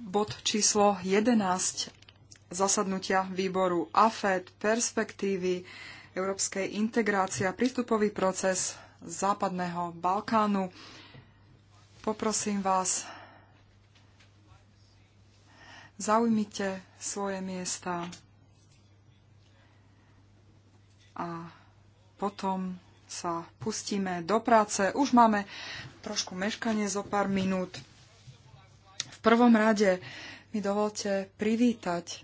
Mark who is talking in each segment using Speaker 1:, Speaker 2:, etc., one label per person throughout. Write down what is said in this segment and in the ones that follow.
Speaker 1: bod číslo 11 zasadnutia výboru AFED, perspektívy európskej integrácie a prístupový proces Západného Balkánu. Poprosím vás, zaujmite svoje miesta a potom sa pustíme do práce. Už máme trošku meškanie zo pár minút prvom rade mi dovolte privítať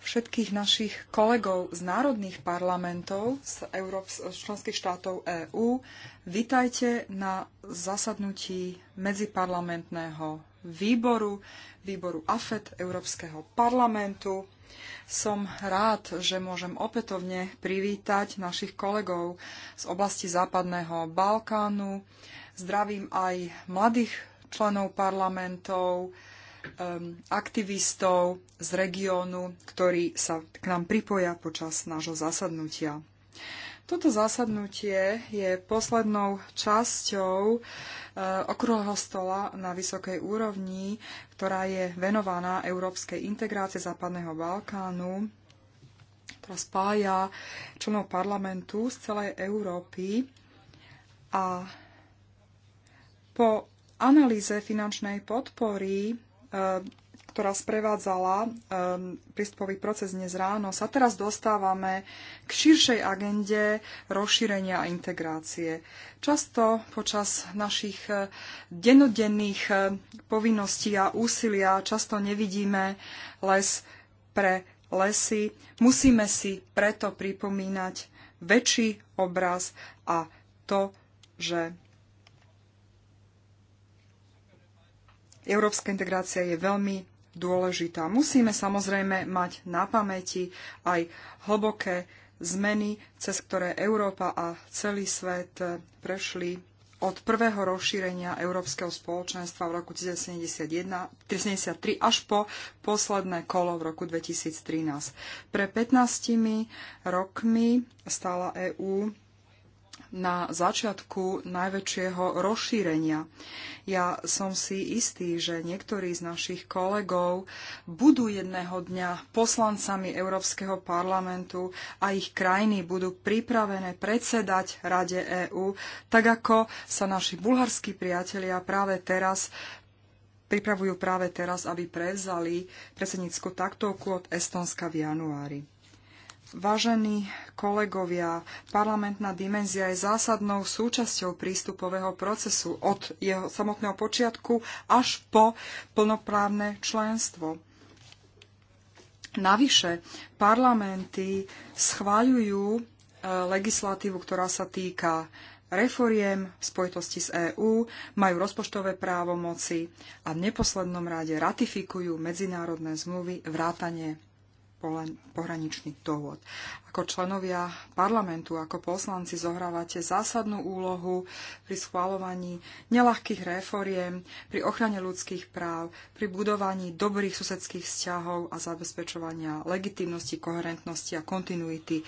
Speaker 1: všetkých našich kolegov z národných parlamentov z, Európs- z členských štátov EÚ. Vítajte na zasadnutí medziparlamentného výboru, výboru AFET Európskeho parlamentu. Som rád, že môžem opätovne privítať našich kolegov z oblasti Západného Balkánu. Zdravím aj mladých členov parlamentov, aktivistov z regiónu, ktorí sa k nám pripoja počas nášho zasadnutia. Toto zasadnutie je poslednou časťou eh, okrúhleho stola na vysokej úrovni, ktorá je venovaná európskej integrácie Západného Balkánu, ktorá spája členov parlamentu z celej Európy a po analýze finančnej podpory, e, ktorá sprevádzala e, prístupový proces dnes ráno, sa teraz dostávame k širšej agende rozšírenia a integrácie. Často počas našich e, denodenných povinností a úsilia často nevidíme les pre lesy. Musíme si preto pripomínať väčší obraz a to, že Európska integrácia je veľmi dôležitá. Musíme samozrejme mať na pamäti aj hlboké zmeny, cez ktoré Európa a celý svet prešli od prvého rozšírenia Európskeho spoločenstva v roku 1973 až po posledné kolo v roku 2013. Pre 15 rokmi stála EÚ na začiatku najväčšieho rozšírenia. Ja som si istý, že niektorí z našich kolegov budú jedného dňa poslancami Európskeho parlamentu a ich krajiny budú pripravené predsedať Rade EÚ, tak ako sa naši bulharskí priatelia práve teraz pripravujú práve teraz, aby prevzali predsednícku taktovku od Estonska v januári. Vážení kolegovia, parlamentná dimenzia je zásadnou súčasťou prístupového procesu od jeho samotného počiatku až po plnoprávne členstvo. Navyše, parlamenty schváľujú e, legislatívu, ktorá sa týka reforiem v spojitosti s EÚ, majú rozpočtové právomoci a v neposlednom rade ratifikujú medzinárodné zmluvy vrátane pohraničných dohôd. Ako členovia parlamentu, ako poslanci zohrávate zásadnú úlohu pri schváľovaní nelahkých réforiem, pri ochrane ľudských práv, pri budovaní dobrých susedských vzťahov a zabezpečovania legitimnosti, koherentnosti a kontinuity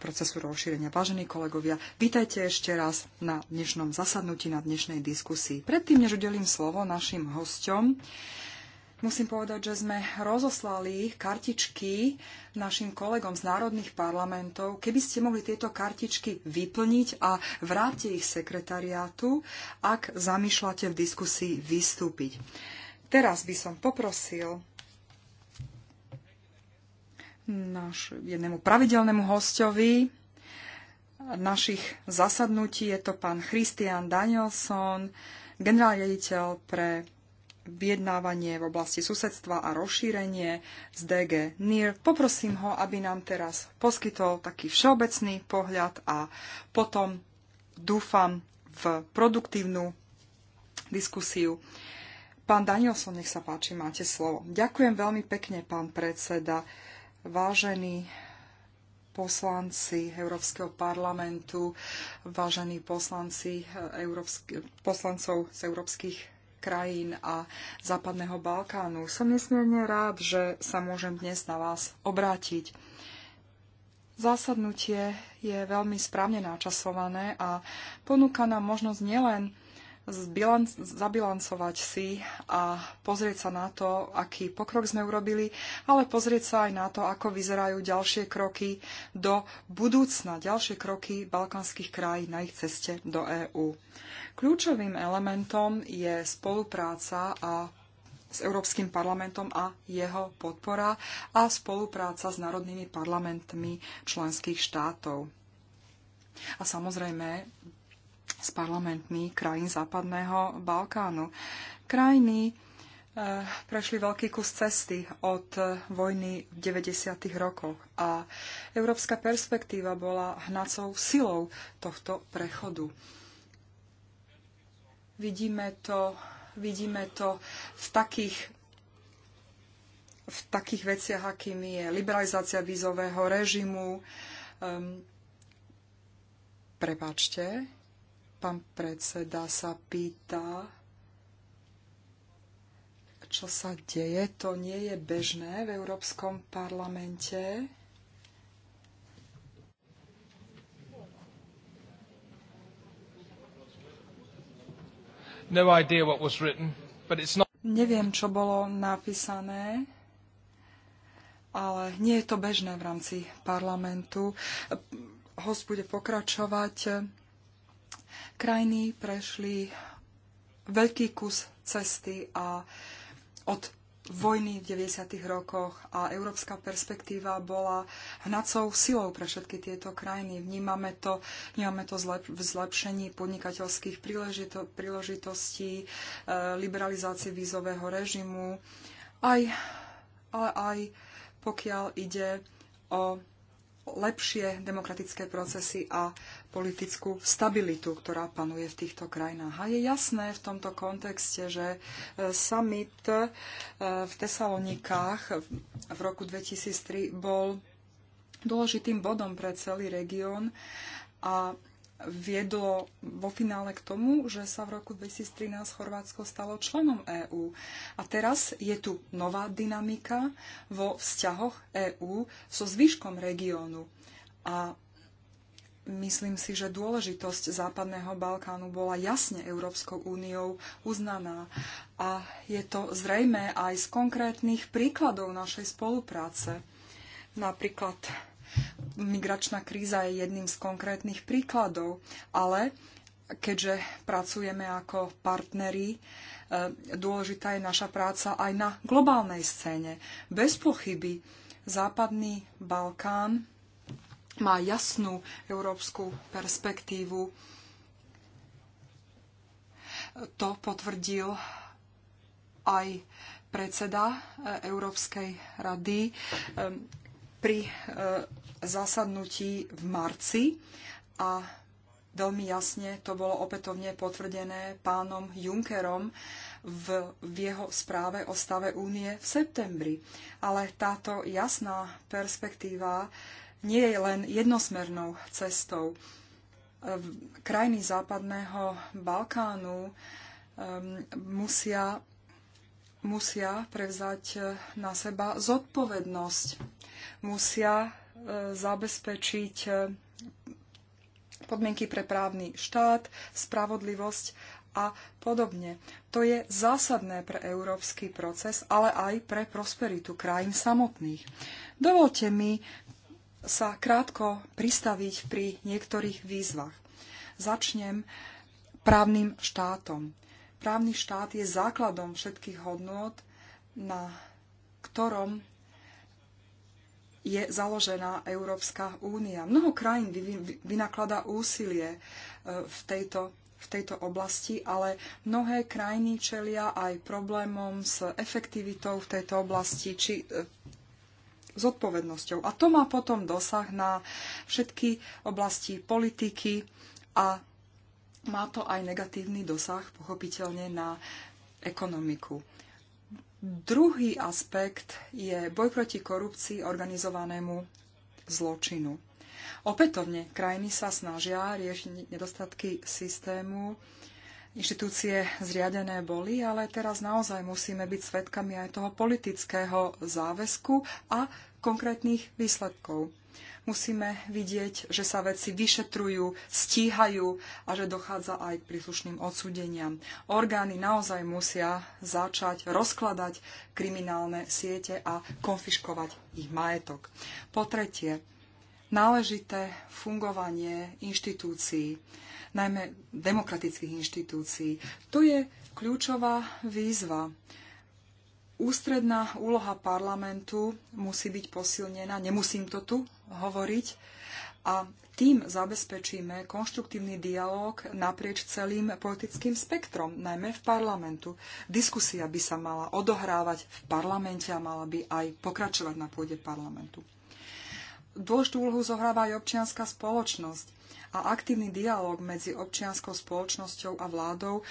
Speaker 1: procesu rozšírenia. Vážení kolegovia, vítajte ešte raz na dnešnom zasadnutí, na dnešnej diskusii. Predtým, než udelím slovo našim hosťom, Musím povedať, že sme rozoslali kartičky našim kolegom z národných parlamentov. Keby ste mohli tieto kartičky vyplniť a vráte ich sekretariátu, ak zamýšľate v diskusii vystúpiť. Teraz by som poprosil náš jednému pravidelnému hostovi našich zasadnutí. Je to pán Christian Danielson, generálny riaditeľ pre vyjednávanie v oblasti susedstva a rozšírenie z DG NIR. Poprosím ho, aby nám teraz poskytol taký všeobecný pohľad a potom dúfam v produktívnu diskusiu. Pán Danielson, nech sa páči, máte slovo. Ďakujem veľmi pekne, pán predseda. Vážení poslanci Európskeho parlamentu, vážení poslanci Európsky, poslancov z európskych krajín a Západného Balkánu. Som nesmierne rád, že sa môžem dnes na vás obrátiť. Zásadnutie je veľmi správne načasované a ponúka nám možnosť nielen zbilanc- zabilancovať si a pozrieť sa na to, aký pokrok sme urobili, ale pozrieť sa aj na to, ako vyzerajú ďalšie kroky do budúcna, ďalšie kroky balkánskych krajín na ich ceste do EÚ. Kľúčovým elementom je spolupráca a s Európskym parlamentom a jeho podpora a spolupráca s národnými parlamentmi členských štátov. A samozrejme, s parlamentmi krajín Západného Balkánu. Krajiny eh, prešli veľký kus cesty od vojny v 90. rokoch a európska perspektíva bola hnacou silou tohto prechodu. Vidíme to, vidíme to v takých v takých veciach, akými je liberalizácia vízového režimu. Um, prepačte, Pán predseda sa pýta, čo sa deje. To nie je bežné v Európskom parlamente.
Speaker 2: No idea what was written, but it's not... Neviem,
Speaker 1: čo bolo napísané, ale nie je to bežné v rámci parlamentu. Host bude pokračovať. Krajiny prešli veľký kus cesty a od vojny v 90. rokoch a európska perspektíva bola hnacou silou pre všetky tieto krajiny. Vnímame to, vnímame to zlep, v zlepšení podnikateľských príležito, príležitostí, e, liberalizácii vízového režimu, aj, ale aj pokiaľ ide o lepšie demokratické procesy a politickú stabilitu, ktorá panuje v týchto krajinách. A je jasné v tomto kontexte, že e, summit e, v Tesalonikách v roku 2003 bol dôležitým bodom pre celý región a viedlo vo finále k tomu, že sa v roku 2013 Chorvátsko stalo členom EÚ. A teraz je tu nová dynamika vo vzťahoch EÚ so zvyškom regiónu. A Myslím si, že dôležitosť Západného Balkánu bola jasne Európskou úniou uznaná a je to zrejme aj z konkrétnych príkladov našej spolupráce. Napríklad migračná kríza je jedným z konkrétnych príkladov, ale keďže pracujeme ako partneri, e, dôležitá je naša práca aj na globálnej scéne. Bez pochyby Západný Balkán má jasnú európsku perspektívu. To potvrdil aj predseda e, Európskej rady e, pri e, zasadnutí v marci a veľmi jasne to bolo opätovne potvrdené pánom Junckerom v, v jeho správe o stave únie v septembri. Ale táto jasná perspektíva nie je len jednosmernou cestou. E, krajiny západného Balkánu e, musia, musia prevzať e, na seba zodpovednosť. Musia zabezpečiť podmienky pre právny štát, spravodlivosť a podobne. To je zásadné pre európsky proces, ale aj pre prosperitu krajín samotných. Dovolte mi sa krátko pristaviť pri niektorých výzvach. Začnem právnym štátom. Právny štát je základom všetkých hodnôt, na ktorom je založená Európska únia. Mnoho krajín vynakladá úsilie e, v tejto v tejto oblasti, ale mnohé krajiny čelia aj problémom s efektivitou v tejto oblasti, či e, zodpovednosťou. A to má potom dosah na všetky oblasti politiky a má to aj negatívny dosah, pochopiteľne, na ekonomiku. Druhý aspekt je boj proti korupcii organizovanému zločinu. Opätovne krajiny sa snažia riešiť nedostatky systému inštitúcie zriadené boli, ale teraz naozaj musíme byť svedkami aj toho politického záväzku a konkrétnych výsledkov. Musíme vidieť, že sa veci vyšetrujú, stíhajú a že dochádza aj k príslušným odsúdeniam. Orgány naozaj musia začať rozkladať kriminálne siete a konfiškovať ich majetok. Po tretie, náležité fungovanie inštitúcií, najmä demokratických inštitúcií. To je kľúčová výzva. Ústredná úloha parlamentu musí byť posilnená, nemusím to tu hovoriť, a tým zabezpečíme konštruktívny dialog naprieč celým politickým spektrom, najmä v parlamentu. Diskusia by sa mala odohrávať v parlamente a mala by aj pokračovať na pôde parlamentu. Dôležitú úlohu zohráva aj občianská spoločnosť a aktívny dialog medzi občianskou spoločnosťou a vládou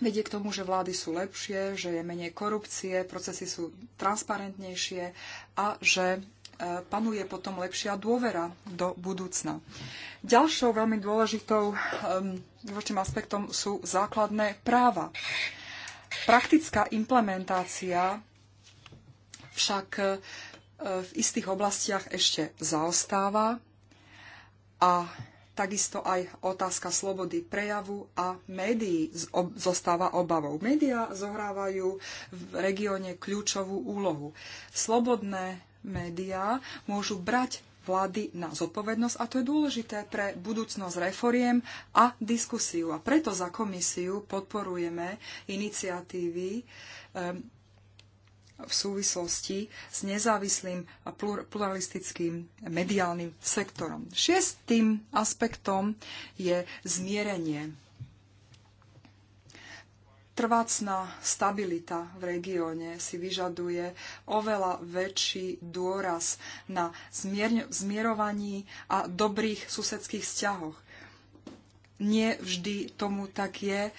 Speaker 1: vedie k tomu, že vlády sú lepšie, že je menej korupcie, procesy sú transparentnejšie a že e, panuje potom lepšia dôvera do budúcna. Ďalšou veľmi dôležitou dôležitým aspektom sú základné práva. Praktická implementácia však v istých oblastiach ešte zaostáva a takisto aj otázka slobody prejavu a médií zostáva obavou. Média zohrávajú v regióne kľúčovú úlohu. Slobodné médiá môžu brať vlády na zodpovednosť a to je dôležité pre budúcnosť reforiem a diskusiu. A preto za komisiu podporujeme iniciatívy v súvislosti s nezávislým a pluralistickým mediálnym sektorom. Šiestým aspektom je zmierenie. Trvácná stabilita v regióne si vyžaduje oveľa väčší dôraz na zmier- zmierovaní a dobrých susedských vzťahoch. Nie vždy tomu tak je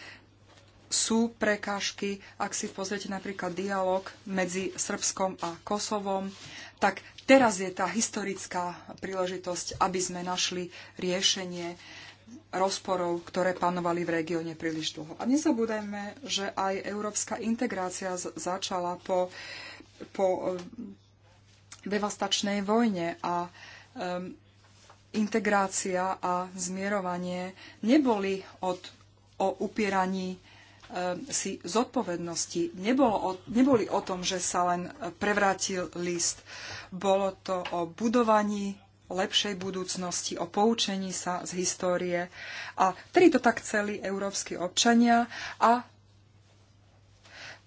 Speaker 1: sú prekážky, ak si pozriete napríklad dialog medzi Srbskom a Kosovom, tak teraz je tá historická príležitosť, aby sme našli riešenie rozporov, ktoré panovali v regióne príliš dlho. A nezabúdajme, že aj európska integrácia začala po, po eh, devastačnej vojne a um, integrácia a zmierovanie neboli od, o upieraní E, si zodpovednosti. Nebolo o, neboli o tom, že sa len prevrátil list. Bolo to o budovaní lepšej budúcnosti, o poučení sa z histórie. A tedy to tak chceli európsky občania a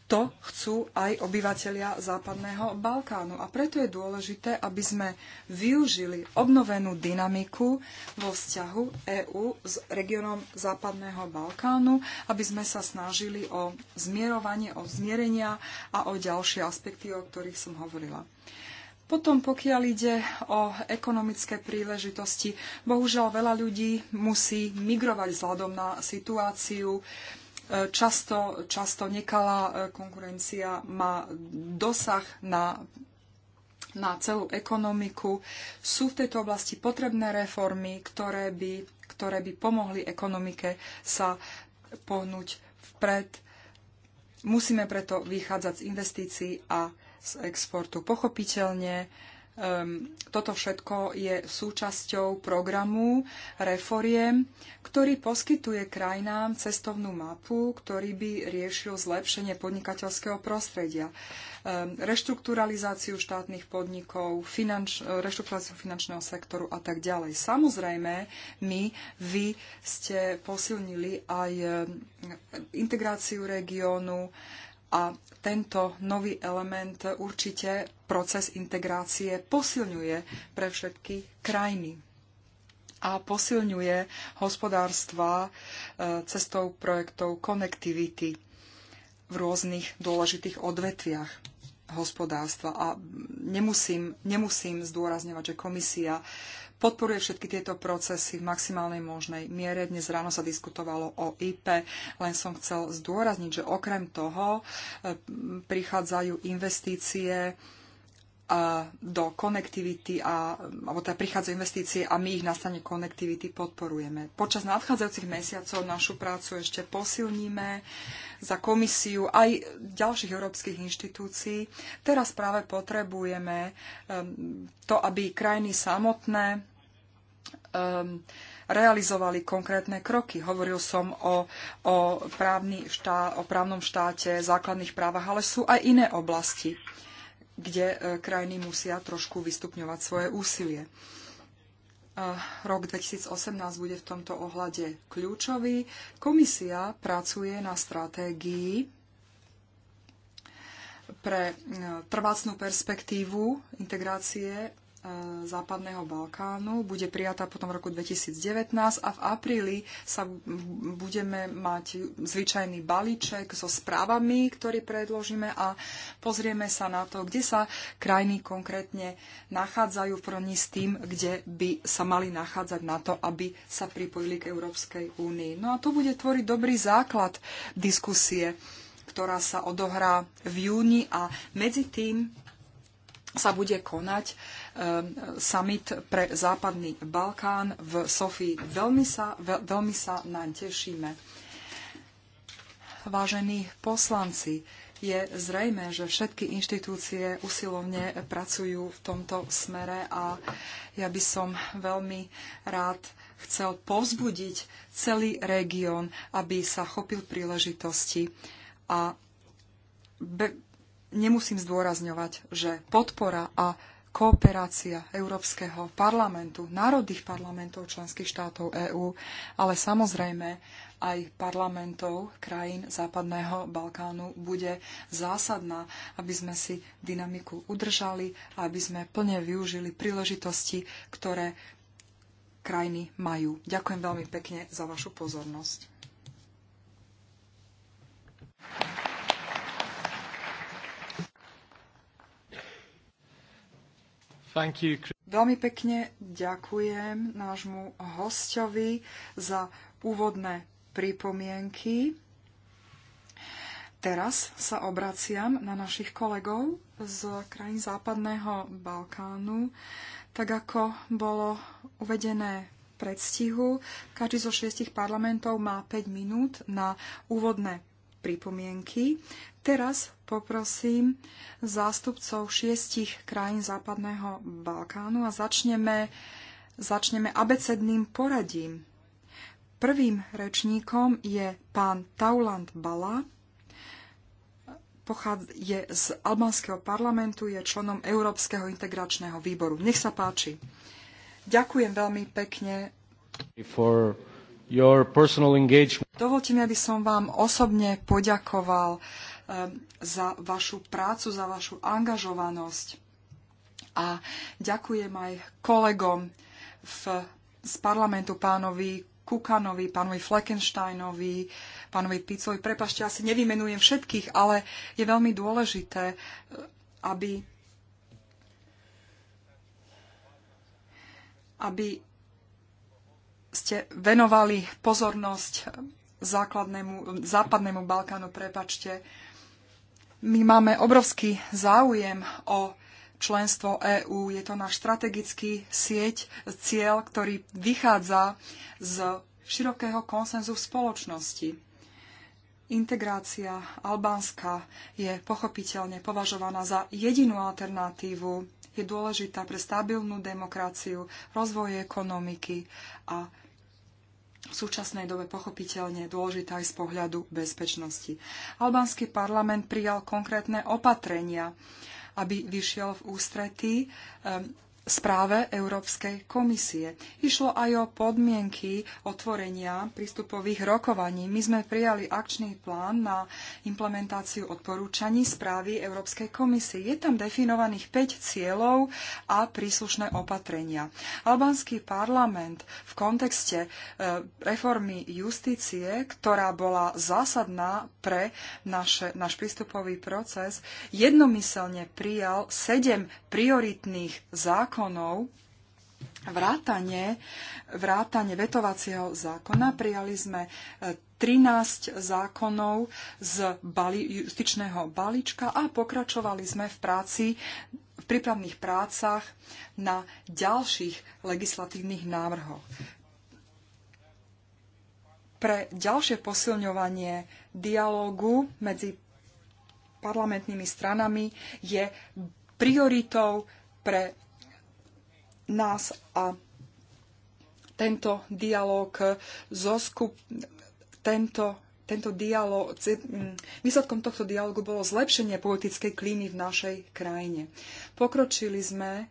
Speaker 1: to chcú aj obyvateľia Západného Balkánu. A preto je dôležité, aby sme využili obnovenú dynamiku vo vzťahu EÚ s regionom Západného Balkánu, aby sme sa snažili o zmierovanie, o zmierenia a o ďalšie aspekty, o ktorých som hovorila. Potom, pokiaľ ide o ekonomické príležitosti, bohužiaľ veľa ľudí musí migrovať vzhľadom na situáciu Často, často nekalá e, konkurencia má dosah na na celú ekonomiku. Sú v tejto oblasti potrebné reformy, ktoré by, ktoré by pomohli ekonomike sa pohnúť vpred. Musíme preto vychádzať z investícií a z exportu. Pochopiteľne Ehm, toto všetko je súčasťou programu Reforiem, ktorý poskytuje krajinám cestovnú mapu, ktorý by riešil zlepšenie podnikateľského prostredia, ehm, reštrukturalizáciu štátnych podnikov, finanč, reštrukturalizáciu finančného sektoru a tak ďalej. Samozrejme, my, vy ste posilnili aj ehm, integráciu regiónu, a tento nový element určite proces integrácie posilňuje pre všetky krajiny a posilňuje hospodárstva e, cestou projektov konektivity v rôznych dôležitých odvetviach hospodárstva. A nemusím, nemusím zdôrazňovať, že komisia podporuje všetky tieto procesy v maximálnej možnej miere. Dnes ráno sa diskutovalo o IP, len som chcel zdôrazniť, že okrem toho e, prichádzajú investície e, do konektivity a, alebo teda prichádzajú investície a my ich na strane konektivity podporujeme. Počas nadchádzajúcich mesiacov našu prácu ešte posilníme za komisiu aj ďalších európskych inštitúcií. Teraz práve potrebujeme e, to, aby krajiny samotné um, realizovali konkrétne kroky. Hovoril som o, o, právny štá, o právnom štáte, základných právach, ale sú aj iné oblasti, kde e, krajiny musia trošku vystupňovať svoje úsilie. E, rok 2018 bude v tomto ohľade kľúčový. Komisia pracuje na stratégii pre e, trvácnú perspektívu integrácie E, Západného Balkánu bude prijatá potom v roku 2019 a v apríli sa budeme mať zvyčajný balíček so správami, ktorý predložíme a pozrieme sa na to, kde sa krajiny konkrétne nachádzajú v porovnaní s tým, kde by sa mali nachádzať na to, aby sa pripojili k Európskej únii. No a to bude tvoriť dobrý základ diskusie, ktorá sa odohrá v júni a medzi tým sa bude konať Um, summit pre Západný Balkán v Sofii. Veľmi sa, veľmi sa naň tešíme. Vážení poslanci, je zrejme, že všetky inštitúcie usilovne pracujú v tomto smere a ja by som veľmi rád chcel povzbudiť celý región, aby sa chopil príležitosti a nemusím zdôrazňovať, že podpora a kooperácia Európskeho parlamentu, národných parlamentov členských štátov EÚ, ale samozrejme aj parlamentov krajín Západného Balkánu bude zásadná, aby sme si dynamiku udržali a aby sme plne využili príležitosti, ktoré krajiny majú. Ďakujem veľmi pekne za vašu pozornosť. Veľmi pekne ďakujem nášmu hostovi za úvodné pripomienky. Teraz sa obraciam na našich kolegov z krajín Západného Balkánu. Tak ako bolo uvedené predstihu, každý zo šiestich parlamentov má 5 minút na úvodné pripomienky. Teraz poprosím zástupcov šiestich krajín Západného Balkánu a začneme, začneme abecedným poradím. Prvým rečníkom je pán Tauland Bala, je z albanského parlamentu, je členom Európskeho integračného výboru. Nech sa páči. Ďakujem veľmi pekne your personal engagement. Dovolte mi, aby som vám osobne poďakoval eh, za vašu prácu, za vašu angažovanosť. A ďakujem aj kolegom v, z parlamentu, pánovi Kukanovi, pánovi Fleckensteinovi, pánovi Picovi. Prepašte, asi nevymenujem všetkých, ale je veľmi dôležité, eh, aby aby ste venovali pozornosť základnému, západnému Balkánu, prepačte. My máme obrovský záujem o členstvo EÚ. Je to náš strategický sieť, cieľ, ktorý vychádza z širokého konsenzu v spoločnosti. Integrácia Albánska je pochopiteľne považovaná za jedinú alternatívu. Je dôležitá pre stabilnú demokraciu, rozvoj ekonomiky a v súčasnej dobe pochopiteľne dôležitá aj z pohľadu bezpečnosti. Albánsky parlament prijal konkrétne opatrenia, aby vyšiel v ústretí správe Európskej komisie. Išlo aj o podmienky otvorenia prístupových rokovaní. My sme prijali akčný plán na implementáciu odporúčaní správy Európskej komisie. Je tam definovaných 5 cieľov a príslušné opatrenia. Albánsky parlament v kontexte e, reformy justície, ktorá bola zásadná pre naše, náš prístupový proces, jednomyselne prijal 7 prioritných zákonov, zákonov, vrátane, vrátane vetovacieho zákona. Prijali sme 13 e, zákonov z bali, justičného balíčka a pokračovali sme v práci v prípravných prácach na ďalších legislatívnych návrhoch. Pre ďalšie posilňovanie dialógu medzi parlamentnými stranami je prioritou pre nás a tento dialog skup, tento tento dialog, výsledkom tohto dialogu bolo zlepšenie politickej klímy v našej krajine. Pokročili sme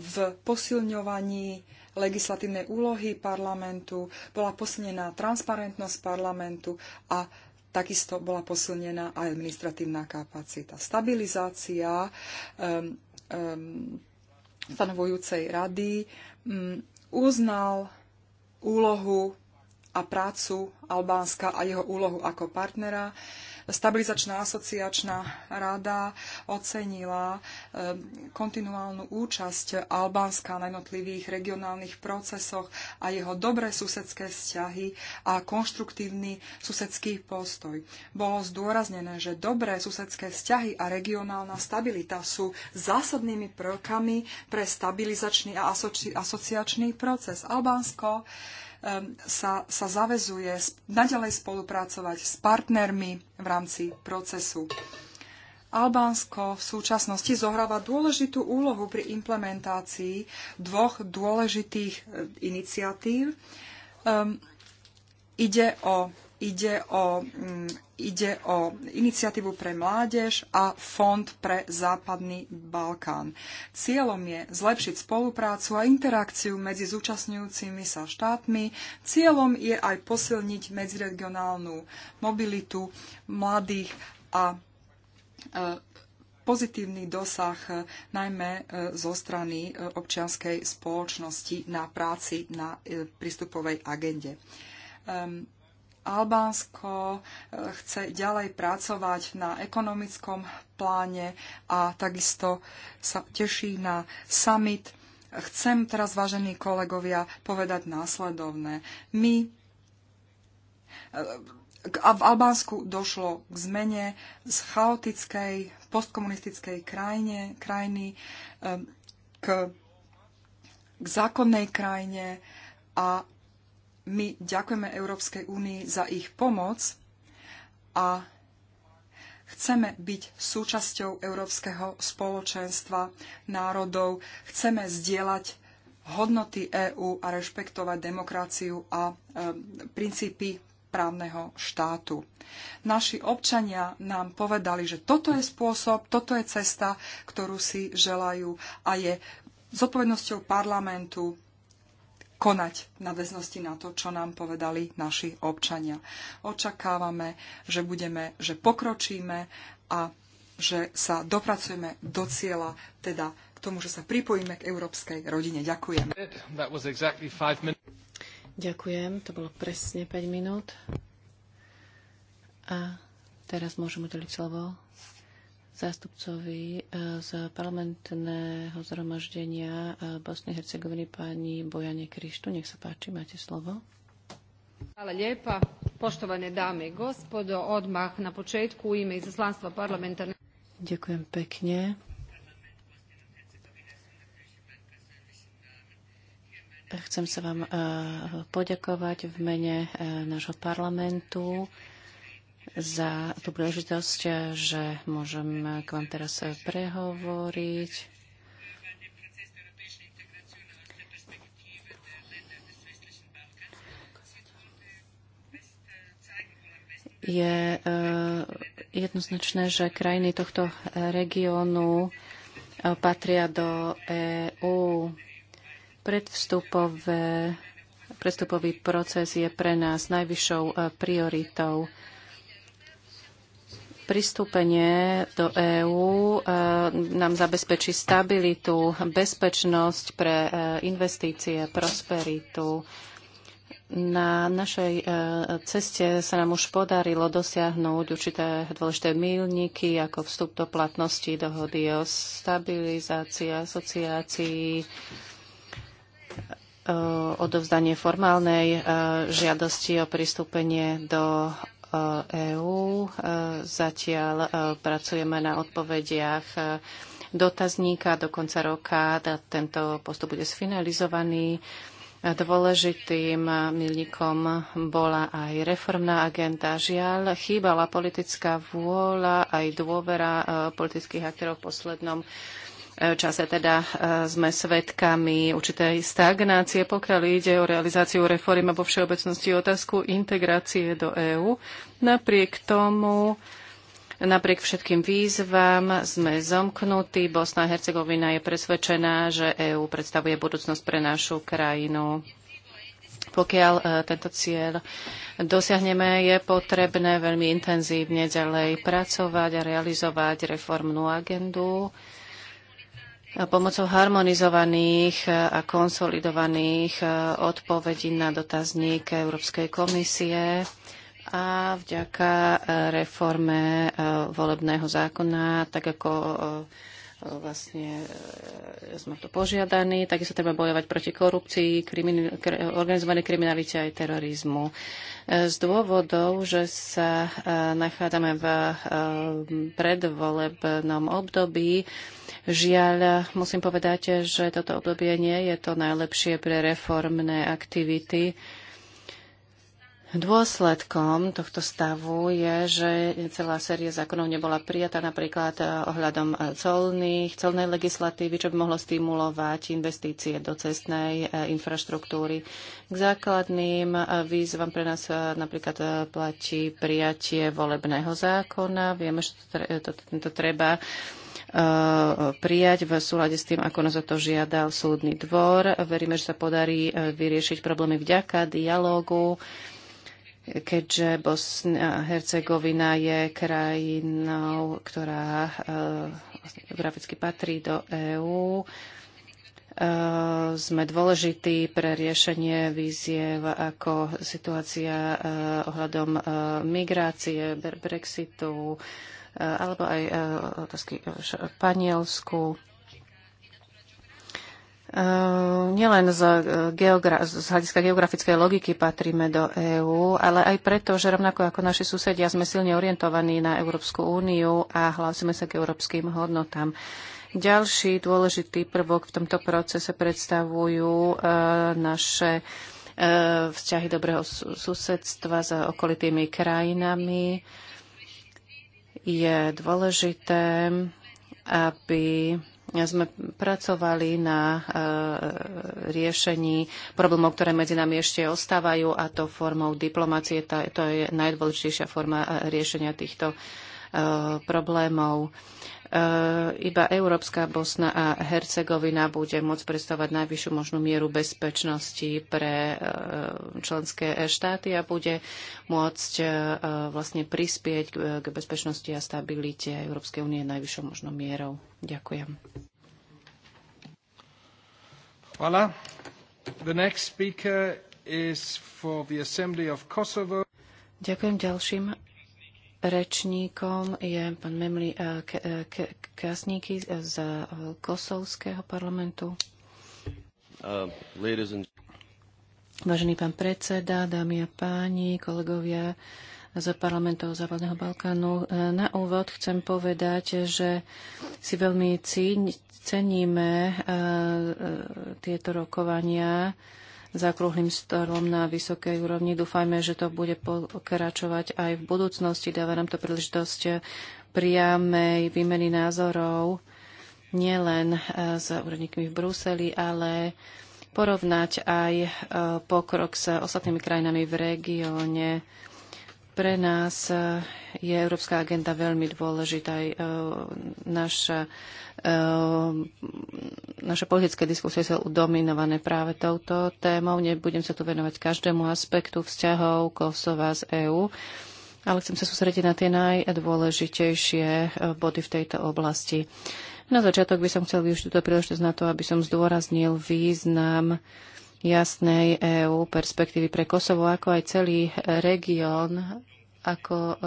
Speaker 1: v posilňovaní legislatívnej úlohy parlamentu, bola posilnená transparentnosť parlamentu a takisto bola posilnená aj administratívna kapacita. Stabilizácia um, um, stanovujúcej rady mm, uznal úlohu a prácu Albánska a jeho úlohu ako partnera Stabilizačná asociačná rada ocenila eh, kontinuálnu účasť Albánska na jednotlivých regionálnych procesoch a jeho dobré susedské vzťahy a konštruktívny susedský postoj. Bolo zdôraznené, že dobré susedské vzťahy a regionálna stabilita sú zásadnými prvkami pre stabilizačný a asociačný proces. Albánsko sa, sa zavezuje naďalej spolupracovať s partnermi v rámci procesu. Albánsko v súčasnosti zohráva dôležitú úlohu pri implementácii dvoch dôležitých eh, iniciatív. Um, ide o, ide o um, ide o iniciatívu pre mládež a Fond pre Západný Balkán. Cieľom je zlepšiť spoluprácu a interakciu medzi zúčastňujúcimi sa štátmi. Cieľom je aj posilniť medziregionálnu mobilitu mladých a e, pozitívny dosah e, najmä e, zo strany občianskej spoločnosti na práci na prístupovej agende. Ehm, Albánsko eh, chce ďalej pracovať na ekonomickom pláne a takisto sa teší na summit. Chcem teraz, vážení kolegovia, povedať následovné. My eh, v Albánsku došlo k zmene z chaotickej postkomunistickej krajine, krajiny eh, k, k zákonnej krajine a my ďakujeme Európskej únii za ich pomoc a chceme byť súčasťou Európskeho spoločenstva národov, chceme zdieľať hodnoty EÚ a rešpektovať demokraciu a e, princípy právneho štátu. Naši občania nám povedali, že toto je spôsob, toto je cesta, ktorú si želajú a je zodpovednosťou parlamentu konať v nadväznosti na to, čo nám povedali naši občania. Očakávame, že budeme, že pokročíme a že sa dopracujeme do cieľa, teda k tomu, že sa pripojíme k európskej rodine.
Speaker 2: Ďakujem.
Speaker 3: Ďakujem, to bolo presne 5 minút. A teraz môžeme udeliť slovo zástupcovi eh, z parlamentného zhromaždenia eh, Bosnej Hercegoviny pani Bojane Krištu. Nech sa páči, máte slovo. Hvala lijepa. Poštovane dame i gospodo, odmah na početku u ime izaslanstva parlamentarne... Ďakujem pekne. Chcem sa vám eh, poďakovať v mene nášho parlamentu za tú príležitosť, že môžem k vám teraz prehovoriť. je eh, jednoznačné, že krajiny tohto regiónu eh, patria do EÚ. Predvstupový proces je pre nás najvyššou eh, prioritou. Pristúpenie do EÚ e, nám zabezpečí stabilitu, bezpečnosť pre e, investície, prosperitu. Na našej e, ceste sa nám už podarilo dosiahnuť určité dôležité milníky, ako vstup do platnosti dohody o stabilizácii asociácií, odovzdanie formálnej žiadosti o pristúpenie do EÚ. Zatiaľ e, pracujeme na odpovediach e, dotazníka do konca roka. Tento postup bude sfinalizovaný. E, dôležitým milníkom bola aj reformná agenda. Žiaľ, chýbala politická vôľa aj dôvera politických aktérov v poslednom čase teda e, sme svedkami určitej stagnácie, pokiaľ ide o realizáciu reform a vo všeobecnosti otázku integrácie do EÚ. Napriek tomu Napriek všetkým výzvam sme zomknutí. Bosna a Hercegovina je presvedčená, že EÚ predstavuje budúcnosť pre našu krajinu. Pokiaľ e, tento cieľ dosiahneme, je potrebné veľmi intenzívne ďalej pracovať a realizovať reformnú agendu pomocou harmonizovaných a konsolidovaných e, odpovedí na dotazník Európskej komisie a vďaka e, reforme e, volebného zákona, tak ako vlastne e, sme to požiadaní. Takisto treba bojovať proti korupcii, krimin- kr- organizovanej kriminalite aj terorizmu. E, z dôvodov, že sa e, nachádzame v predvolebnom období, Žiaľ, musím povedať, že toto obdobie nie je to najlepšie pre reformné aktivity Dôsledkom tohto stavu je, že celá série zákonov nebola prijatá napríklad eh, ohľadom eh, colných, colnej legislatívy, čo by mohlo stimulovať investície do cestnej eh, infraštruktúry. K základným výzvam pre nás napríklad platí prijatie volebného zákona. Vieme, že to, to, to treba prijať v súlade s tým, ako nás o to žiadal súdny dvor. Veríme, že sa podarí vyriešiť problémy vďaka dialógu keďže Bosna a Hercegovina je krajinou, ktorá e, vlastne geograficky patrí do EÚ. E, sme dôležití pre riešenie víziev ako situácia e, ohľadom migrácie, Brexitu alebo aj otázky v Španielsku Ehm, nielen z, eh, geogra- z hľadiska geografickej logiky patríme do EÚ, ale aj preto, že rovnako ako naši susedia sme silne orientovaní na Európsku úniu a hlásime sa k európskym hodnotám. Ďalší dôležitý prvok v tomto procese predstavujú eh, naše eh, vzťahy dobrého susedstva s okolitými krajinami. Je dôležité, aby sme pracovali na eh, riešení problémov, ktoré medzi nami ešte ostávajú a to formou diplomácie. To je najdôležitejšia forma eh, riešenia týchto eh, problémov. E, iba Európska Bosna a Hercegovina bude môcť predstavovať najvyššiu možnú mieru bezpečnosti pre e, členské štáty a bude môcť e, vlastne prispieť k bezpečnosti a stabilite Európskej únie najvyššou možnou mierou. Ďakujem.
Speaker 2: Voilà. The next speaker is for the Assembly of Kosovo.
Speaker 3: Ďakujem ďalším rečníkom je pán Memli eh, eh, Krasníky z eh, Kosovského parlamentu. Uh, and... Vážený pán predseda, dámy a páni, kolegovia z parlamentov Západného Balkánu, na úvod chcem povedať, že si veľmi ceníme tieto rokovania za kruhlým stolom na vysokej úrovni. Dúfajme, že to bude pokračovať aj v budúcnosti. Dáva nám to príležitosť priamej výmeny názorov nielen e, s úradníkmi v Bruseli, ale porovnať aj e, pokrok s ostatnými krajinami v regióne pre nás eh, je európska agenda veľmi dôležitá. Aj eh, naša, eh, naše politické diskusie sú dominované práve touto témou. Nebudem sa tu venovať každému aspektu vzťahov Kosova z EÚ, ale chcem sa sústrediť na tie najdôležitejšie body v tejto oblasti. Na začiatok by som chcel využiť túto príležitosť na to, aby som zdôraznil význam uh, jasnej EÚ perspektívy pre Kosovo, ako aj celý región, ako e, e,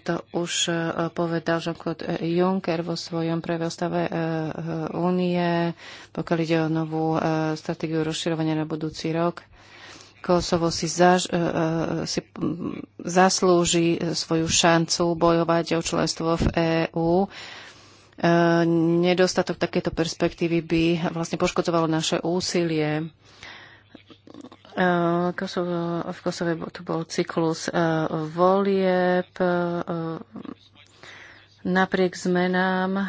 Speaker 3: to už e, povedal Jean-Claude Juncker vo svojom prejave stave únie, pokiaľ ide o novú stratégiu rozširovania na budúci rok. Kosovo si, zaž, si zaslúži svoju šancu bojovať o členstvo v EÚ nedostatok takéto perspektívy by vlastne poškodzovalo naše úsilie. Eh, Kosovo, v Kosove tu bol cyklus eh, volieb. Eh, napriek zmenám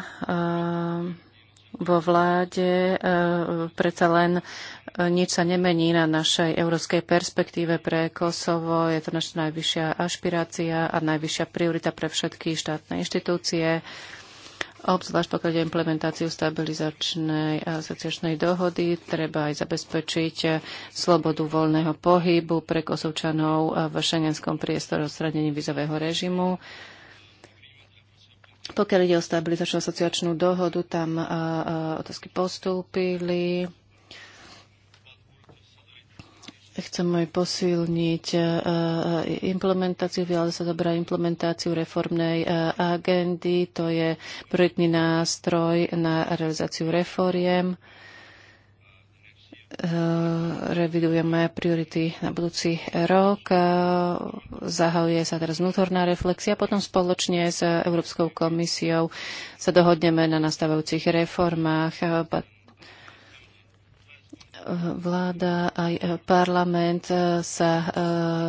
Speaker 3: vo vláde predsa len nič sa nemení na našej európskej perspektíve pre Kosovo. Je to naša najvyššia ašpirácia a najvyššia priorita pre všetky štátne inštitúcie. Uh, obzvlášť pokiaľ ide implementáciu stabilizačnej a asociačnej dohody. Treba aj zabezpečiť slobodu voľného pohybu pre kosovčanov v šengenskom priestore odstranením vizového režimu. Pokiaľ ide o stabilizačnú asociačnú dohodu, tam otázky postúpili Chcem aj posilniť e, e, implementáciu, vyhľada sa dobrá implementáciu reformnej e, agendy. To je projektný nástroj na realizáciu reforiem. Revidujeme priority na budúci rok. Zahajuje sa teraz vnútorná reflexia. Potom spoločne s Európskou komisiou sa dohodneme na nastavujúcich reformách vláda aj e, parlament e, sa e,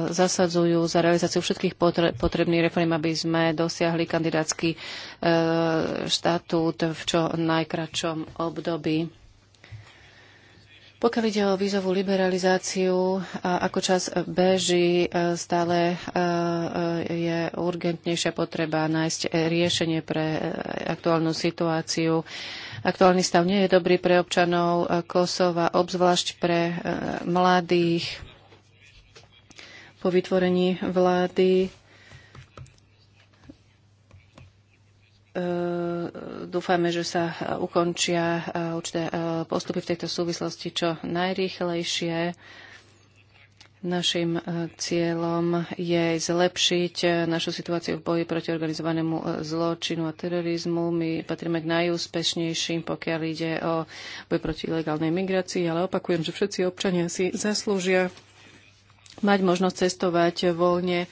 Speaker 3: zasadzujú za realizáciu všetkých potrebných reform, aby sme dosiahli kandidátsky štatút v čo najkračom období. Pokiaľ ide o vízovú liberalizáciu, ako čas beží, e, stále e, e, je urgentnejšia potreba nájsť riešenie pre aktuálnu situáciu. Aktuálny stav nie je dobrý pre občanov Kosova, obzvlášť pre mladých. Po vytvorení vlády E, dúfame, že sa ukončia e, určité e, postupy v tejto súvislosti čo najrýchlejšie. Našim cieľom je zlepšiť našu situáciu v boji proti organizovanému zločinu a terorizmu. My patríme k najúspešnejším, pokiaľ ide o boj proti ilegálnej migrácii, ale opakujem, že všetci občania si zaslúžia mať možnosť cestovať voľne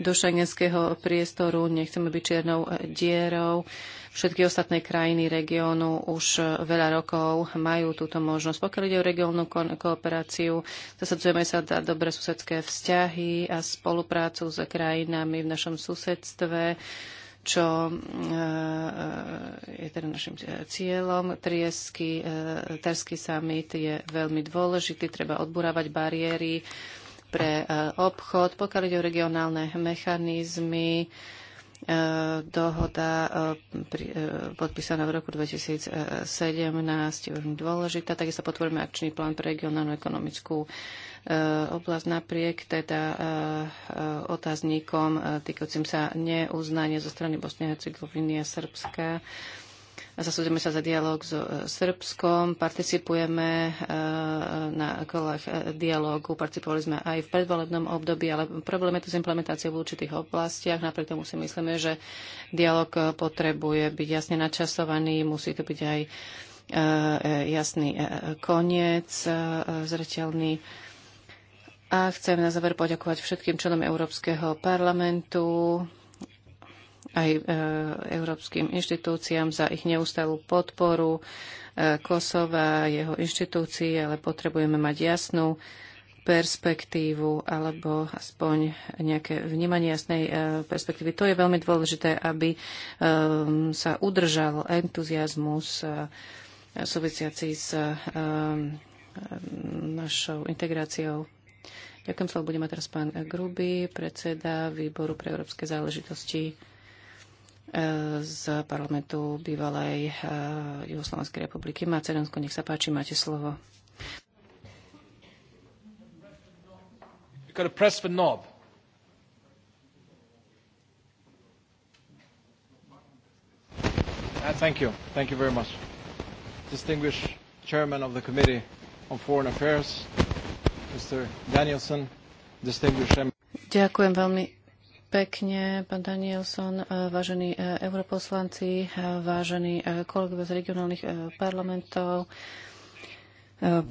Speaker 3: do šengenského priestoru, nechceme byť čiernou dierou. Všetky ostatné krajiny regiónu už veľa rokov majú túto možnosť. Pokiaľ ide o regionálnu ko kooperáciu, zasadzujeme sa na dobré susedské vzťahy a spoluprácu s krajinami v našom susedstve čo eh, eh, je teda našim eh, cieľom. Triesky, terský summit je veľmi dôležitý, treba odburávať bariéry pre e, obchod, pokiaľ ide o regionálne mechanizmy, e, dohoda e, podpísaná v roku 2017 je veľmi dôležitá. Takisto potvoríme akčný plán pre regionálnu ekonomickú oblasť napriek teda otáznikom týkajúcim sa neuznania zo strany Bosny a Hercegoviny a Srbska Zasudíme sa za dialog s e, Srbskom, participujeme e, na kolách e, dialogu, participovali sme aj v predvolebnom období, ale problém je tu s implementáciou v určitých oblastiach. Napriek tomu si myslíme, že dialog potrebuje byť jasne načasovaný, musí to byť aj jasný koniec, zreteľný. A chcem na záver poďakovať všetkým členom Európskeho parlamentu, aj e, európskym inštitúciám za ich neustalú podporu e, Kosova, jeho inštitúcií, ale potrebujeme mať jasnú perspektívu alebo aspoň nejaké vnímanie jasnej e, perspektívy. To je veľmi dôležité, aby sa udržal entuziasmus súvisiaci s našou integráciou Ďakujem slovo. Budeme teraz pán Gruby, predseda výboru pre európske záležitosti z parlamentu bývalej eh, Juhoslovenskej republiky. Macedónsko, nech sa páči, máte slovo.
Speaker 2: Uh,
Speaker 1: thank you. Thank you very much. Distinguished Chairman of the Committee
Speaker 2: on Foreign Affairs, Mr. Danielson, distinguished...
Speaker 3: Ďakujem veľmi pekne, pán Danielson, eh, vážení eh, europoslanci, eh, vážení kolegovia z regionálnych parlamentov.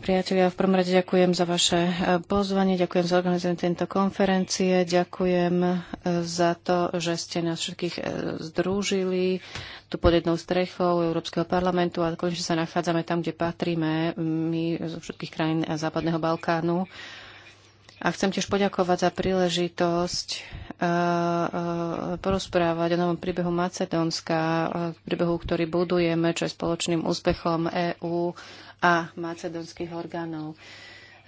Speaker 3: Priatelia, v prvom rade ďakujem za vaše pozvanie, ďakujem za organizovanie tejto konferencie, ďakujem za to, že ste nás všetkých združili tu pod jednou strechou Európskeho parlamentu a konečne sa nachádzame tam, kde patríme, my zo všetkých krajín Západného Balkánu. A chcem tiež poďakovať za príležitosť e, e, porozprávať o novom príbehu Macedónska, e, príbehu, ktorý budujeme, čo je spoločným úspechom EÚ a macedónskych orgánov.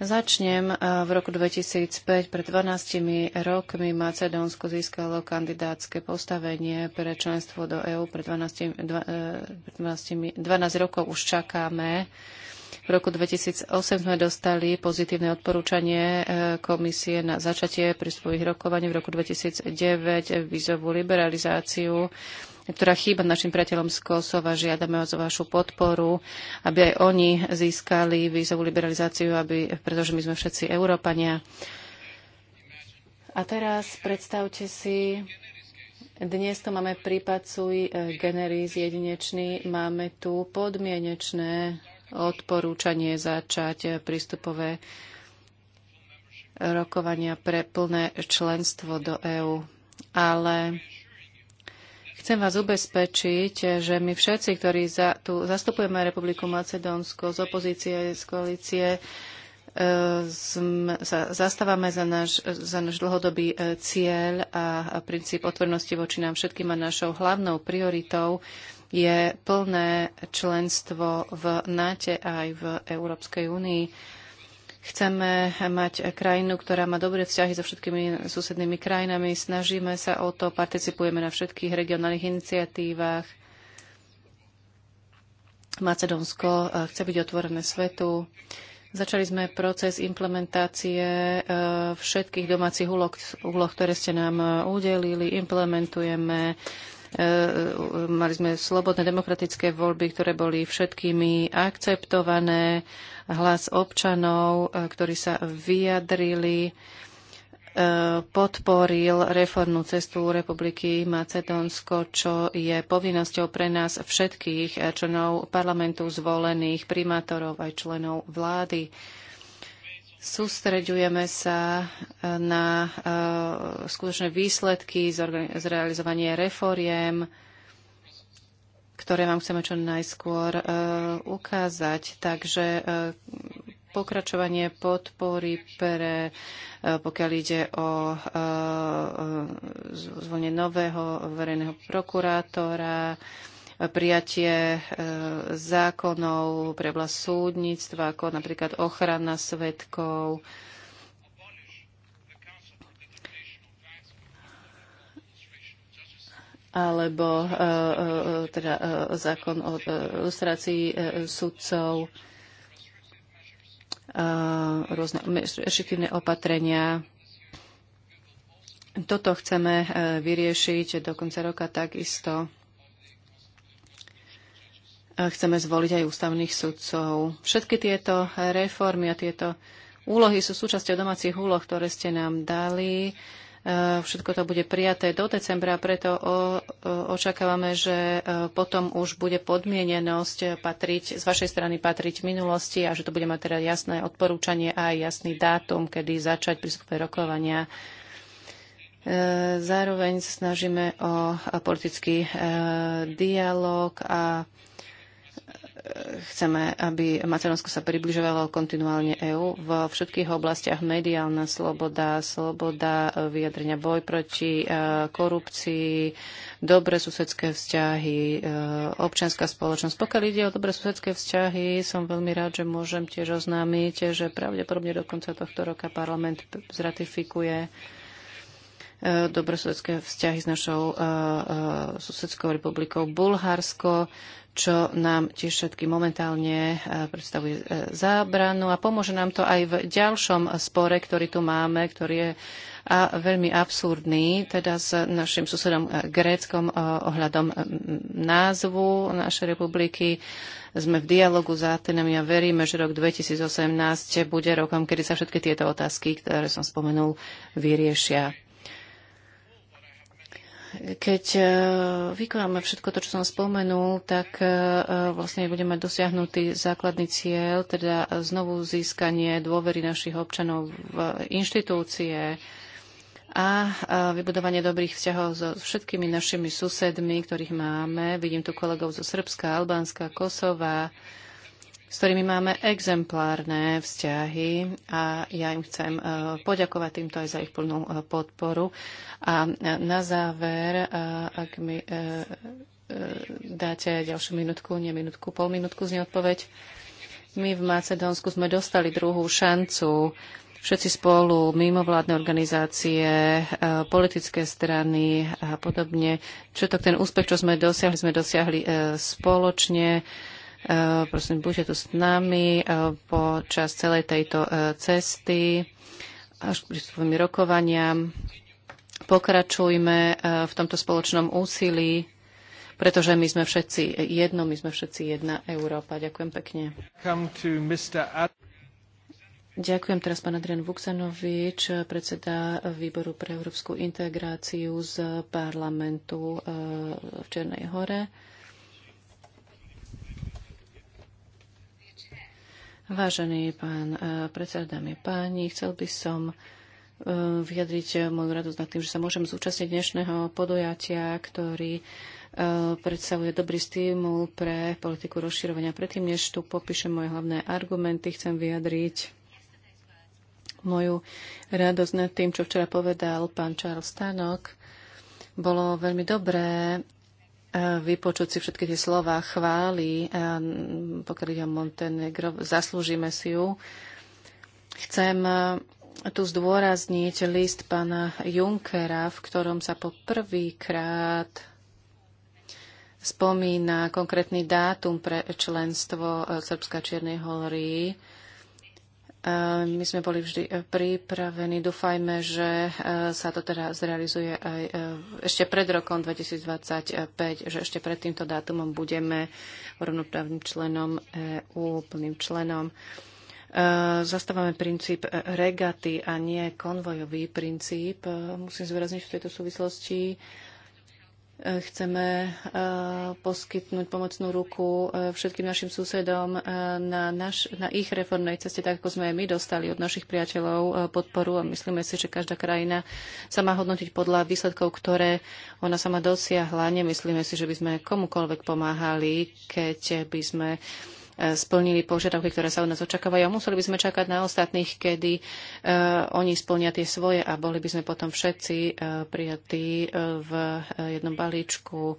Speaker 3: Začnem. V roku 2005, pred 12 rokmi, Macedónsko získalo kandidátske postavenie pre členstvo do EÚ. Pred 12, 12, 12 rokov už čakáme v roku 2008 sme dostali pozitívne odporúčanie e, komisie na začatie prístupových rokovaní. V roku 2009 vízovú liberalizáciu ktorá chýba našim priateľom z Kosova. Žiadame o vašu podporu, aby aj oni získali vízovú liberalizáciu, aby, pretože my sme všetci Európania. A teraz predstavte si, dnes tu máme prípad sui e, generis jedinečný, máme tu podmienečné odporúčanie začať prístupové rokovania pre plné členstvo do EÚ. Ale chcem vás ubezpečiť, že my všetci, ktorí za, tu zastupujeme Republiku Macedónsko z opozície, z koalície, e, zastávame za náš, za náš dlhodobý e, cieľ a princíp otvornosti voči nám všetkým a našou hlavnou prioritou je plné členstvo v NATO e aj v Európskej únii. Chceme mať krajinu, ktorá má dobré vzťahy so všetkými susednými krajinami. Snažíme sa o to, participujeme na všetkých regionálnych iniciatívach. Macedónsko eh, chce byť otvorené svetu. Začali sme proces implementácie eh, všetkých domácich úloh, úloh ktoré ste nám eh, udelili. Implementujeme E, e, mali sme slobodné demokratické voľby, ktoré boli všetkými akceptované. Hlas občanov, e, ktorí sa vyjadrili podporil reformnú cestu Republiky Macedónsko, čo je povinnosťou pre nás všetkých členov parlamentu zvolených primátorov aj členov vlády. Sústreďujeme sa e, na e, skutočné výsledky, zrealizovanie reforiem, ktoré vám chceme čo najskôr e, ukázať. Takže pokračovanie podpory pre, pokiaľ ide o zvolenie nového verejného prokurátora, prijatie e, zákonov pre vlast súdnictva, ako napríklad ochrana svetkov, alebo e, e, teda zákon o ilustrácii sudcov, rôzne reštriktívne opatrenia. Toto chceme vyriešiť do konca roka takisto. E, chceme zvoliť aj ústavných sudcov. Všetky tieto reformy a tieto úlohy sú súčasťou domácich úloh, ktoré ste nám dali. E, všetko to bude prijaté do decembra, preto e, očakávame, že potom už bude podmienenosť patriť, z vašej strany patriť v minulosti a že to bude mať teda jasné odporúčanie a aj jasný dátum, kedy začať prístupové rokovania. Zároveň snažíme o politický dialog a chceme, aby Macedónsko sa približovalo kontinuálne EÚ v všetkých oblastiach mediálna sloboda, sloboda vyjadrenia boj proti e, korupcii, dobré susedské vzťahy, e, občianská spoločnosť. Pokiaľ ide o dobré susedské vzťahy, som veľmi rád, že môžem tiež oznámiť, že pravdepodobne do konca tohto roka parlament zratifikuje e, dobrosusedské vzťahy s našou susedskou republikou Bulharsko čo nám tiež všetky momentálne e, predstavuje e, zábranu a pomôže nám to aj v ďalšom spore, ktorý tu máme, ktorý je a veľmi absurdný, teda s našim susedom e, Gréckom ohľadom názvu našej republiky. Sme v dialogu s Atenami a veríme, že rok 2018 bude rokom, kedy sa všetky tieto otázky, ktoré som spomenul, vyriešia. Keď e, vykonáme všetko to, čo som spomenul, tak e, vlastne budeme mať dosiahnutý základný cieľ, teda znovu získanie dôvery našich občanov v inštitúcie a e, vybudovanie dobrých vzťahov so všetkými našimi susedmi, ktorých máme. Vidím tu kolegov zo Srbska, Albánska, Kosova, s ktorými máme exemplárne vzťahy a ja im chcem e, poďakovať týmto aj za ich plnú e, podporu. A e, na záver, ak mi dáte ďalšiu minútku, nie minútku, pol minútku z neodpoveď. My v Macedónsku sme dostali druhú šancu všetci spolu, mimovládne organizácie, politické strany a podobne. Čo to ten úspech, čo sme dosiahli, sme dosiahli spoločne Eh, prosím, buďte tu s nami eh, počas celej tejto eh, cesty až k svojim rokovaniam. Pokračujme v tomto spoločnom úsilí, pretože my sme všetci jedno, my sme všetci jedna Európa. Ďakujem pekne. Ďakujem teraz pán Adrian Vuksanovič, predseda Výboru pre európsku integráciu z parlamentu v Černej hore. Vážený pán e, predseda, dámy páni, chcel by som e, vyjadriť moju radosť nad tým, že sa môžem zúčastniť dnešného podujatia, ktorý e, predstavuje dobrý stimul pre politiku rozširovania. Predtým, než tu popíšem moje hlavné argumenty, chcem vyjadriť moju radosť nad tým, čo včera povedal pán Charles Stanok. Bolo veľmi dobré E, vypočuť si všetky tie slova chvály, e, pokiaľ ide o Montenegro, zaslúžime si ju. Chcem e, tu zdôrazniť list pána Junkera, v ktorom sa po prvýkrát spomína konkrétny dátum pre členstvo Srbska Čiernej hory Eh, my sme boli vždy eh, pripravení. Dúfajme, že eh, sa to teda zrealizuje aj ešte pred rokom 2025, že ešte pred týmto dátumom budeme rovnoprávnym členom úplným e plným členom. Zastávame princíp regaty a nie konvojový princíp. Musím zvýrazniť v tejto súvislosti Chceme e, poskytnúť pomocnú ruku e, všetkým našim susedom e, na, naš, na ich reformnej ceste, tak ako sme aj my dostali od našich priateľov podporu a myslíme si, že každá krajina sa má hodnotiť podľa výsledkov, ktoré ona sama dosiahla. Nemyslíme si, že by sme komukolvek pomáhali, keď by sme splnili požiadavky, ktoré sa od nás očakávajú. A museli by sme čakať na ostatných, kedy e, oni splnia tie svoje a boli by sme potom všetci e, prijatí e, v jednom balíčku.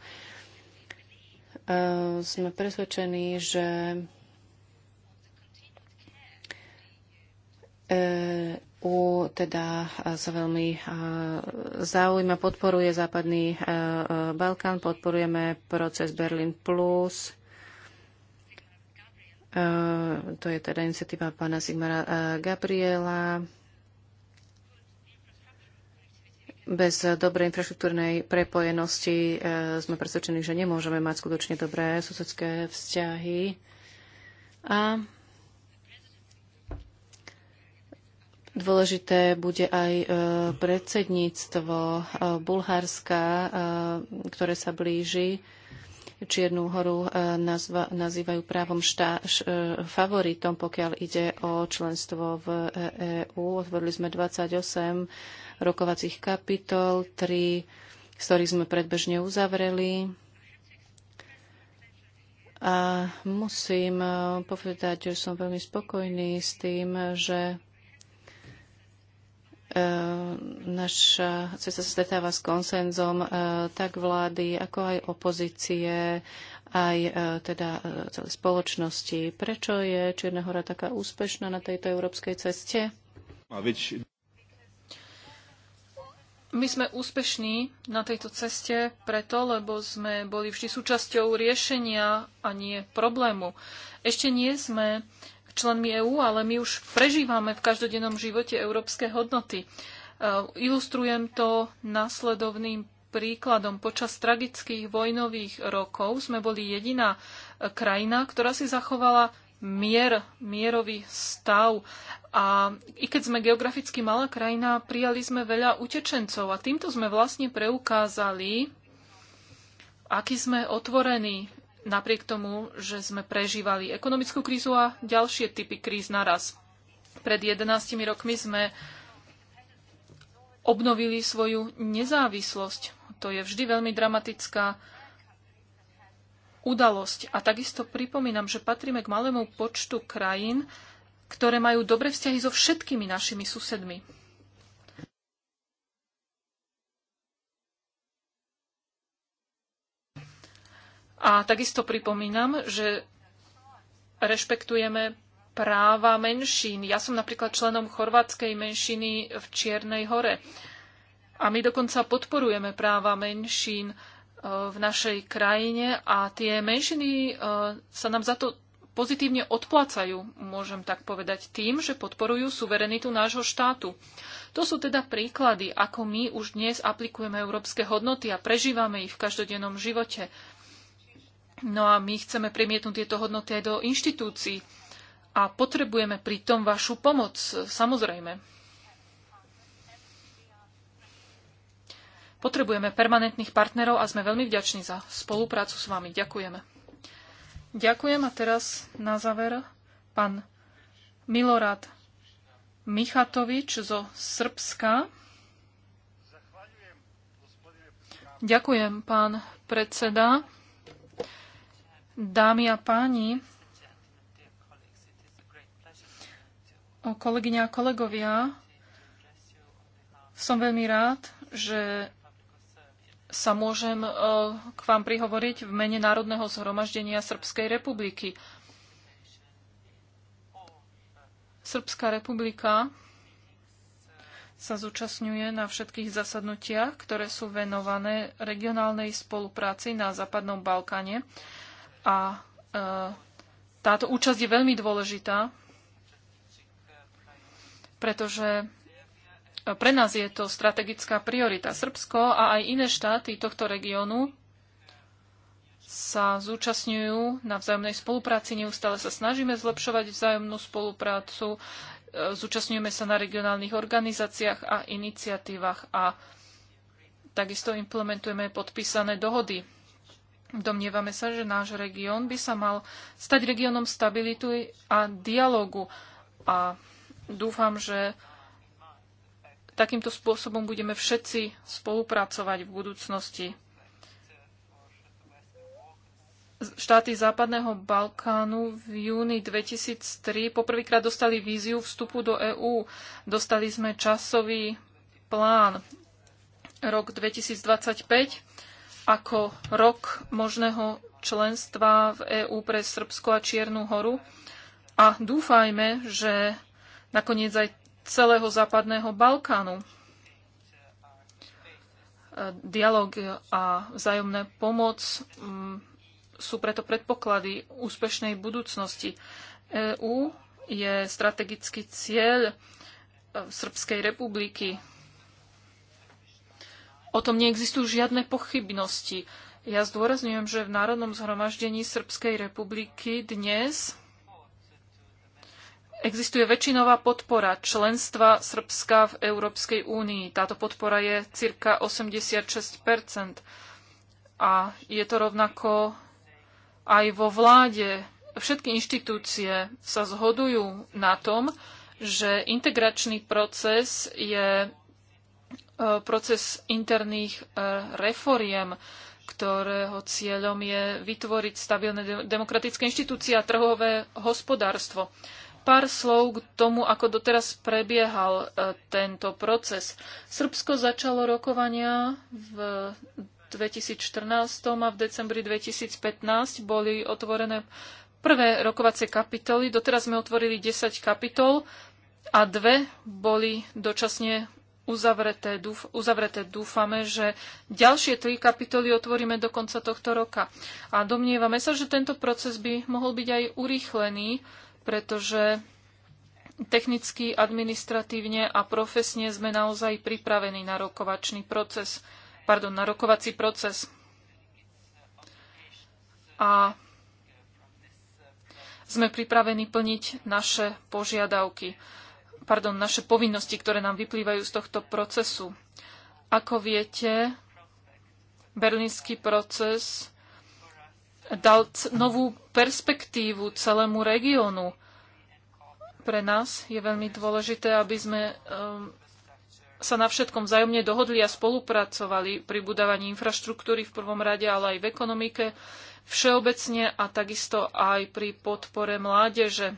Speaker 3: Sme presvedčení, že u teda sa veľmi zaujíma, podporuje Západný Balkán, podporujeme proces Berlin Plus, Eh, to je teda iniciatíva pána Sigmara eh, Gabriela. Bez dobrej infraštruktúrnej prepojenosti eh, sme presvedčení, že nemôžeme mať skutočne dobré susedské vzťahy. A Dôležité bude aj predsedníctvo Bulharska, ktoré sa blíži. Čiernu horu e, nazva, nazývajú právom štá, š, e, favoritom, pokiaľ ide o členstvo v EÚ. E Otvorili sme 28 rokovacích kapitol, 3, z ktorých sme predbežne uzavreli. A musím povedať, že som veľmi spokojný s tým, že E, naša cesta sa stretáva s konsenzom e, tak vlády, ako aj opozície, aj e, teda celé spoločnosti. Prečo je Čierna hora taká úspešná na tejto európskej ceste? My
Speaker 2: sme úspešní na tejto ceste preto, lebo sme boli vždy súčasťou riešenia a nie problému. Ešte nie sme členmi EÚ, ale my už prežívame v každodennom živote európske hodnoty. E, ilustrujem to následovným príkladom. Počas tragických vojnových rokov sme boli jediná e, krajina, ktorá si zachovala mier, mierový stav. A i keď sme geograficky malá krajina, prijali sme veľa utečencov a týmto sme vlastne preukázali, aký sme otvorení napriek tomu, že sme prežívali ekonomickú krízu a ďalšie typy kríz naraz. Pred 11 rokmi sme obnovili svoju nezávislosť. To je vždy veľmi dramatická udalosť. A takisto pripomínam, že patríme k malému počtu krajín, ktoré majú dobré vzťahy so všetkými našimi susedmi. A takisto pripomínam, že rešpektujeme práva menšín. Ja som napríklad členom chorvátskej menšiny v Čiernej hore. A my dokonca podporujeme práva menšín e, v našej krajine a tie menšiny e, sa nám za to pozitívne odplácajú, môžem tak povedať, tým, že podporujú suverenitu nášho štátu. To sú teda príklady, ako my už dnes aplikujeme európske hodnoty a prežívame ich v každodennom živote. No a my chceme premietnúť tieto hodnoty aj do inštitúcií a potrebujeme pritom vašu pomoc, samozrejme. Potrebujeme permanentných partnerov a sme veľmi vďační za spoluprácu s vami. Ďakujeme. Ďakujem a teraz na záver pán Milorad Michatovič zo Srbska. Ďakujem, pán predseda. Dámy a páni, kolegyňa a kolegovia, som veľmi rád, že sa môžem e, k vám prihovoriť v mene Národného zhromaždenia Srbskej republiky. Srbská republika sa zúčastňuje na všetkých zasadnutiach, ktoré sú venované regionálnej spolupráci na Západnom Balkáne a e, táto účasť je veľmi dôležitá, pretože e, pre nás je to strategická priorita. Srbsko a aj iné štáty tohto regiónu sa zúčastňujú na vzájomnej spolupráci, neustále sa snažíme zlepšovať vzájomnú spoluprácu, e, zúčastňujeme sa na regionálnych organizáciách a iniciatívach a takisto implementujeme podpísané dohody Domnievame sa, že náš región by sa mal stať regiónom stability a dialogu. A dúfam, že takýmto spôsobom budeme všetci spolupracovať v budúcnosti. Štáty Západného Balkánu v júni 2003 poprvýkrát dostali víziu vstupu do EÚ. Dostali sme časový plán rok 2025 ako rok možného členstva v EÚ pre Srbsko a Čiernu horu a dúfajme, že nakoniec aj celého západného Balkánu. E, dialog a vzájomná pomoc mm, sú preto predpoklady úspešnej budúcnosti. EÚ je strategický cieľ e, Srbskej republiky O tom neexistujú žiadne pochybnosti. Ja zdôrazňujem, že v Národnom zhromaždení Srbskej republiky dnes existuje väčšinová podpora členstva Srbska v Európskej únii. Táto podpora je cirka 86 a je to rovnako aj vo vláde. Všetky inštitúcie sa zhodujú na tom, že integračný proces je E, proces interných e, reforiem, ktorého cieľom je vytvoriť stabilné demokratické inštitúcie a trhové hospodárstvo. Pár slov k tomu, ako doteraz prebiehal e, tento proces. Srbsko začalo rokovania v 2014 a v decembri 2015 boli otvorené prvé rokovacie kapitoly. Doteraz sme otvorili 10 kapitol a dve boli dočasne uzavreté, dúf, uzavreté dúfame, že ďalšie tri kapitoly otvoríme do konca tohto roka. A domnievame sa, že tento proces by mohol byť aj urýchlený, pretože technicky, administratívne a profesne sme naozaj pripravení na rokovačný proces, pardon, na rokovací proces. A sme pripravení plniť naše požiadavky pardon, naše povinnosti, ktoré nám vyplývajú z tohto procesu. Ako viete, berlínsky proces dal novú perspektívu celému regiónu. Pre nás je veľmi dôležité, aby sme um, sa na všetkom vzájomne dohodli a spolupracovali pri budovaní infraštruktúry v prvom rade, ale aj v ekonomike všeobecne a takisto aj pri podpore mládeže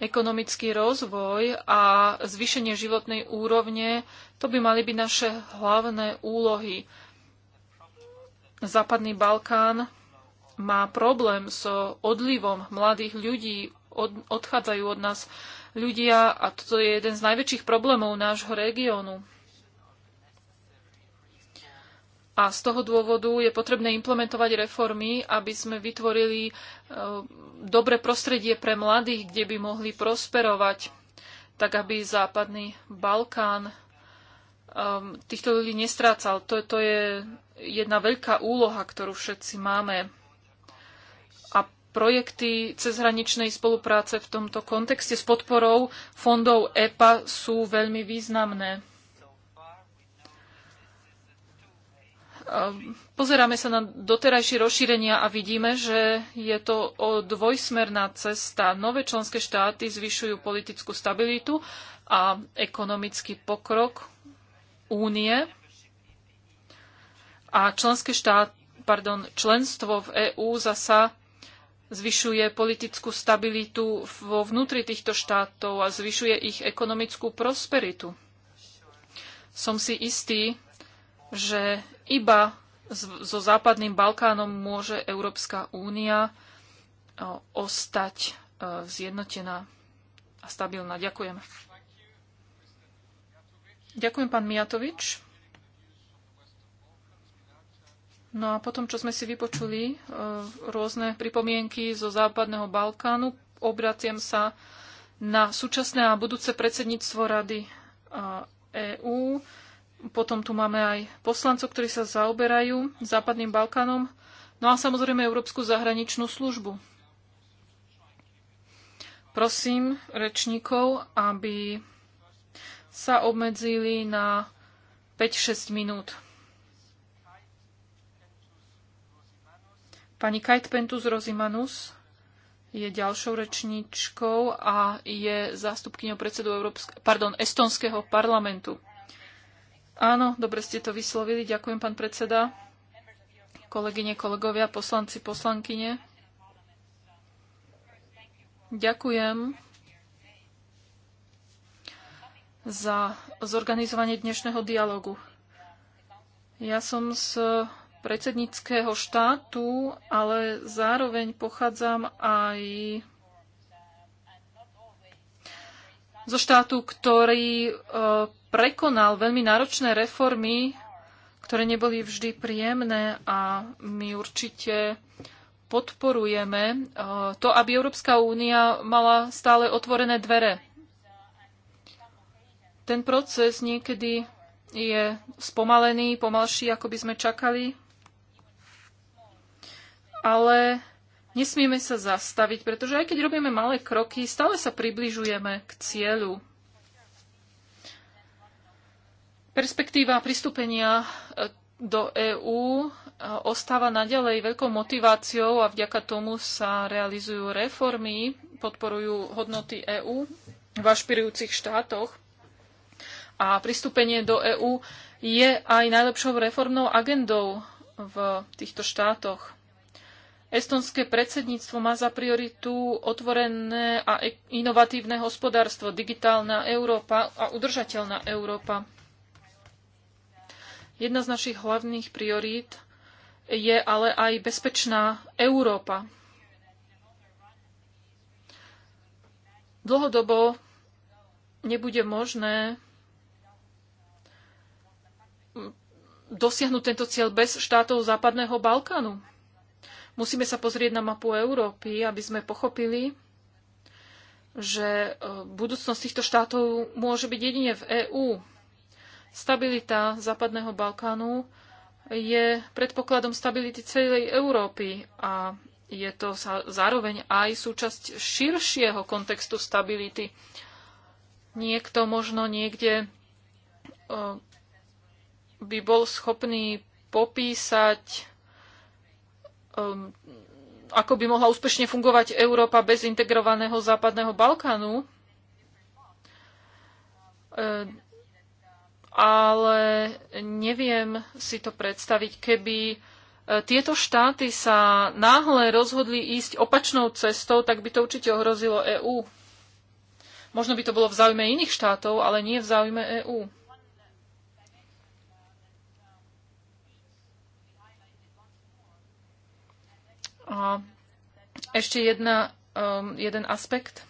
Speaker 2: ekonomický rozvoj a zvýšenie životnej úrovne, to by mali byť naše hlavné úlohy. Západný Balkán má problém so odlivom mladých ľudí, od, odchádzajú od nás ľudia a toto je jeden z najväčších problémov nášho regiónu. A z toho dôvodu je potrebné implementovať reformy, aby sme vytvorili e, dobré prostredie pre mladých, kde by mohli prosperovať, tak aby západný Balkán ehm, týchto ľudí nestrácal. To, to je jedna veľká úloha, ktorú všetci máme. A projekty cezhraničnej spolupráce v tomto kontexte s podporou fondov EPA sú veľmi významné. Pozeráme sa na doterajšie rozšírenia a vidíme, že je to dvojsmerná cesta. Nové členské štáty zvyšujú politickú stabilitu a ekonomický pokrok únie a členské štát, pardon, členstvo v EÚ zasa zvyšuje politickú stabilitu vo vnútri týchto štátov a zvyšuje ich ekonomickú prosperitu. Som si istý, že iba so západným Balkánom môže Európska únia ostať e, zjednotená a stabilná. Ďakujem. Ďakujem, pán Mijatovič. No a potom, čo sme si vypočuli e, rôzne pripomienky zo západného Balkánu, obratiem sa na súčasné a budúce predsedníctvo Rady EÚ. E potom tu máme aj poslancov, ktorí sa zaoberajú Západným Balkánom. No a samozrejme Európsku zahraničnú službu. Prosím rečníkov, aby sa obmedzili na 5-6 minút. Pani Kajt Pentus Rozimanus je ďalšou rečníčkou a je zástupkyňou predsedu Európske, pardon, Estonského parlamentu. Áno, dobre ste to vyslovili. Ďakujem, pán predseda. Kolegyne, kolegovia, poslanci, poslankyne. Ďakujem za zorganizovanie dnešného dialogu. Ja som z predsedníckého štátu, ale zároveň pochádzam aj zo štátu, ktorý e, prekonal veľmi náročné reformy, ktoré neboli vždy príjemné a my určite podporujeme e, to, aby Európska únia mala stále otvorené dvere. Ten proces niekedy je spomalený, pomalší, ako by sme čakali, ale Nesmieme sa zastaviť, pretože aj keď robíme malé kroky, stále sa približujeme k cieľu. Perspektíva pristúpenia e, do EÚ e, ostáva naďalej veľkou motiváciou a vďaka tomu sa realizujú reformy, podporujú hodnoty EÚ v ašpirujúcich štátoch. A pristúpenie do EÚ je aj najlepšou reformnou agendou v týchto štátoch. Estonské predsedníctvo má za prioritu otvorené a e- inovatívne hospodárstvo, digitálna Európa a udržateľná Európa. Jedna z našich hlavných priorít je ale aj bezpečná Európa. Dlhodobo nebude možné dosiahnuť tento cieľ bez štátov Západného Balkánu. Musíme sa pozrieť na mapu Európy, aby sme pochopili, že e, budúcnosť týchto štátov môže byť jedine v EÚ. Stabilita Západného Balkánu je predpokladom stability celej Európy a je to zároveň aj súčasť širšieho kontextu stability. Niekto možno niekde e, by bol schopný popísať um, ako by mohla úspešne fungovať Európa bez integrovaného západného Balkánu. Ehm, ale neviem si to predstaviť, keby e, tieto štáty sa náhle rozhodli ísť opačnou cestou, tak by to určite ohrozilo EÚ. Možno by to bolo v záujme iných štátov, ale nie v záujme EÚ. A ešte jedna, um, jeden aspekt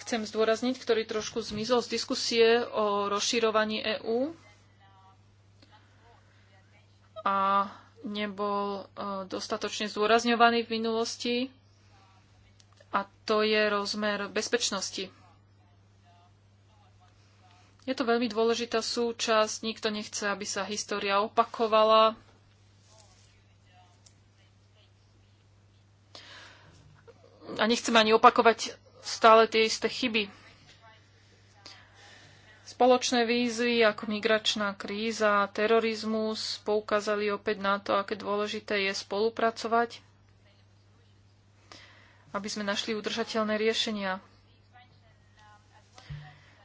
Speaker 2: chcem zdôrazniť, ktorý trošku zmizol z diskusie o rozširovaní EÚ a nebol uh, dostatočne zdôrazňovaný v minulosti a to je rozmer bezpečnosti. Je to veľmi dôležitá súčasť, nikto nechce, aby sa história opakovala, a nechcem ani opakovať stále tie isté chyby. Spoločné výzvy ako migračná kríza, terorizmus poukázali opäť na to, aké dôležité je spolupracovať, aby sme našli udržateľné riešenia.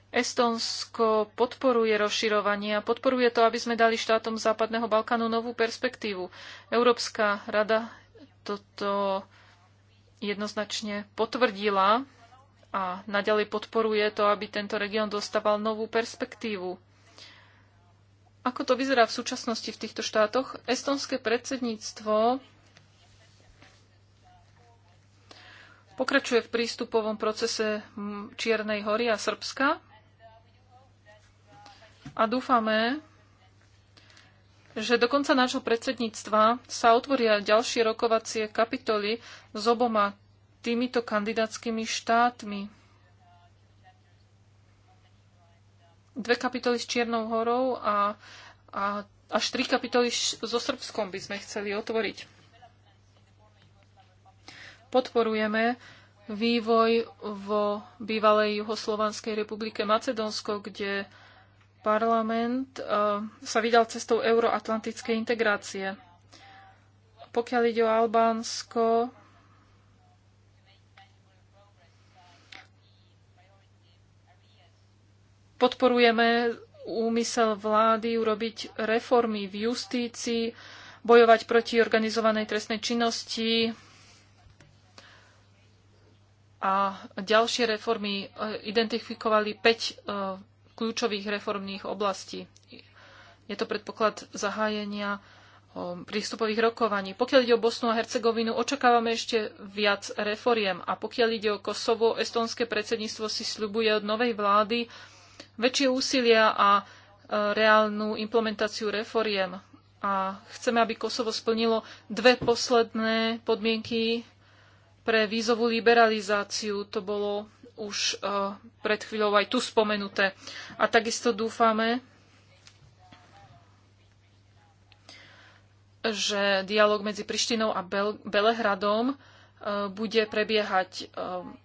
Speaker 2: Estonsko podporuje rozširovanie a podporuje to, aby sme dali štátom Západného Balkánu novú perspektívu. Európska rada toto jednoznačne potvrdila a naďalej podporuje to, aby tento región dostával novú perspektívu. Ako to vyzerá v súčasnosti v týchto štátoch? Estonské predsedníctvo pokračuje v prístupovom procese Čiernej hory a Srbska a dúfame, že do konca nášho predsedníctva sa otvoria ďalšie rokovacie kapitoly s oboma týmito kandidátskymi štátmi. Dve kapitoly s Čiernou horou a, a až tri kapitoly so Srbskom by sme chceli otvoriť. Podporujeme vývoj vo bývalej Juhoslovanskej republike Macedónsko, kde parlament e, sa vydal cestou euroatlantickej integrácie. Pokiaľ ide o Albánsko, podporujeme úmysel vlády urobiť reformy v justícii, bojovať proti organizovanej trestnej činnosti a ďalšie reformy e, identifikovali 5 kľúčových reformných oblastí. Je to predpoklad zahájenia prístupových rokovaní. Pokiaľ ide o Bosnu a Hercegovinu, očakávame ešte viac reforiem a pokiaľ ide o Kosovo, estonské predsedníctvo si sľubuje od novej vlády väčšie úsilia a e, reálnu implementáciu reforiem. A chceme, aby Kosovo splnilo dve posledné podmienky pre vízovú liberalizáciu. To bolo už e, pred chvíľou aj tu spomenuté. A takisto dúfame, že dialog medzi Prištinou a Belehradom e, bude prebiehať e,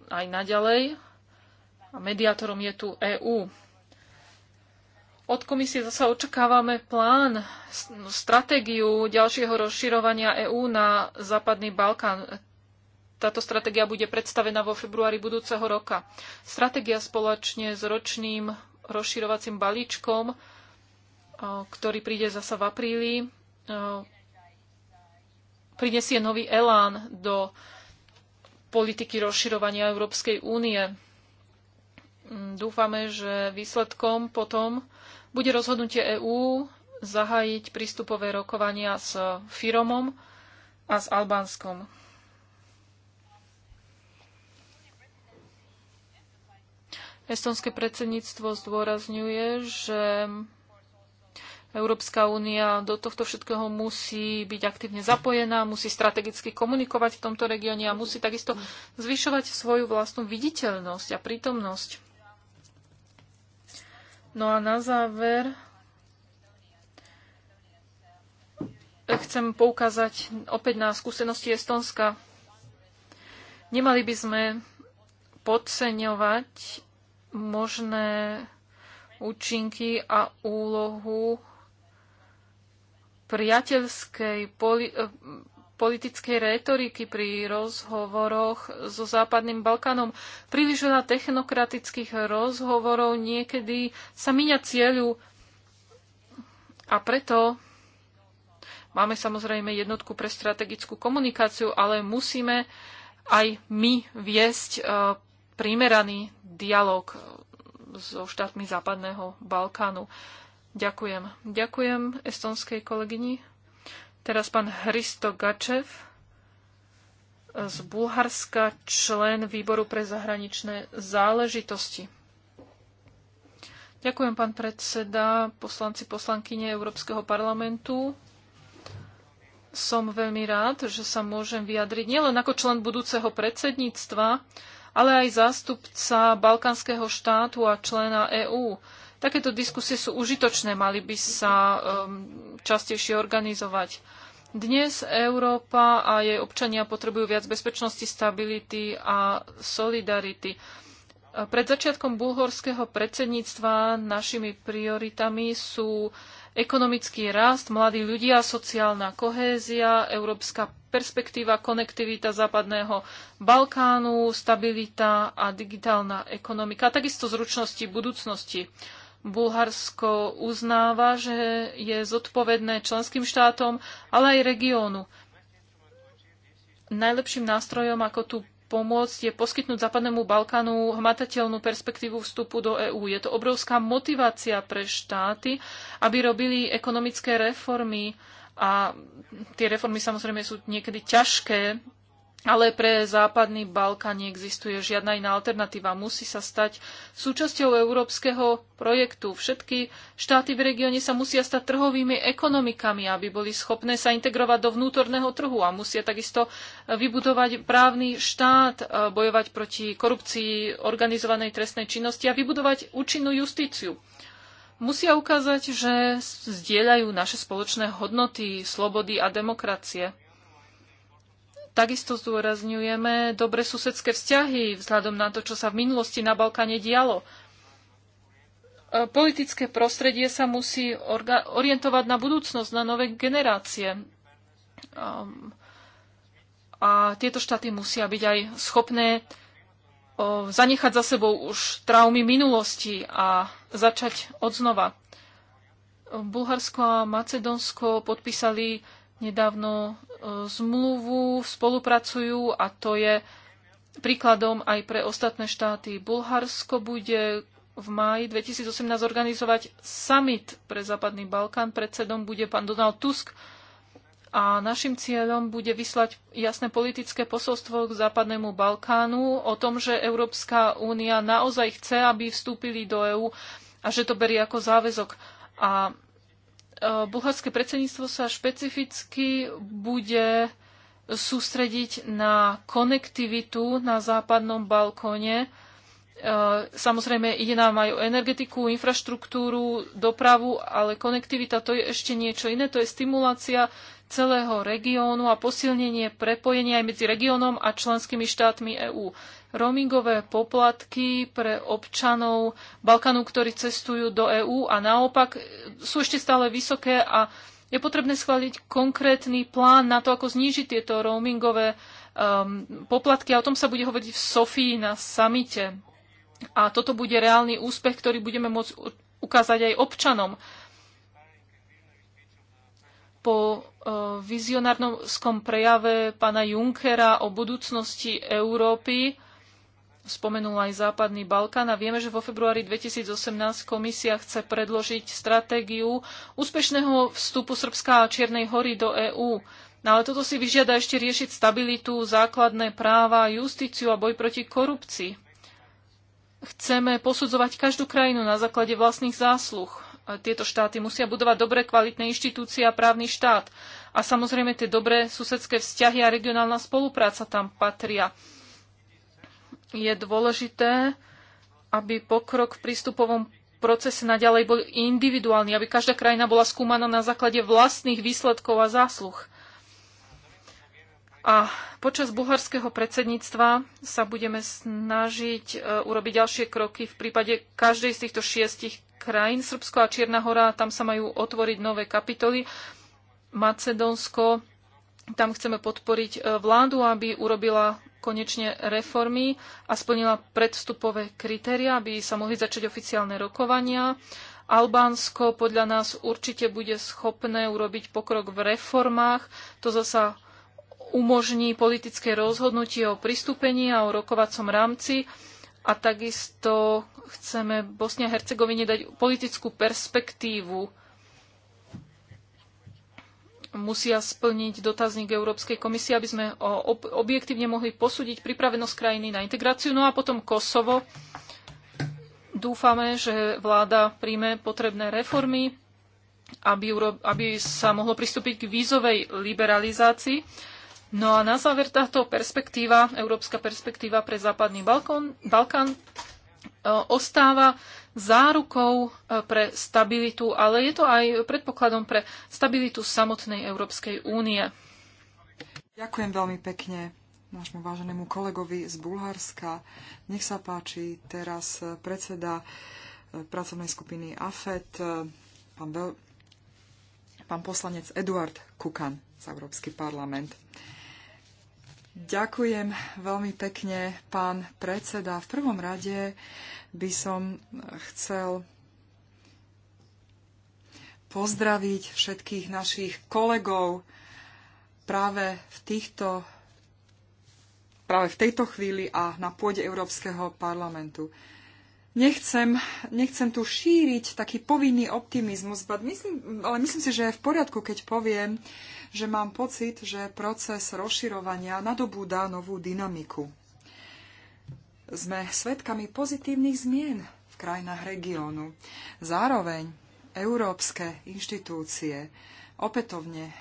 Speaker 2: aj naďalej. A mediátorom je tu EÚ. Od komisie zase očakávame plán, stratégiu ďalšieho rozširovania EÚ na Západný Balkán táto stratégia bude predstavená vo februári budúceho roka. Stratégia spoločne s ročným rozširovacím balíčkom, ktorý príde zasa v apríli, prinesie nový elán do politiky rozširovania Európskej únie. Mm, dúfame, že výsledkom potom bude rozhodnutie EÚ zahájiť prístupové rokovania s Firomom a s Albánskom. Estonské predsedníctvo zdôrazňuje, že Európska únia do tohto všetkého musí byť aktívne zapojená, musí strategicky komunikovať v tomto regióne a musí takisto zvyšovať svoju vlastnú viditeľnosť a prítomnosť. No a na záver chcem poukázať opäť na skúsenosti Estonska. Nemali by sme podceňovať možné účinky a úlohu priateľskej poli- eh, politickej rétoriky pri rozhovoroch so Západným Balkánom. Príliš veľa technokratických rozhovorov niekedy sa míňa cieľu a preto máme samozrejme jednotku pre strategickú komunikáciu, ale musíme aj my viesť eh, primeraný dialog so štátmi Západného Balkánu. Ďakujem. Ďakujem estonskej kolegyni. Teraz pán Hristo Gačev z Bulharska, člen výboru pre zahraničné záležitosti. Ďakujem, pán predseda, poslanci, poslankyne Európskeho parlamentu. Som veľmi rád, že sa môžem vyjadriť nielen ako člen budúceho predsedníctva, ale aj zástupca balkánskeho štátu a člena EÚ. Takéto diskusie sú užitočné, mali by sa um, častejšie organizovať. Dnes Európa a jej občania potrebujú viac bezpečnosti, stability a solidarity. Pred začiatkom bulhorského predsedníctva našimi prioritami sú ekonomický rast, mladí ľudia, sociálna kohézia, európska perspektíva, konektivita západného Balkánu, stabilita a digitálna ekonomika, takisto zručnosti budúcnosti. Bulharsko uznáva, že je zodpovedné členským štátom, ale aj regiónu. Najlepším nástrojom, ako tú pomôcť je poskytnúť Západnému Balkánu hmatateľnú perspektívu vstupu do EÚ. Je to obrovská motivácia pre štáty, aby robili ekonomické reformy a tie reformy samozrejme sú niekedy ťažké ale pre západný Balkán neexistuje žiadna iná alternatíva. Musí sa stať súčasťou európskeho projektu. Všetky štáty v regióne sa musia stať trhovými ekonomikami, aby boli schopné sa integrovať do vnútorného trhu a musia takisto vybudovať právny štát, e, bojovať proti korupcii, organizovanej trestnej činnosti a vybudovať účinnú justíciu. Musia ukázať, že zdieľajú naše spoločné hodnoty, slobody a demokracie Takisto zdôrazňujeme dobre susedské vzťahy vzhľadom na to, čo sa v minulosti na Balkáne dialo. E, politické prostredie sa musí orientovať na budúcnosť, na nové generácie. Ehm, a tieto štáty musia byť aj schopné zanechať za sebou už traumy minulosti a začať odznova. Bulharsko a Macedónsko podpísali nedávno e, zmluvu, spolupracujú a to je príkladom aj pre ostatné štáty. Bulharsko bude v máji 2018 organizovať summit pre Západný Balkán. Predsedom bude pán Donald Tusk a našim cieľom bude vyslať jasné politické posolstvo k Západnému Balkánu o tom, že Európska únia naozaj chce, aby vstúpili do EÚ a že to berie ako záväzok. A E, bulharské predsedníctvo sa špecificky bude sústrediť na konektivitu na západnom Balkóne. E, samozrejme, ide nám aj o energetiku, infraštruktúru, dopravu, ale konektivita to je ešte niečo iné. To je stimulácia celého regiónu a posilnenie prepojenia aj medzi regiónom a členskými štátmi EÚ roamingové poplatky pre občanov Balkánu, ktorí cestujú do EÚ a naopak e, sú ešte stále vysoké a je potrebné schváliť konkrétny plán na to, ako znížiť tieto roamingové um, poplatky a o tom sa bude hovoriť v Sofii na samite. A toto bude reálny úspech, ktorý budeme môcť ukázať aj občanom. Po uh, vizionárnom prejave pána Junckera o budúcnosti Európy spomenul aj Západný Balkán a vieme, že vo februári 2018 komisia chce predložiť stratégiu úspešného vstupu Srbska a Čiernej hory do EÚ. No ale toto si vyžiada ešte riešiť stabilitu, základné práva, justíciu a boj proti korupcii. Chceme posudzovať každú krajinu na základe vlastných zásluh. Tieto štáty musia budovať dobré, kvalitné inštitúcie a právny štát. A samozrejme tie dobré susedské vzťahy a regionálna spolupráca tam patria je dôležité, aby pokrok v prístupovom procese naďalej bol individuálny, aby každá krajina bola skúmaná na základe vlastných výsledkov a zásluh. A počas bulharského predsedníctva sa budeme snažiť e, urobiť ďalšie kroky v prípade každej z týchto šiestich krajín. Srbsko a Čierna hora, tam sa majú otvoriť nové kapitoly. Macedónsko, tam chceme podporiť e, vládu, aby urobila konečne reformy a splnila predvstupové kritéria, aby sa mohli začať oficiálne rokovania. Albánsko podľa nás určite bude schopné urobiť pokrok v reformách. To zasa umožní politické rozhodnutie o pristúpení a o rokovacom rámci. A takisto chceme Bosne a Hercegovine dať politickú perspektívu musia splniť dotazník Európskej komisie, aby sme objektívne mohli posúdiť pripravenosť krajiny na integráciu. No a potom Kosovo. Dúfame, že vláda príjme potrebné reformy, aby, aby sa mohlo pristúpiť k vízovej liberalizácii. No a na záver táto perspektíva, európska perspektíva pre Západný Balkón, Balkán, E, ostáva zárukou e, pre stabilitu, ale je to aj predpokladom pre stabilitu samotnej Európskej únie.
Speaker 1: Ďakujem veľmi pekne nášmu váženému kolegovi z Bulharska. Nech sa páči teraz predseda e, pracovnej skupiny AFET, pán, Bel- pán poslanec Eduard Kukan z Európsky parlament. Ďakujem veľmi pekne, pán predseda. V prvom rade by som chcel pozdraviť všetkých našich kolegov práve v týchto práve v tejto chvíli a na pôde Európskeho parlamentu. Nechcem, nechcem tu šíriť taký povinný optimizmus, myslím, ale myslím si, že je v poriadku, keď poviem, že mám pocit, že proces rozširovania nadobúda novú dynamiku sme svedkami pozitívnych zmien v krajinách regiónu. Zároveň európske inštitúcie opätovne e,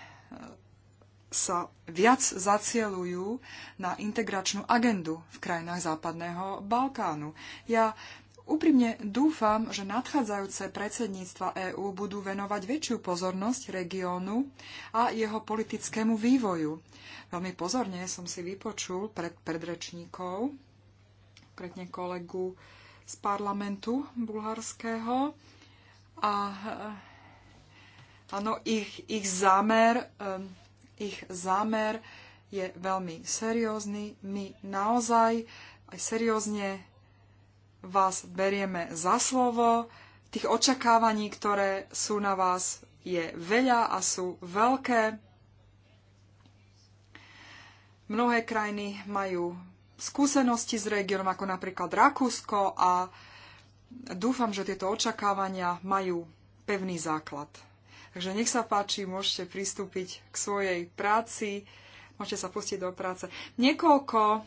Speaker 1: sa viac zacielujú na integračnú agendu v krajinách Západného Balkánu. Ja úprimne dúfam, že nadchádzajúce predsedníctva EÚ budú venovať väčšiu pozornosť regiónu a jeho politickému vývoju. Veľmi pozorne som si vypočul pred predrečníkov konkrétne kolegu z parlamentu bulharského. A e, áno, ich, ich zámer, e, ich zámer je veľmi seriózny. My naozaj aj seriózne vás berieme za slovo. Tých očakávaní, ktoré sú na vás, je veľa a sú veľké. Mnohé krajiny majú skúsenosti s regiónom, ako napríklad Rakúsko a dúfam, že tieto očakávania majú pevný základ. Takže nech sa páči, môžete pristúpiť k svojej práci môžete sa pustiť do práce. Niekoľko, um,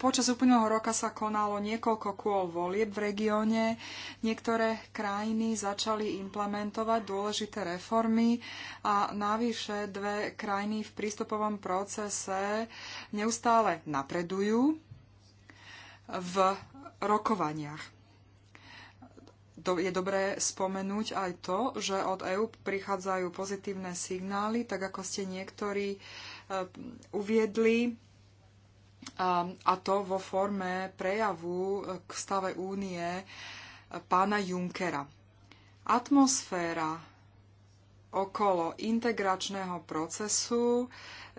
Speaker 1: počas úplného roka sa konalo niekoľko kôl volieb v regióne. Niektoré krajiny začali implementovať dôležité reformy a navyše dve krajiny v prístupovom procese neustále napredujú v rokovaniach do, je dobré spomenúť aj to, že od EÚ prichádzajú pozitívne signály, tak ako ste niektorí e, uviedli, a, a to vo forme prejavu e, k stave únie e, pána Junkera. Atmosféra okolo integračného procesu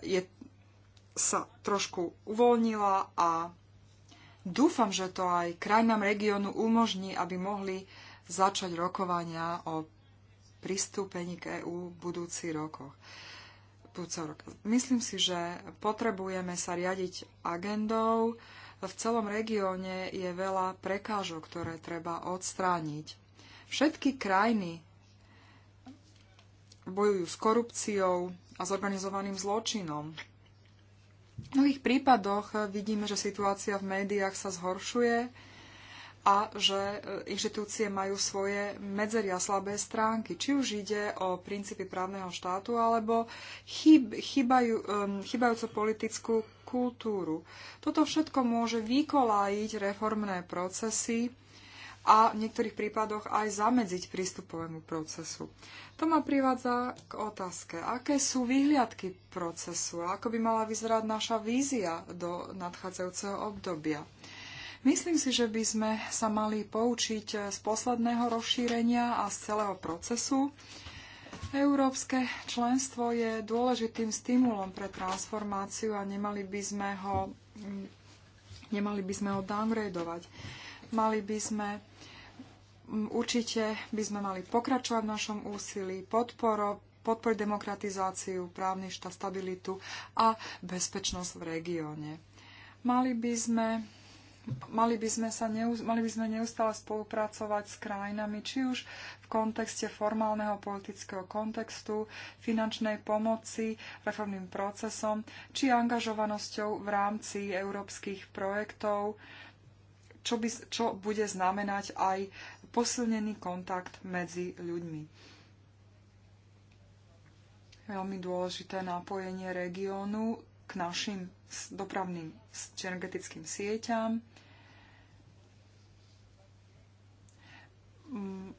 Speaker 1: je, sa trošku uvoľnila a dúfam, že to aj krajinám regiónu umožní, aby mohli začať rokovania o pristúpení k EÚ v budúci rokoch. Myslím si, že potrebujeme sa riadiť agendou. V celom regióne je veľa prekážok, ktoré treba odstrániť. Všetky krajiny bojujú s korupciou a s organizovaným zločinom. V mnohých prípadoch vidíme, že situácia v médiách sa zhoršuje a že e, inštitúcie majú svoje medzeria slabé stránky. Či už ide o princípy právneho štátu alebo chyb, chybajú, chybajúcu politickú kultúru. Toto všetko môže vykolájiť reformné procesy a v niektorých prípadoch aj zamedziť prístupovému procesu. To ma privádza k otázke, aké sú výhľadky procesu, ako by mala vyzerať naša vízia do nadchádzajúceho obdobia. Myslím si, že by sme sa mali poučiť eh, z posledného rozšírenia a z celého procesu. Európske členstvo je dôležitým stimulom pre transformáciu a nemali by sme ho, mm, nemali by sme ho downgradovať. Mali by sme mm, určite by sme mali pokračovať v našom úsilí, podporo, podporiť demokratizáciu, právny štát, stabilitu a bezpečnosť v regióne. Mali by sme mali by sme, sa neus- mali by sme neustále spolupracovať s krajinami, či už v kontexte formálneho politického kontextu, finančnej pomoci, reformným procesom, či angažovanosťou v rámci európskych projektov, čo, by, čo bude znamenať aj posilnený kontakt medzi ľuďmi. Veľmi dôležité napojenie regiónu k našim dopravným či energetickým sieťam. Mm,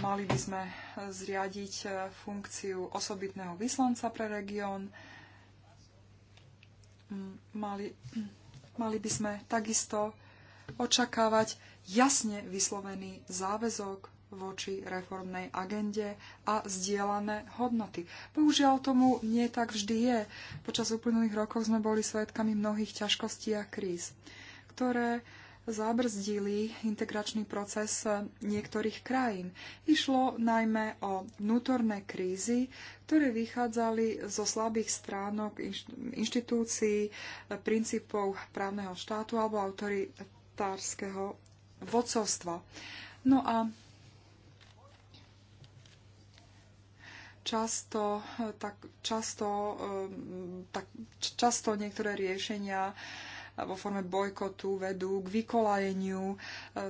Speaker 1: mali by sme eh, zriadiť eh, funkciu osobitného vyslanca pre región. Mm, mali, mali by sme takisto očakávať jasne vyslovený záväzok voči reformnej agende a zdieľané hodnoty. Bohužiaľ tomu nie tak vždy je. Počas uplynulých rokov sme boli svetkami mnohých ťažkostí a kríz, ktoré zabrzdili integračný proces niektorých krajín. Išlo najmä o vnútorné krízy, ktoré vychádzali zo slabých stránok inštitúcií, princípov právneho štátu alebo autoritárskeho vodcovstva. No a často, tak, často, um, tak, často niektoré riešenia vo forme bojkotu vedú k vykolajeniu e,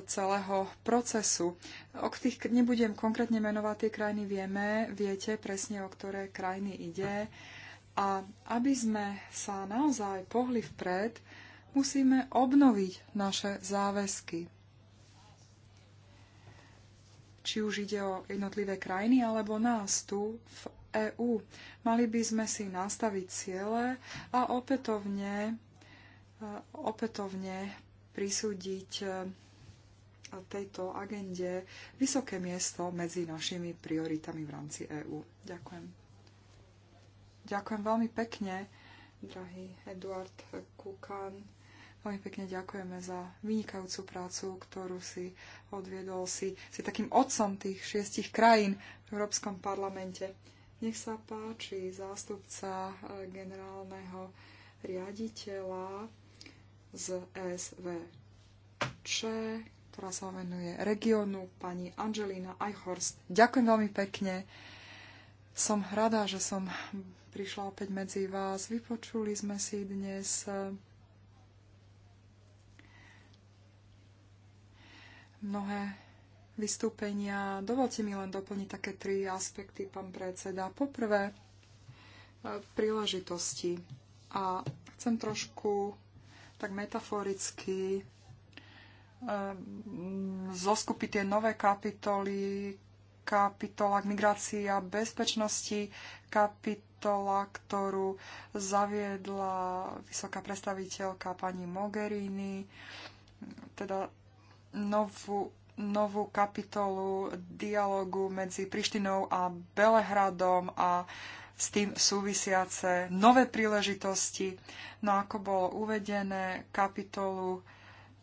Speaker 1: celého procesu. O tých nebudem konkrétne menovať, tie krajiny vieme, viete presne, o ktoré krajiny ide. A aby sme sa naozaj pohli vpred, musíme obnoviť naše záväzky či už ide o jednotlivé krajiny alebo nás tu v EÚ. Mali by sme si nastaviť ciele a opätovne opätovne prisúdiť e, tejto agende vysoké miesto medzi našimi prioritami v rámci EÚ. Ďakujem. Ďakujem veľmi pekne, drahý Eduard Kukan. Veľmi pekne ďakujeme za vynikajúcu prácu, ktorú si odviedol. Si, si takým otcom tých šiestich krajín v Európskom parlamente. Nech sa páči zástupca e, generálneho riaditeľa z SVČ, ktorá sa venuje regiónu, pani Angelina Eichhorst. Ďakujem veľmi pekne. Som rada, že som prišla opäť medzi vás. Vypočuli sme si dnes mnohé vystúpenia. Dovolte mi len doplniť také tri aspekty, pán predseda. Poprvé, príležitosti. A chcem trošku tak metaforicky ehm, zoskupí tie nové kapitoly, kapitola k migrácii a bezpečnosti, kapitola, ktorú zaviedla vysoká predstaviteľka pani Mogherini, teda novú, novú kapitolu dialogu medzi Prištinou a Belehradom a s tým súvisiace nové príležitosti. No ako bolo uvedené, kapitolu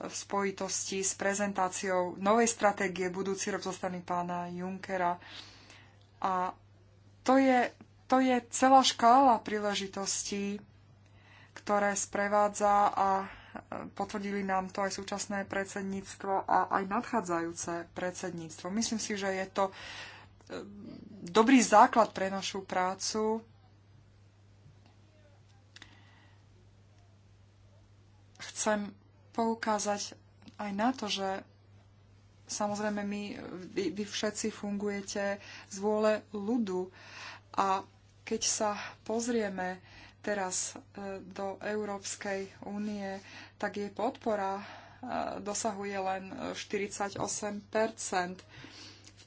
Speaker 1: v spojitosti s prezentáciou novej stratégie budúci rok zo strany pána Junkera. A to je, to je celá škála príležitostí, ktoré sprevádza a e, potvrdili nám to aj súčasné predsedníctvo a aj nadchádzajúce predsedníctvo. Myslím si, že je to dobrý základ pre našu prácu. Chcem poukázať aj na to, že samozrejme my, vy, vy všetci fungujete z vôle ľudu a keď sa pozrieme teraz e, do Európskej únie, tak jej podpora e, dosahuje len 48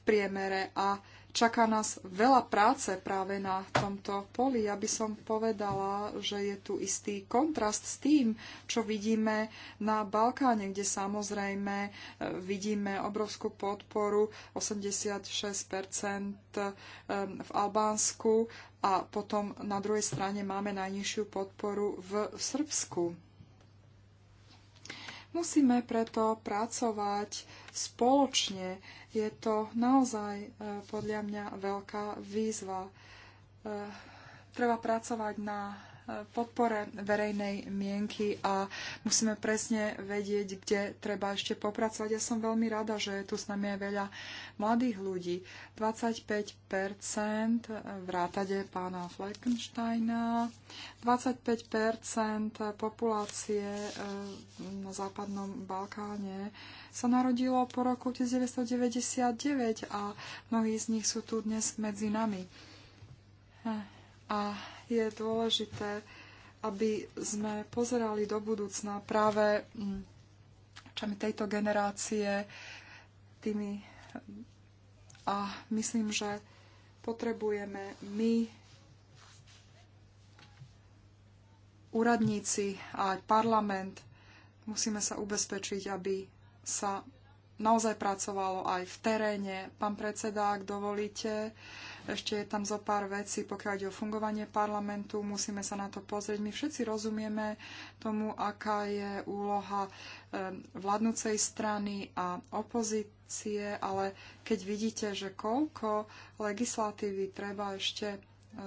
Speaker 1: priemere a čaká nás veľa práce práve na tomto poli. Ja by som povedala, že je tu istý kontrast s tým, čo vidíme na Balkáne, kde samozrejme eh, vidíme obrovskú podporu 86% eh, v Albánsku a potom na druhej strane máme najnižšiu podporu v Srbsku. Musíme preto pracovať spoločne je to naozaj e, podľa mňa veľká výzva. E, treba pracovať na podpore verejnej mienky a musíme presne vedieť, kde treba ešte popracovať. Ja som veľmi rada, že je tu s nami je veľa mladých ľudí. 25% rátade pána Fleckensteina, 25% populácie eh, na západnom Balkáne sa narodilo po roku 1999 a mnohí z nich sú tu dnes medzi nami. Eh, a je dôležité, aby sme pozerali do budúcna práve mm, čami tejto generácie tými a myslím, že potrebujeme my úradníci a aj parlament musíme sa ubezpečiť, aby sa naozaj pracovalo aj v teréne. Pán predseda, ak dovolíte, ešte je tam zo pár vecí, pokiaľ ide o fungovanie parlamentu, musíme sa na to pozrieť. My všetci rozumieme tomu, aká je úloha e, vládnúcej strany a opozície, ale keď vidíte, že koľko legislatívy treba ešte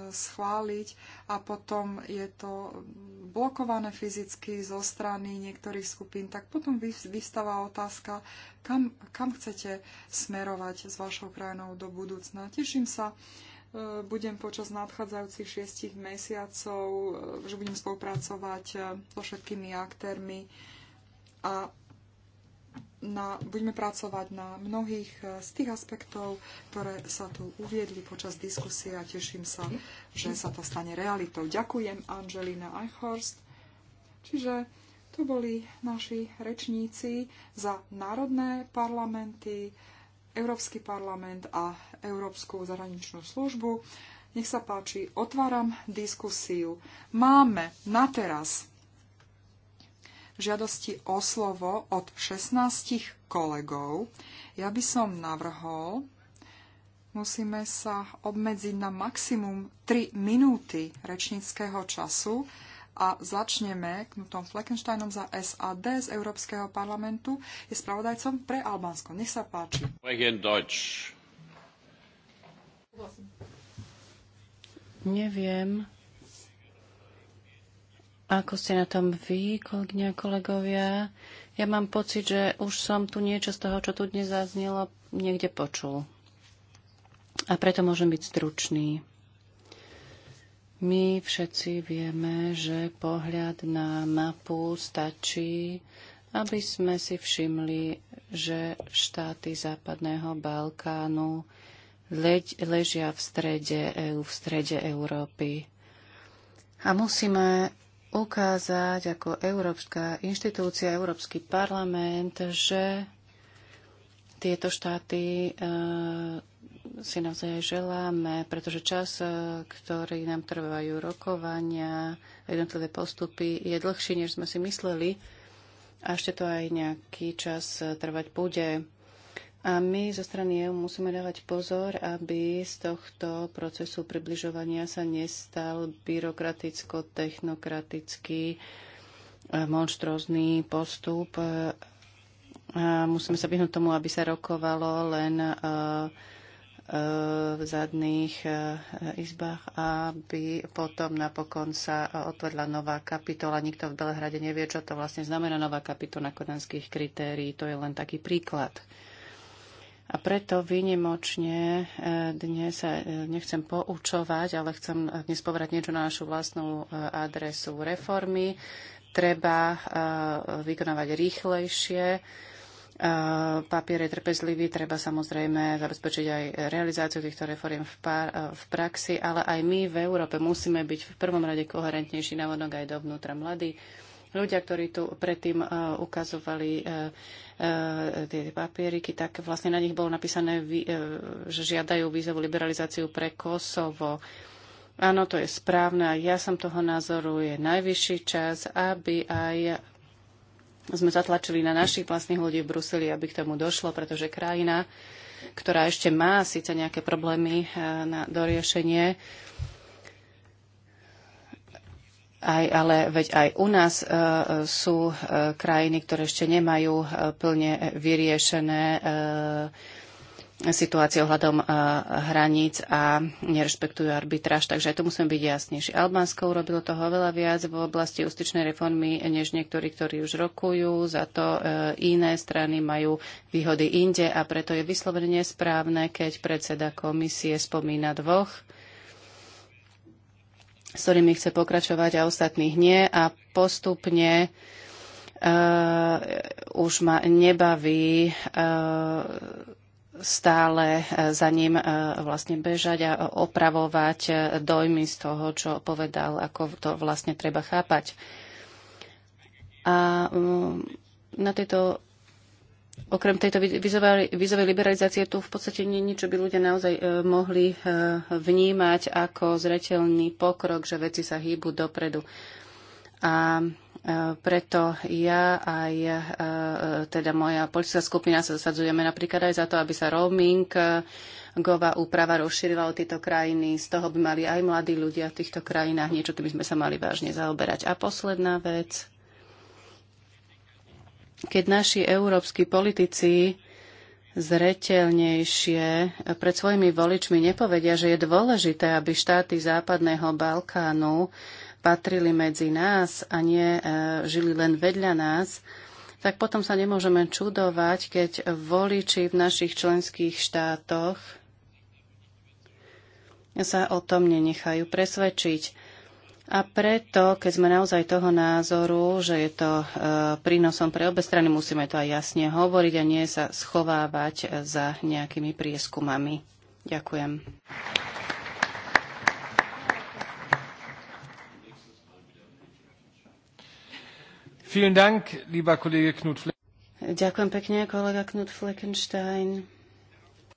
Speaker 1: schváliť a potom je to blokované fyzicky zo strany niektorých skupín, tak potom vystáva otázka, kam, kam chcete smerovať s vašou krajinou do budúcna. Teším sa, e, budem počas nadchádzajúcich šiestich mesiacov, e, že budem spolupracovať e, so všetkými aktérmi a na, budeme pracovať na mnohých eh, z tých aspektov, ktoré sa tu uviedli počas diskusie a teším sa, že sa to stane realitou. Ďakujem Angelina Eichhorst. Čiže to boli naši rečníci za národné parlamenty, Európsky parlament a Európsku zahraničnú službu. Nech sa páči, otváram diskusiu. Máme na teraz žiadosti o slovo od 16 kolegov. Ja by som navrhol, musíme sa obmedziť na maximum 3 minúty rečníckého času a začneme Knutom Fleckensteinom za SAD z Európskeho parlamentu. Je spravodajcom pre Albánsko. Nech sa páči.
Speaker 3: Neviem, ako ste na tom vy, kolegyňa, kolegovia? Ja mám pocit, že už som tu niečo z toho, čo tu dnes zaznelo, niekde počul. A preto môžem byť stručný. My všetci vieme, že pohľad na mapu stačí, aby sme si všimli, že štáty Západného Balkánu leď, ležia v strede EÚ, v strede Európy. A musíme ukázať ako Európska inštitúcia, Európsky parlament, že tieto štáty e, si naozaj želáme, pretože čas, e, ktorý nám trvajú rokovania, jednotlivé postupy, je dlhší, než sme si mysleli a ešte to aj nejaký čas e, trvať bude. A my zo strany EU musíme dávať pozor, aby z tohto procesu približovania sa nestal byrokraticko-technokratický e, monštrózny postup. E, a musíme sa vyhnúť tomu, aby sa rokovalo len e, v zadných izbách, aby potom napokon sa otvorila nová kapitola. Nikto v Belehrade nevie, čo to vlastne znamená nová kapitola kodanských kritérií. To je len taký príklad. A preto vynimočne e, dnes e, nechcem poučovať, ale chcem dnes povedať niečo na našu vlastnú e, adresu reformy. Treba vykonávať rýchlejšie. Papier je trpezlivý, treba samozrejme zabezpečiť aj realizáciu týchto reforiem v, par, v praxi, ale aj my v Európe musíme byť v prvom rade koherentnejší navodnok aj dovnútra. Mladí ľudia, ktorí tu predtým eh, ukazovali eh, eh, tie papieriky, tak vlastne na nich bolo napísané, že žiadajú vízovú liberalizáciu pre Kosovo. Áno, to je správne a ja som toho názoru, je najvyšší čas, aby aj sme zatlačili na našich vlastných ľudí v Bruseli, aby k tomu došlo, pretože krajina, ktorá ešte má síce nejaké problémy na doriešenie, aj, ale veď aj u nás e, sú e, krajiny, ktoré ešte nemajú e, plne vyriešené e, situácie ohľadom e, hraníc a nerešpektujú arbitráž, takže aj to musíme byť jasnejší. Albánsko urobilo toho veľa viac v oblasti ústičnej reformy, než niektorí, ktorí už rokujú, za to e, iné strany majú výhody inde a preto je vyslovene správne, keď predseda komisie spomína dvoch s ktorými chce pokračovať a ostatných nie. A postupne uh, už ma nebaví uh, stále e, za ním vlastne bežať a opravovať dojmy z toho, čo povedal, ako to vlastne treba chápať. A mm, na tejto Okrem tejto vízovej liberalizácie tu v podstate nie je nič, čo by ľudia naozaj e, mohli e, vnímať ako zreteľný pokrok, že veci sa hýbu dopredu. A e, preto ja aj e, e, teda moja politická skupina sa zasadzujeme napríklad aj za to, aby sa roaming gová úprava rozšírila o tieto krajiny. Z toho by mali aj mladí ľudia v týchto krajinách niečo, by sme sa mali vážne zaoberať. A posledná vec, keď naši európsky politici zretelnejšie pred svojimi voličmi nepovedia, že je dôležité, aby štáty Západného Balkánu patrili medzi nás a nie e, žili len vedľa nás, tak potom sa nemôžeme čudovať, keď voliči v našich členských štátoch sa o tom nenechajú presvedčiť. A preto, keď sme naozaj toho názoru, že je to e, prínosom pre obe strany, musíme to aj jasne hovoriť a nie sa schovávať e, za nejakými prieskumami. Ďakujem. Vielen Dank, lieber Kollege Knut Ďakujem pekne, kolega Knut Fleckenstein.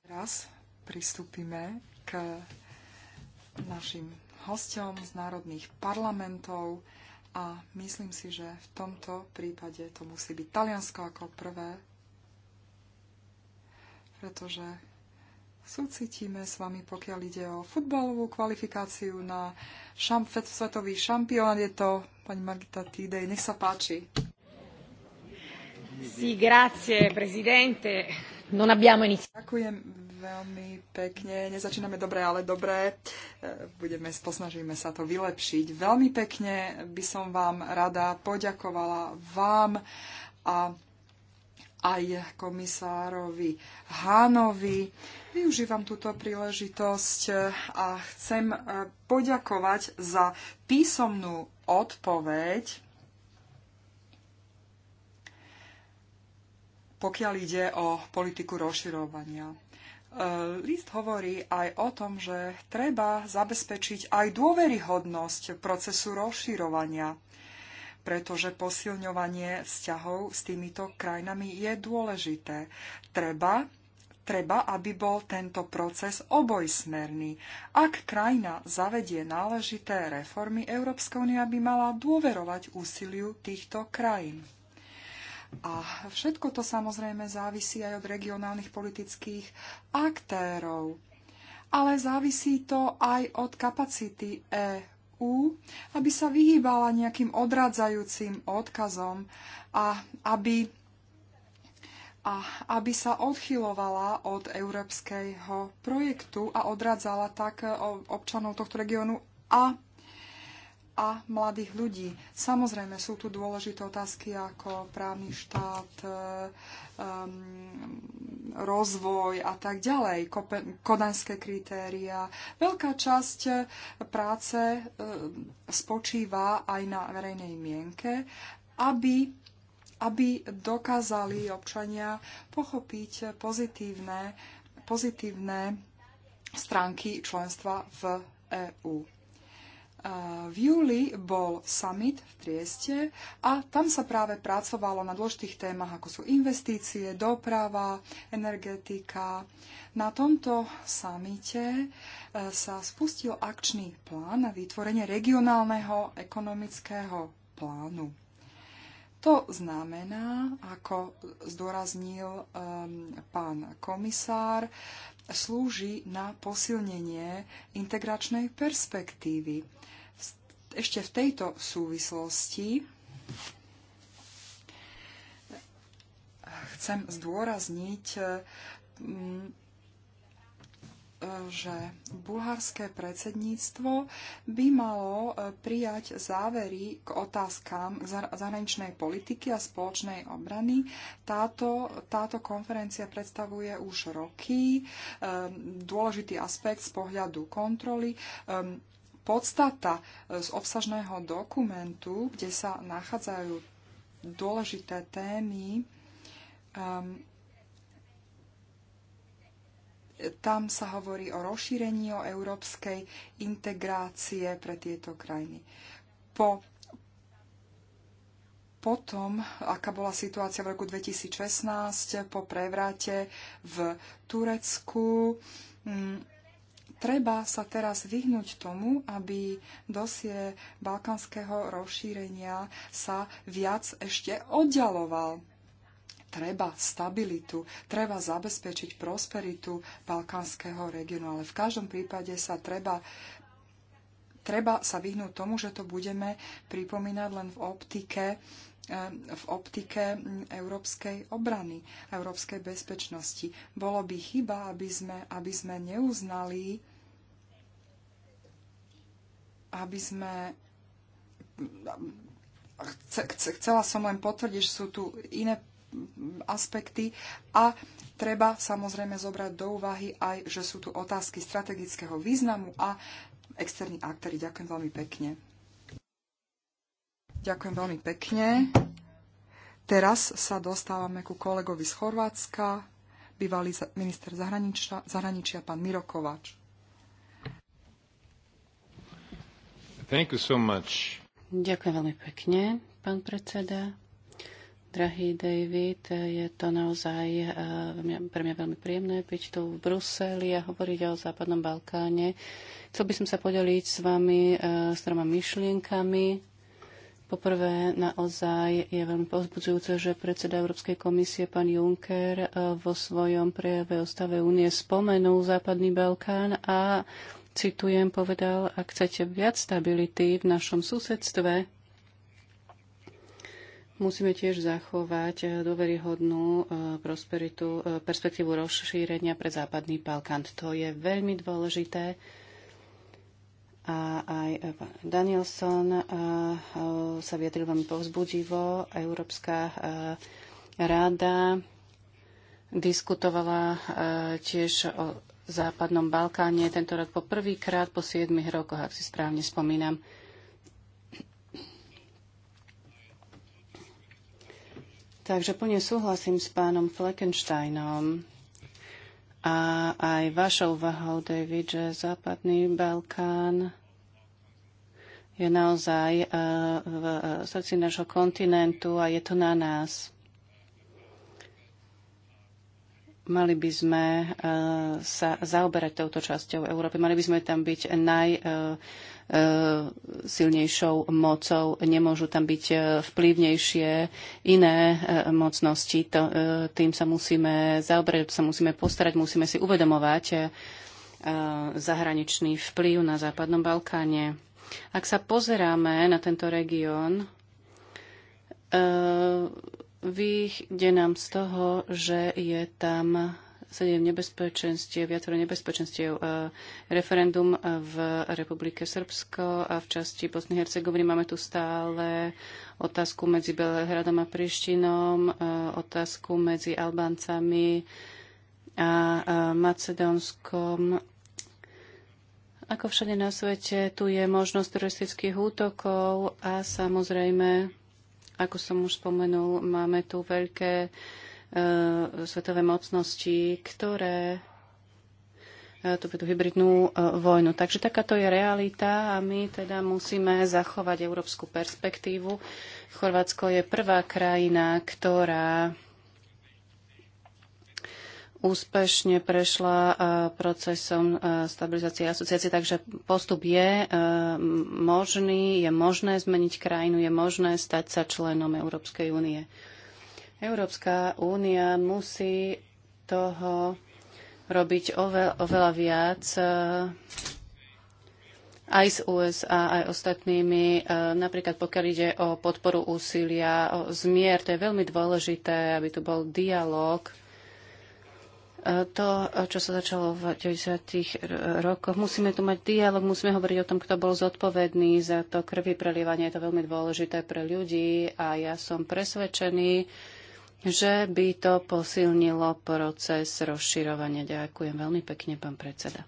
Speaker 3: Teraz pristúpime k
Speaker 1: našim hosťom z národných parlamentov a myslím si, že v tomto prípade to musí byť Taliansko ako prvé, pretože súcitíme s vami, pokiaľ ide o futbalovú kvalifikáciu na šam- svetový šampión. Je to pani Margita Tidej. Nech sa páči.
Speaker 2: Sì, grazie, presidente non abbiamo iniziato. Ďakujem
Speaker 1: veľmi pekne. Nezačíname dobre, ale dobre. E, budeme, posnažíme sa to vylepšiť. Veľmi pekne by som vám rada poďakovala vám a aj komisárovi Hánovi. Využívam túto príležitosť e, a chcem e, poďakovať za písomnú odpoveď pokiaľ ide o politiku rozširovania. E, list hovorí aj o tom, že treba zabezpečiť aj dôveryhodnosť procesu rozširovania, pretože posilňovanie vzťahov s týmito krajinami je dôležité. Treba, treba, aby bol tento proces obojsmerný. Ak krajina zavedie náležité reformy, Európska únia by mala dôverovať úsiliu týchto krajín. A všetko to samozrejme závisí aj od regionálnych politických aktérov. Ale závisí to aj od kapacity EÚ, aby sa vyhýbala nejakým odradzajúcim odkazom a aby, a aby sa odchylovala od európskeho projektu a odradzala tak občanov tohto regiónu a a mladých ľudí. Samozrejme sú tu dôležité otázky ako právny štát, um, rozvoj a tak ďalej, kodanské kritéria. Veľká časť e, práce e, spočíva aj na verejnej mienke, aby aby dokázali občania pochopiť pozitívne, pozitívne stránky členstva v EÚ. V júli bol summit v Trieste a tam sa práve pracovalo na dôležitých témach, ako sú investície, doprava, energetika. Na tomto samite e, sa spustil akčný plán na vytvorenie regionálneho ekonomického plánu. To znamená, ako zdôraznil um, pán komisár, slúži na posilnenie integračnej perspektívy. Ešte v tejto súvislosti chcem zdôrazniť mm, že bulharské predsedníctvo by malo e, prijať závery k otázkám zahraničnej politiky a spoločnej obrany. Táto, táto konferencia predstavuje už roky e, dôležitý aspekt z pohľadu kontroly e, podstata z obsažného dokumentu, kde sa nachádzajú dôležité témy, tam sa hovorí o rozšírení o európskej integrácie pre tieto krajiny. Po potom, aká bola situácia v roku 2016 po prevrate v Turecku, mm, treba sa teraz vyhnúť tomu, aby dosie balkánskeho rozšírenia sa viac ešte oddaloval treba stabilitu, treba zabezpečiť prosperitu balkánskeho regionu, ale v každom prípade sa treba treba sa vyhnúť tomu, že to budeme pripomínať len v optike v optike európskej obrany, európskej bezpečnosti. Bolo by chyba, aby sme, aby sme neuznali, aby sme chcela som len potvrdiť, že sú tu iné aspekty a treba samozrejme zobrať do úvahy aj, že sú tu otázky strategického významu a externí aktéry. Ďakujem veľmi pekne. Ďakujem veľmi pekne. Teraz sa dostávame ku kolegovi z Chorvátska, bývalý minister zahraničia, zahraničia pán Miro Kovač.
Speaker 2: Thank you so much.
Speaker 3: Ďakujem veľmi pekne, pán predseda. Drahý David, je to naozaj eh, pre mňa veľmi príjemné byť tu v Bruseli a hovoriť o Západnom Balkáne. Chcel by som sa podeliť s vami eh, s troma myšlienkami. Poprvé, naozaj je veľmi pozbudzujúce, že predseda Európskej komisie, pán Juncker, eh, vo svojom prejave o stave únie spomenul Západný Balkán a, citujem, povedal, ak chcete viac stability v našom susedstve, Musíme tiež zachovať eh, dôveryhodnú eh, prosperitu, eh, perspektívu rozšírenia pre západný Balkán. To je veľmi dôležité. A aj Danielson sa vyjadril veľmi povzbudivo. Európska rada diskutovala tiež o západnom Balkáne tento rok po prvýkrát po 7 rokoch, ak si správne spomínam. Takže plne súhlasím s pánom Fleckensteinom a aj vašou vahou, David, že západný Balkán je naozaj eh, v srdci nášho kontinentu a je to na nás. Mali by sme eh, sa zaoberať touto časťou Európy. Mali by sme tam byť najsilnejšou eh, eh, mocou. Nemôžu tam byť vplyvnejšie iné mocnosti. Tým sa musíme zaoberať, sa musíme postarať, musíme si uvedomovať zahraničný vplyv na Západnom Balkáne. Ak sa pozeráme na tento región, vyjde nám z toho, že je tam sedem nebezpečenstiev, viacero nebezpečenstiev. E, referendum v Republike Srbsko a v časti Bosny Hercegoviny máme tu stále otázku medzi Belehradom a Prištinom, e, otázku medzi Albáncami a e, Macedónskom. Ako všade na svete, tu je možnosť teroristických útokov a samozrejme ako som už spomenul, máme tu veľké e, svetové mocnosti, ktoré e, tu hybridnú e, vojnu. Takže takáto je realita a my teda musíme zachovať európsku perspektívu. Chorvátsko je prvá krajina, ktorá úspešne prešla e, procesom e, stabilizácie asociácie, takže postup je e, možný, je možné zmeniť krajinu, je možné stať sa členom Európskej únie. Európska únia musí toho robiť oveľ, oveľa viac aj s USA, aj ostatnými. Napríklad pokiaľ ide o podporu úsilia o zmier, to je veľmi dôležité, aby tu bol dialog E, to, čo sa začalo v 90. rokoch. Musíme tu mať dialog, musíme hovoriť o tom, kto bol zodpovedný za to krvi prelievanie. Je to veľmi dôležité pre ľudí a ja som presvedčený, že by to posilnilo proces rozširovania. Ďakujem veľmi pekne, pán predseda.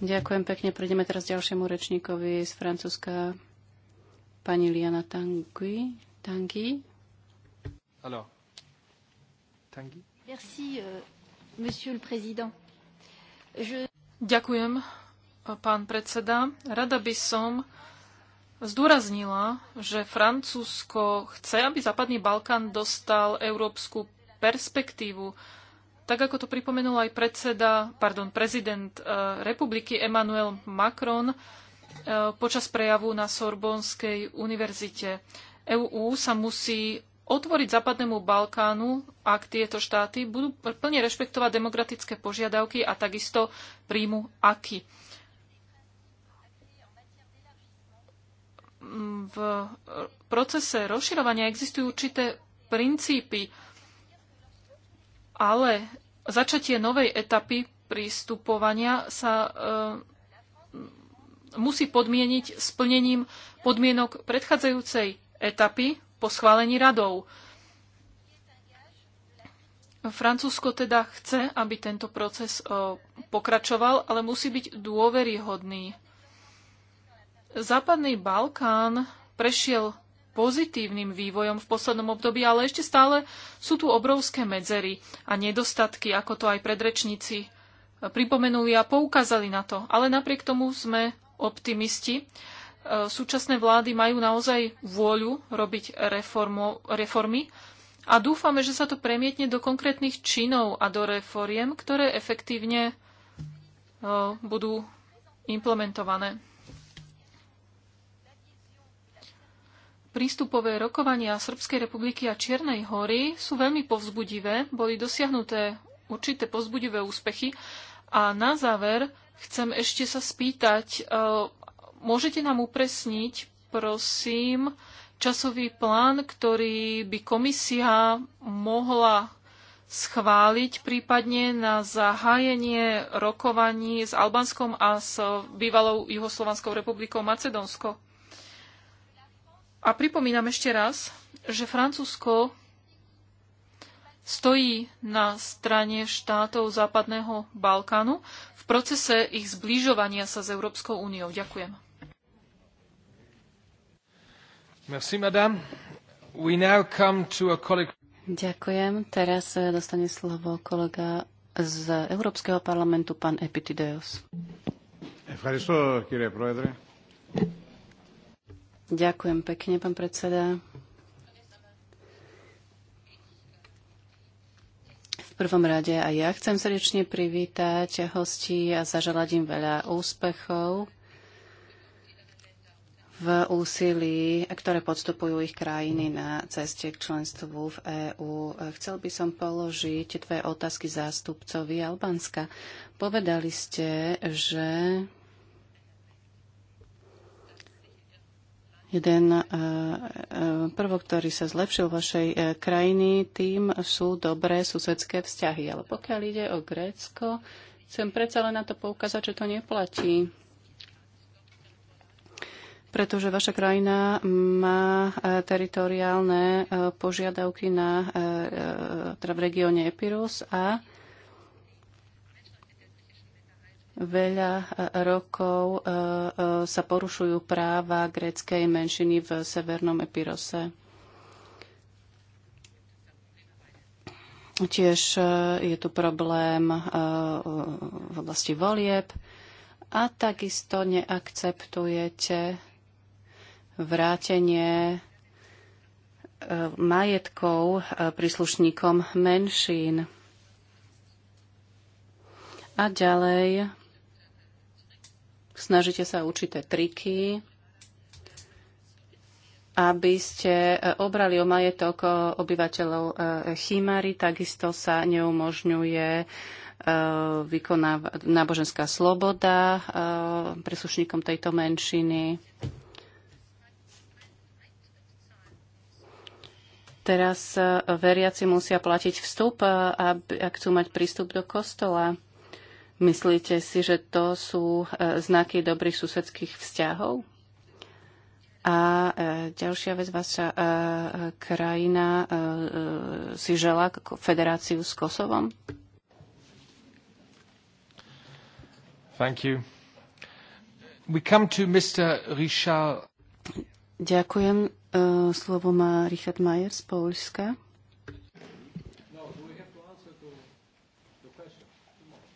Speaker 3: Ďakujem pekne. Prejdeme teraz ďalšiemu rečníkovi z Francúzska, pani Liana Tanguy. Tanguy. Alors, Tanguy.
Speaker 2: Merci, euh, Monsieur le Président. Je... Ďakujem, pán predseda. Rada by som zdôraznila, že Francúzsko chce, aby Západný Balkán dostal európsku perspektívu. Tak ako to pripomenul aj predseda, pardon, prezident eh, republiky Emmanuel Macron eh, počas prejavu na Sorbonskej univerzite. EÚ sa musí otvoriť Západnému Balkánu, ak tieto štáty budú plne rešpektovať demokratické požiadavky a takisto príjmu aký. V procese rozširovania existujú určité princípy, ale začatie novej etapy prístupovania sa e, musí podmieniť splnením podmienok predchádzajúcej etapy po schválení radov. Francúzsko teda chce, aby tento proces e, pokračoval, ale musí byť dôveryhodný. Západný Balkán prešiel pozitívnym vývojom v poslednom období, ale ešte stále sú tu obrovské medzery a nedostatky, ako to aj predrečníci e, pripomenuli a poukázali na to. Ale napriek tomu sme optimisti E, súčasné vlády majú naozaj vôľu robiť reformo, reformy a dúfame, že sa to premietne do konkrétnych činov a do reforiem, ktoré efektívne e, budú implementované. Prístupové rokovania Srbskej republiky a Čiernej hory sú veľmi povzbudivé, boli dosiahnuté určité povzbudivé úspechy a na záver chcem ešte sa spýtať e, Môžete nám upresniť, prosím, časový plán, ktorý by komisia mohla schváliť prípadne na zahájenie rokovaní s Albánskom a s bývalou Juhoslovanskou republikou Macedónsko. A pripomínam ešte raz, že Francúzsko stojí na strane štátov Západného Balkánu v procese ich zbližovania sa s Európskou
Speaker 3: úniou. Ďakujem.
Speaker 2: Merci, madame. We now come to a colleague...
Speaker 3: Ďakujem. Teraz eh, dostane slovo kolega z Európskeho parlamentu, pán Epitideos. Ďakujem pekne, pán predseda. V prvom rade aj ja chcem srdečne privítať hostí a zaželať im veľa úspechov v úsilí, ktoré podstupujú ich krajiny na ceste k členstvu v EÚ. Chcel by som položiť dve otázky zástupcovi Albánska. Povedali ste, že jeden e, e, prvok, ktorý sa zlepšil v vašej e, krajiny, tým sú dobré susedské vzťahy. Ale pokiaľ ide o Grécko, chcem predsa len na to poukázať, že to neplatí pretože vaša krajina má e, teritoriálne e, požiadavky na, e, teda v regióne Epirus a veľa rokov sa porušujú práva gréckej menšiny v severnom Epirose. Tiež je tu problém v oblasti volieb a takisto neakceptujete vrátenie e, majetkov e, príslušníkom menšín. A ďalej snažíte sa určité triky, aby ste e, obrali o majetok obyvateľov Chimary. Takisto sa neumožňuje vykonávať náboženská sloboda príslušníkom tejto menšiny. Teraz e, veriaci musia platiť vstup, e, ak chcú mať prístup do kostola. Myslíte si, že to sú e, znaky dobrých susedských vzťahov? A ďalšia vec, vaša krajina si žela federáciu s Kosovom? Thank you. We come to Mr. Richard. Ďakujem. Eh, slovo má Richard Mayer z Polska.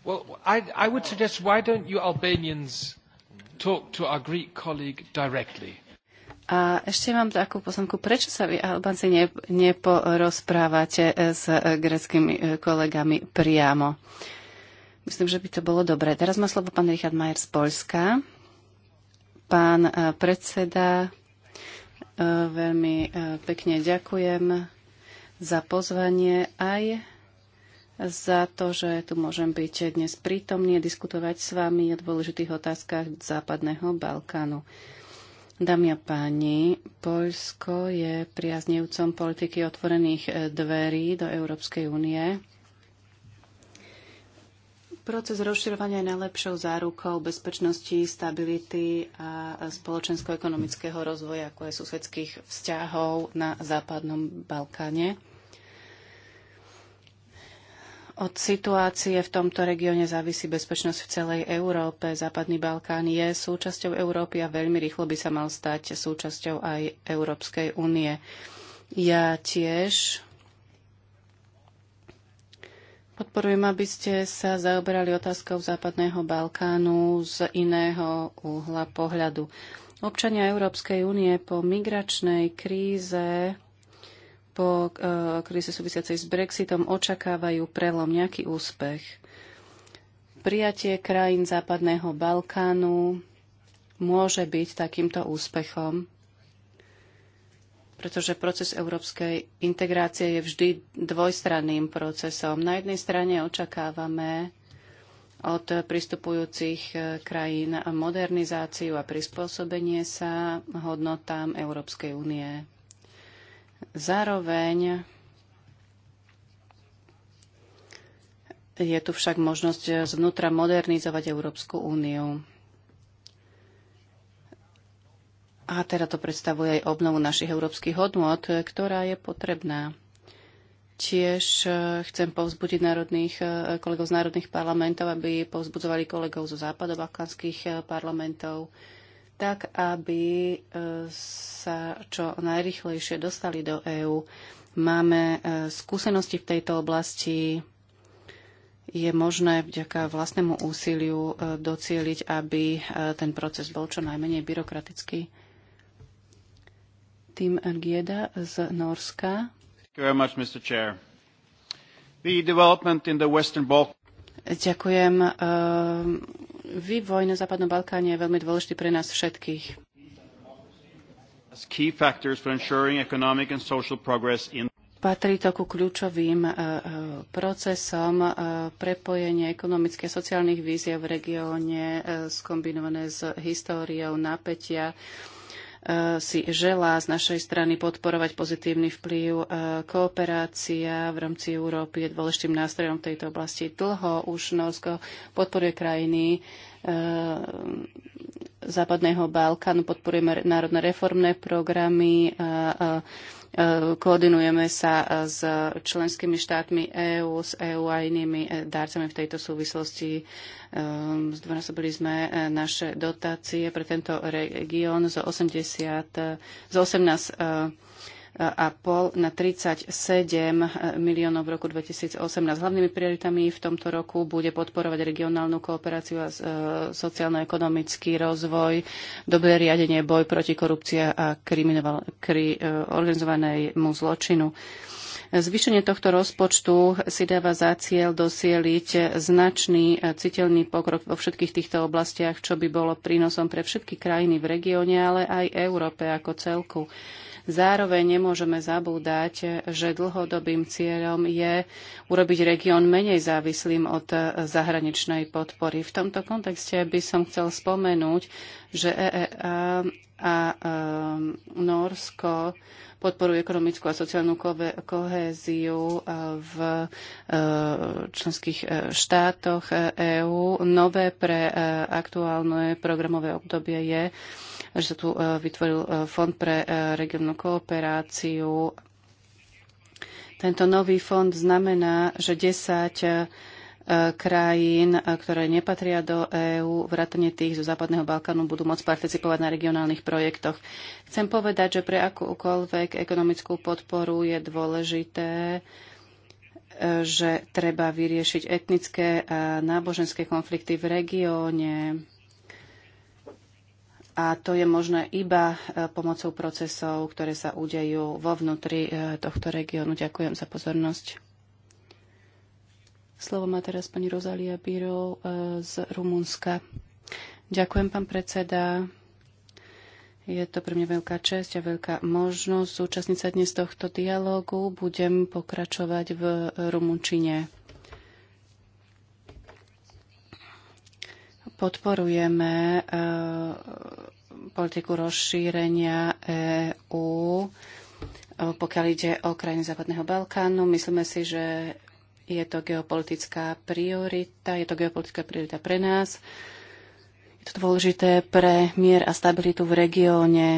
Speaker 3: Well, I, I would suggest why don't you Albanians
Speaker 2: talk to our Greek colleague directly?
Speaker 3: A ešte mám takú poznámku. Prečo sa vy, Albanci neporozprávate eh, s eh, greckými kolegami priamo? Myslím, že by to bolo dobré. Teraz má slovo pán Richard Majer z Polska. Pán predseda, E, veľmi e, pekne ďakujem za pozvanie aj za to, že tu môžem byť dnes prítomný a diskutovať s vami o dôležitých otázkach Západného Balkánu. Dámy a páni, Poľsko je priaznevcom politiky otvorených dverí do Európskej únie Proces rozširovania je najlepšou zárukou bezpečnosti, stability a spoločensko-ekonomického rozvoja, ako aj susedských vzťahov na západnom Balkáne. Od situácie v tomto regióne závisí bezpečnosť v celej Európe. Západný Balkán je súčasťou Európy a veľmi rýchlo by sa mal stať súčasťou aj Európskej únie. Ja tiež Podporujem, aby ste sa zaoberali otázkou Západného Balkánu z iného uhla pohľadu. Občania Európskej únie po migračnej kríze, po e, kríze súvisiacej s Brexitom očakávajú prelom, nejaký úspech. Prijatie krajín Západného Balkánu môže byť takýmto úspechom pretože proces európskej integrácie je vždy dvojstranným procesom. Na jednej strane očakávame od pristupujúcich e, krajín modernizáciu a prispôsobenie sa hodnotám Európskej únie. Zároveň je tu však možnosť zvnútra modernizovať Európsku úniu. A teda to predstavuje aj obnovu našich európskych hodnot, ktorá je potrebná. Tiež e, chcem povzbudiť národných, e, kolegov z národných parlamentov, aby povzbudzovali kolegov zo západobalkánskych e, parlamentov, tak aby sa čo najrychlejšie dostali do EÚ. Máme skúsenosti v tejto oblasti, je možné vďaka vlastnému úsiliu docieliť, aby ten proces bol čo najmenej byrokratický. Tim Gieda z Norska. Much, Ďakujem. Ehm, vývoj na Západnom Balkáne je veľmi dôležitý pre nás všetkých. Patrí to ku kľúčovým eh, eh, procesom eh, prepojenie ekonomických a sociálnych víziev v regióne skombinované s históriou napätia Eh, si želá z našej strany podporovať pozitívny vplyv. Eh, kooperácia v rámci Európy je dôležitým nástrojom v tejto oblasti. Dlho už Norsko podporuje krajiny Ehm, Západného Balkánu, podporujeme národné reformné programy, koordinujeme sa s členskými štátmi EÚ, s EÚ a inými dárcami v tejto súvislosti. Ehm, zdvojnásobili sme e, naše dotácie pre tento región z 80, z 18 na 37 miliónov v roku 2018. Hlavnými prioritami v tomto roku bude podporovať regionálnu kooperáciu a e, sociálno-ekonomický rozvoj, dobré riadenie, boj proti korupcii a kri, e, organizovanému zločinu. Zvýšenie tohto rozpočtu si dáva za cieľ dosieliť značný e, citeľný pokrok vo všetkých týchto oblastiach, čo by bolo prínosom pre všetky krajiny v regióne, ale aj Európe ako celku. Zároveň nemôžeme zabúdať, že dlhodobým cieľom je urobiť región menej závislým od zahraničnej podpory. V tomto kontexte by som chcel spomenúť, že EEA a e, Norsko podporujú ekonomickú a sociálnu kohéziu e, v e, členských štátoch EÚ. Nové pre aktuálne programové obdobie je že sa tu e, vytvoril e, fond pre e, regionálnu kooperáciu. Tento nový fond znamená, že 10 krajín, ktoré nepatria do EÚ, vrátane tých zo Západného Balkánu, budú môcť participovať na regionálnych projektoch. Chcem povedať, že pre akúkoľvek ekonomickú podporu je dôležité, že treba vyriešiť etnické a náboženské konflikty v regióne, a to je možné iba e, pomocou procesov, ktoré sa udejú vo vnútri e, tohto regiónu. Ďakujem za pozornosť. Slovo má teraz pani Rozalia Biro e, z Rumunska. Ďakujem, pán predseda. Je to pre mňa veľká čest a veľká možnosť zúčastniť sa dnes tohto dialogu Budem pokračovať v Rumunčine. podporujeme eh, politiku rozšírenia EÚ, eh, pokiaľ ide o krajiny Západného Balkánu. Myslíme si, že je to geopolitická priorita, je to geopolitická priorita pre nás. Je to dôležité pre mier a stabilitu v regióne.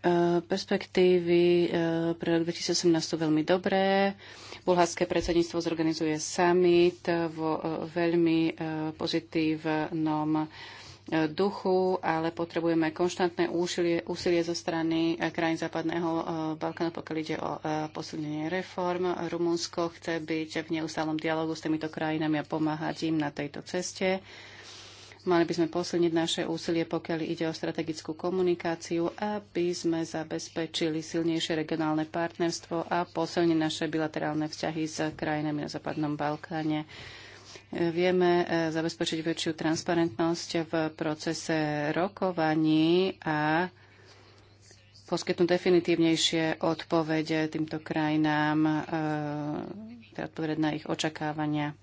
Speaker 3: Eh, perspektívy pre rok 2018 sú veľmi dobré. Bulharské predsedníctvo zorganizuje summit vo e, veľmi e, pozitívnom e, duchu, ale potrebujeme konštantné úsilie, úsilie zo strany krajín západného Balkánu, pokiaľ ide o posilnenie reform. Rumunsko chce byť v neustálom dialogu s týmito krajinami a pomáhať im na tejto ceste. Mali by sme posilniť naše úsilie, pokiaľ ide o strategickú komunikáciu, aby sme zabezpečili silnejšie regionálne partnerstvo a posilniť naše bilaterálne vzťahy s krajinami na Západnom Balkáne vieme e, zabezpečiť väčšiu transparentnosť v procese rokovaní a poskytnúť definitívnejšie odpovede týmto krajinám, e, teda odpovedať na ich očakávania.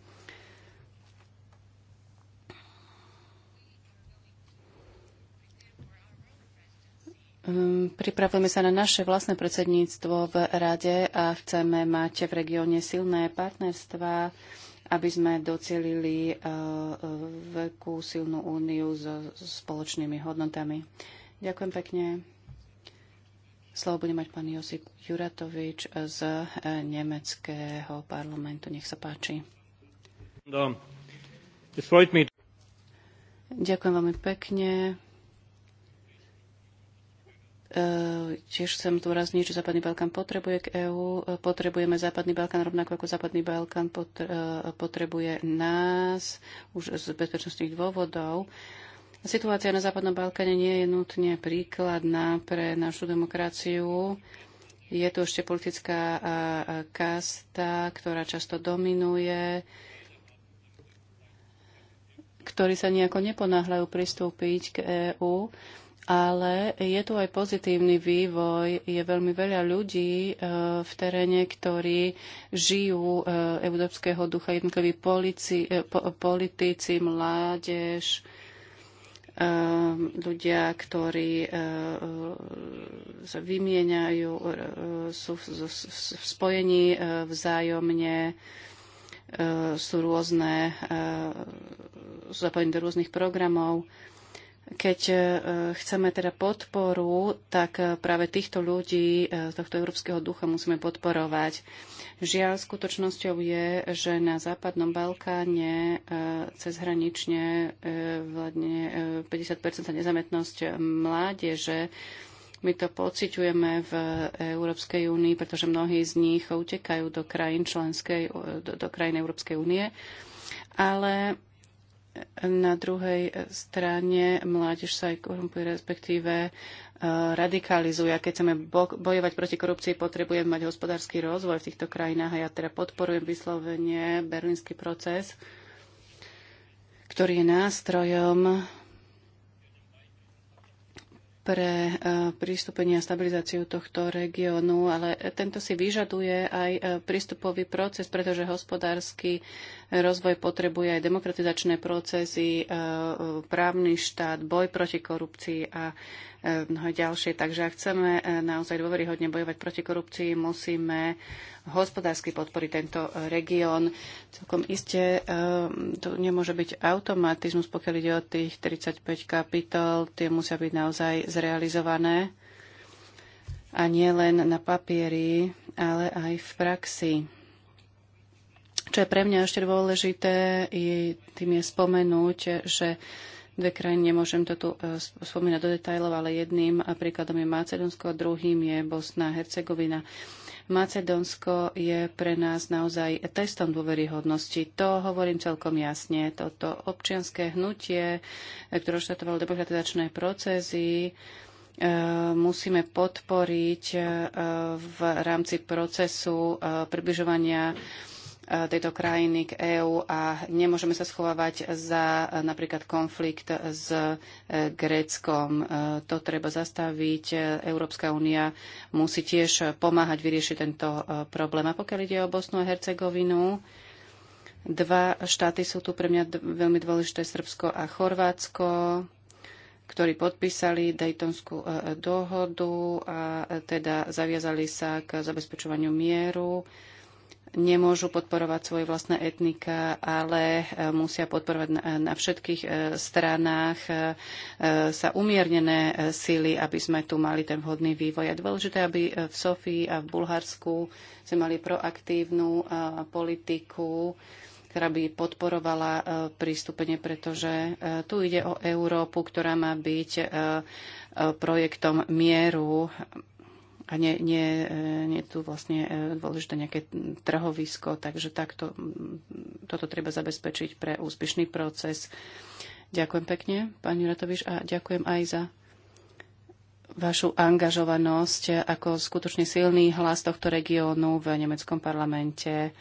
Speaker 3: Ehm, pripravujeme sa na naše vlastné predsedníctvo v Rade a chceme mať v regióne silné partnerstvá, aby sme docelili eh, veľkú silnú úniu so spoločnými hodnotami. Ďakujem pekne. Slovo bude mať pán Josip Juratovič z eh, nemeckého parlamentu. Nech sa páči. Ďakujem veľmi pekne. E, tiež chcem tu raz že Západný Balkán potrebuje k EÚ. E, potrebujeme Západný Balkán rovnako ako Západný Balkán e, potrebuje nás už z bezpečnostných dôvodov. Situácia na Západnom Balkáne nie je nutne príkladná pre našu demokraciu. Je tu ešte politická kasta, ktorá často dominuje, ktorí sa nejako neponáhľajú pristúpiť k EÚ ale je tu aj pozitívny vývoj. Je veľmi veľa ľudí eh, v teréne, ktorí žijú eh, európskeho ducha, jednotliví eh, politici, mládež, ľudia, ktorí sa vymieňajú, sú v spojení vzájomne, sú rôzne, sú zapojení do rôznych programov keď e, chceme teda podporu, tak e, práve týchto ľudí, e, tohto európskeho ducha musíme podporovať. Žiaľ, skutočnosťou je, že na západnom Balkáne cezhranične vládne 50% nezametnosť mládeže. My to pociťujeme v Európskej únii, pretože mnohí z nich utekajú do krajín, členskej, do, do krajín Európskej únie. Ale na druhej strane mládež sa aj korumpuje, respektíve e, radikalizuje. A keď chceme bojovať proti korupcii, potrebujeme mať hospodársky rozvoj v týchto krajinách. A ja teda podporujem vyslovene berlínsky proces, ktorý je nástrojom pre e, prístupenie a stabilizáciu tohto regiónu, ale tento si vyžaduje aj e, prístupový proces, pretože hospodársky rozvoj potrebuje aj demokratizačné procesy, e, právny štát, boj proti korupcii a mnohé ďalšie. Takže ak chceme naozaj dôveryhodne bojovať proti korupcii, musíme hospodársky podporiť tento e, región. Celkom iste e, to nemôže byť automatizmus, pokiaľ ide o tých 35 kapitol, tie musia byť naozaj zrealizované a nie len na papieri, ale aj v praxi. Čo je pre mňa ešte dôležité, je, tým je spomenúť, že dve krajiny, nemôžem to tu e, spomínať do detajlov, ale jedným príkladom je Macedónsko, druhým je Bosna a Hercegovina. Macedónsko je pre nás naozaj testom dôveryhodnosti. To hovorím celkom jasne. Toto občianské hnutie, eh, ktoré štatovalo demokratizačné procesy, eh, musíme podporiť eh, v rámci procesu približovania Eh, tejto krajiny k EÚ a nemôžeme sa schovávať za eh, napríklad konflikt s eh, Gréckom. To treba zastaviť. Európska únia musí tiež pomáhať vyriešiť tento problém. A pokiaľ ide o Bosnu a Hercegovinu, dva štáty sú tu pre mňa veľmi dôležité, Srbsko a Chorvátsko ktorí podpísali Daytonskú dohodu a teda zaviazali sa k zabezpečovaniu mieru nemôžu podporovať svoje vlastné etnika, ale e, musia podporovať na, na všetkých e, stranách e, sa umiernené síly, aby sme tu mali ten vhodný vývoj. a dôležité, aby v Sofii a v Bulharsku sme mali proaktívnu politiku, ktorá by podporovala prístupenie, pretože tu ide o Európu, ktorá má byť projektom mieru a nie, nie, e, nie tu vlastne e, dôležité nejaké trhovisko, takže takto, mm, toto treba zabezpečiť pre úspešný proces. Ďakujem pekne, pani Ratoviš, a ďakujem aj za vašu angažovanosť ako skutočne silný hlas tohto regiónu v nemeckom parlamente.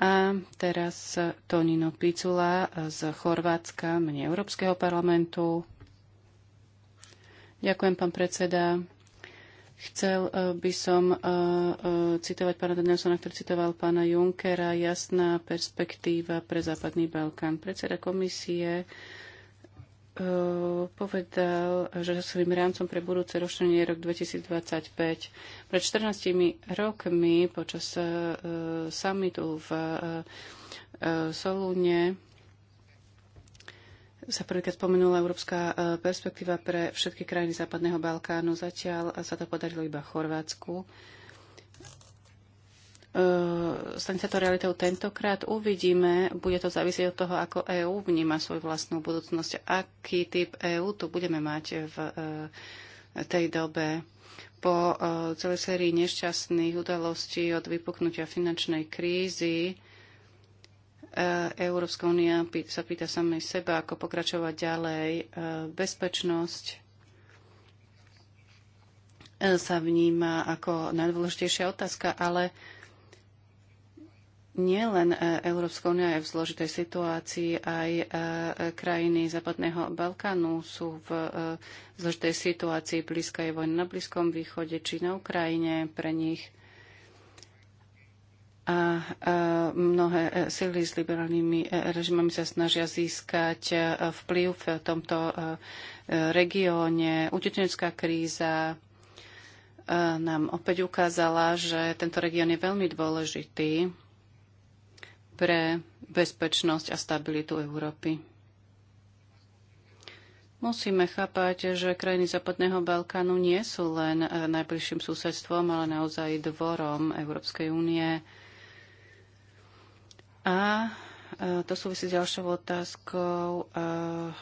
Speaker 3: A teraz Tonino Picula z Chorvátska, mne Európskeho parlamentu. Ďakujem, pán predseda. Chcel e, by som e, e, citovať pána Danielsona, ktorý citoval pána Junkera, jasná perspektíva pre Západný Balkán. Predseda komisie povedal, že svojím rámcom pre budúce ročenie je rok 2025. Pred 14 rokmi počas uh, summitu v uh, Solúne sa prvýkrát spomenula európska e, perspektíva pre všetky krajiny Západného Balkánu. Zatiaľ sa to podarilo iba Chorvátsku. E, stane sa to realitou tentokrát. Uvidíme, bude to závisieť od toho, ako EÚ vníma svoju vlastnú budúcnosť. Aký typ EÚ tu budeme mať v e, tej dobe? Po celej sérii nešťastných udalostí od vypuknutia finančnej krízy E, Európska únia sa pýta samej seba, ako pokračovať ďalej. E, bezpečnosť e, sa vníma ako najdôležitejšia otázka, ale nielen Európska únia je v zložitej situácii, aj krajiny Západného Balkánu sú v zložitej situácii. Blízka je vojna na Blízkom východe či na Ukrajine. Pre nich a mnohé e, sily s liberálnymi e, režimami sa snažia získať e, vplyv v tomto regióne. Utečenecká kríza nám opäť ukázala, že tento región je veľmi dôležitý pre bezpečnosť a stabilitu Európy. Musíme chápať, že krajiny Západného Balkánu nie sú len najbližším susedstvom, ale naozaj dvorom Európskej únie a e, to súvisí s ďalšou otázkou. E,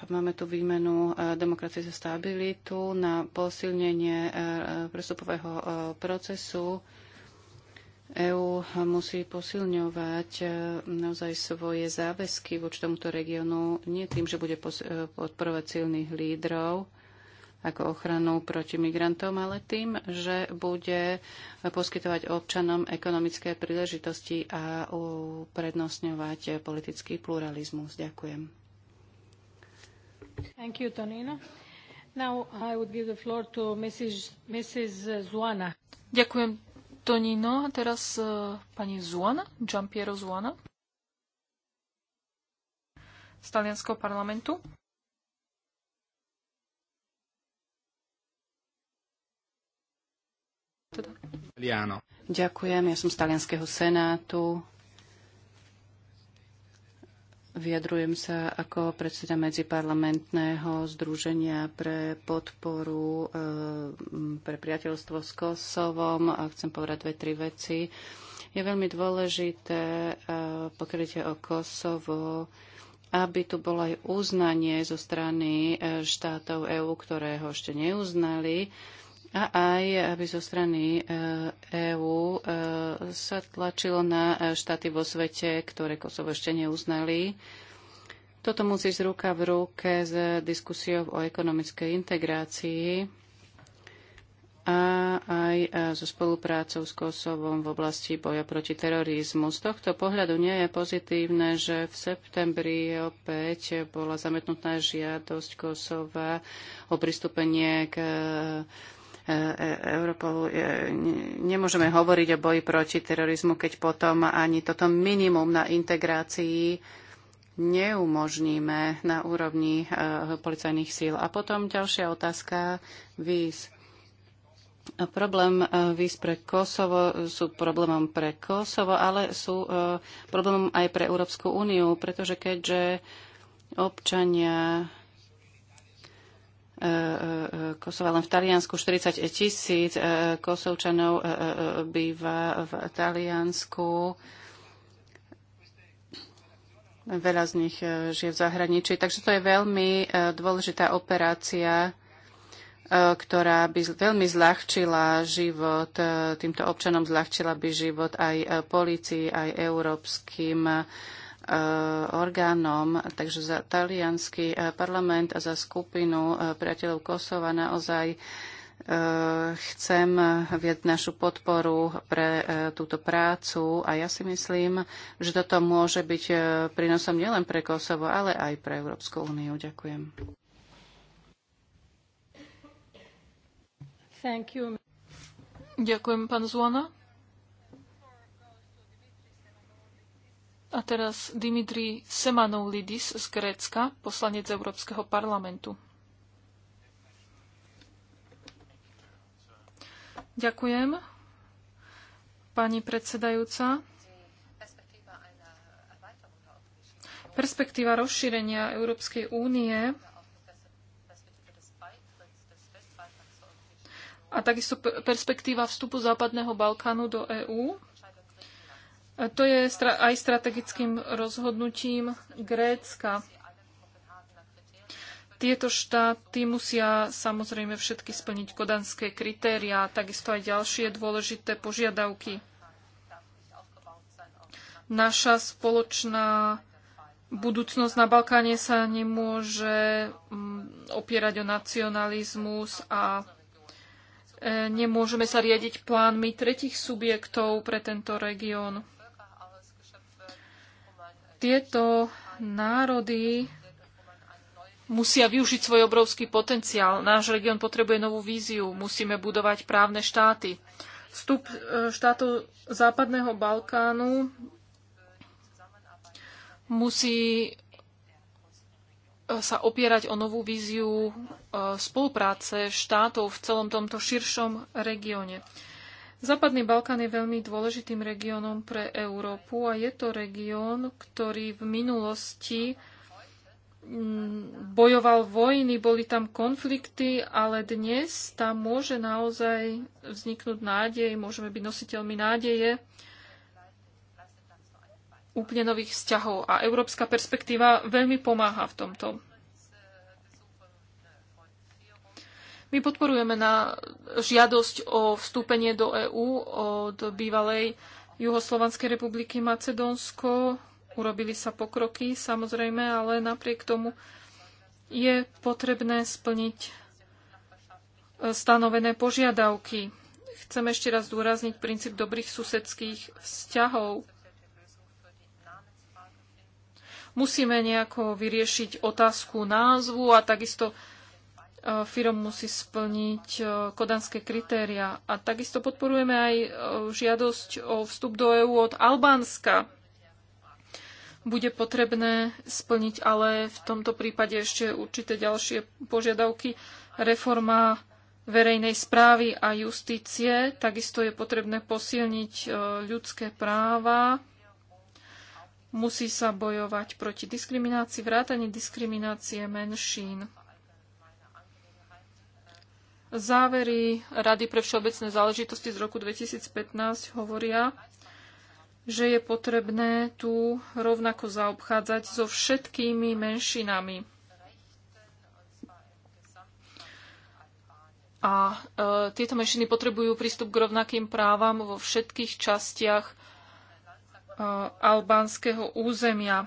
Speaker 3: máme tu výmenu e, demokracie za stabilitu na posilnenie prestupového procesu. EÚ musí posilňovať naozaj svoje záväzky voči tomuto regiónu nie tým, že bude podporovať silných lídrov, ako ochranu proti migrantom, ale tým, že bude poskytovať občanom ekonomické príležitosti a uprednostňovať politický pluralizmus. Ďakujem.
Speaker 2: Thank you, Tonino. Now I would give the floor to Mrs. Mrs. Zuana. Ďakujem, Tonino. A teraz uh, pani Zuana, Giampiero Zuana z talianského parlamentu.
Speaker 3: Ďakujem, ja som z Talianského senátu. Vyjadrujem sa ako predseda medziparlamentného združenia pre podporu eh, pre priateľstvo s Kosovom a chcem povedať dve, tri veci. Je veľmi dôležité, eh, pokrytie o Kosovo, aby tu bolo aj uznanie zo strany eh, štátov EÚ, ktoré ho ešte neuznali a aj aby zo strany EÚ eh, e eh, sa tlačilo na eh, štáty vo svete, ktoré Kosovo ešte neuznali. Toto musí z ruka v ruke s diskusiou o ekonomickej integrácii a aj so spoluprácou s Kosovom v oblasti boja proti terorizmu. Z tohto pohľadu nie je pozitívne, že v septembri opäť bola zametnutá žiadosť Kosova o pristúpenie k E, e, Europolu. E, nemôžeme hovoriť o boji proti terorizmu, keď potom ani toto minimum na integrácii neumožníme na úrovni policajných síl. A potom ďalšia otázka víz. Problém víz pre Kosovo sú problémom pre Kosovo, ale sú problémom aj pre Európsku úniu, pretože keďže občania E, e, e, Kosova, len v Taliansku 40 tisíc Kosovčanov býva v Taliansku. Veľa z nich žije v zahraničí, takže to je veľmi dôležitá operácia ktorá by veľmi zľahčila život, týmto občanom zľahčila by život aj policii, aj európskym Eh, orgánom. Takže za talianský eh, parlament a za skupinu eh, priateľov Kosova naozaj chcem vieť našu podporu pre túto prácu a ja si myslím, že toto môže byť prínosom nielen pre Kosovo, ale aj pre Európsku úniu. Ďakujem.
Speaker 2: Ďakujem, pán Zvona. A teraz Dimitri Semanoulidis z Grécka, poslanec Európskeho parlamentu. Ďakujem, pani predsedajúca. Perspektíva rozšírenia Európskej únie a takisto perspektíva vstupu Západného Balkánu do EÚ to je aj strategickým rozhodnutím Grécka. Tieto štáty musia samozrejme všetky splniť kodanské kritériá, takisto aj ďalšie dôležité požiadavky. Naša spoločná budúcnosť na Balkáne sa nemôže mm, opierať o nacionalizmus a e, nemôžeme sa riadiť plánmi tretich subjektov pre tento región tieto národy musia využiť svoj obrovský potenciál. Náš región potrebuje novú víziu. Musíme budovať právne štáty. Vstup e, štátov Západného Balkánu musí e, sa opierať o novú víziu e, spolupráce štátov v celom tomto širšom regióne. Západný Balkán je veľmi dôležitým regiónom pre Európu a je to región, ktorý v minulosti mm, bojoval vojny, boli tam konflikty, ale dnes tam môže naozaj vzniknúť nádej, môžeme byť nositeľmi nádeje úplne nových vzťahov. A európska perspektíva veľmi pomáha v tomto. My podporujeme na žiadosť o vstúpenie do EÚ od bývalej Juhoslovanskej republiky Macedónsko. Urobili sa pokroky, samozrejme, ale napriek tomu je potrebné splniť e, stanovené požiadavky. Chcem ešte raz zdôrazniť princíp dobrých susedských vzťahov. Musíme nejako vyriešiť otázku názvu a takisto E, firom musí splniť e, kodanské kritéria. A takisto podporujeme aj e, žiadosť o vstup do EÚ od Albánska. Bude potrebné splniť ale v tomto prípade ešte určité ďalšie požiadavky. Reforma verejnej správy a justície. Takisto je potrebné posilniť ľudské práva. Musí sa bojovať proti diskriminácii, vrátanie diskriminácie menšín. Závery Rady pre všeobecné záležitosti z roku 2015 hovoria, že je potrebné tu rovnako zaobchádzať so všetkými menšinami. A e, tieto menšiny potrebujú prístup k rovnakým právam vo všetkých častiach e, albánskeho územia.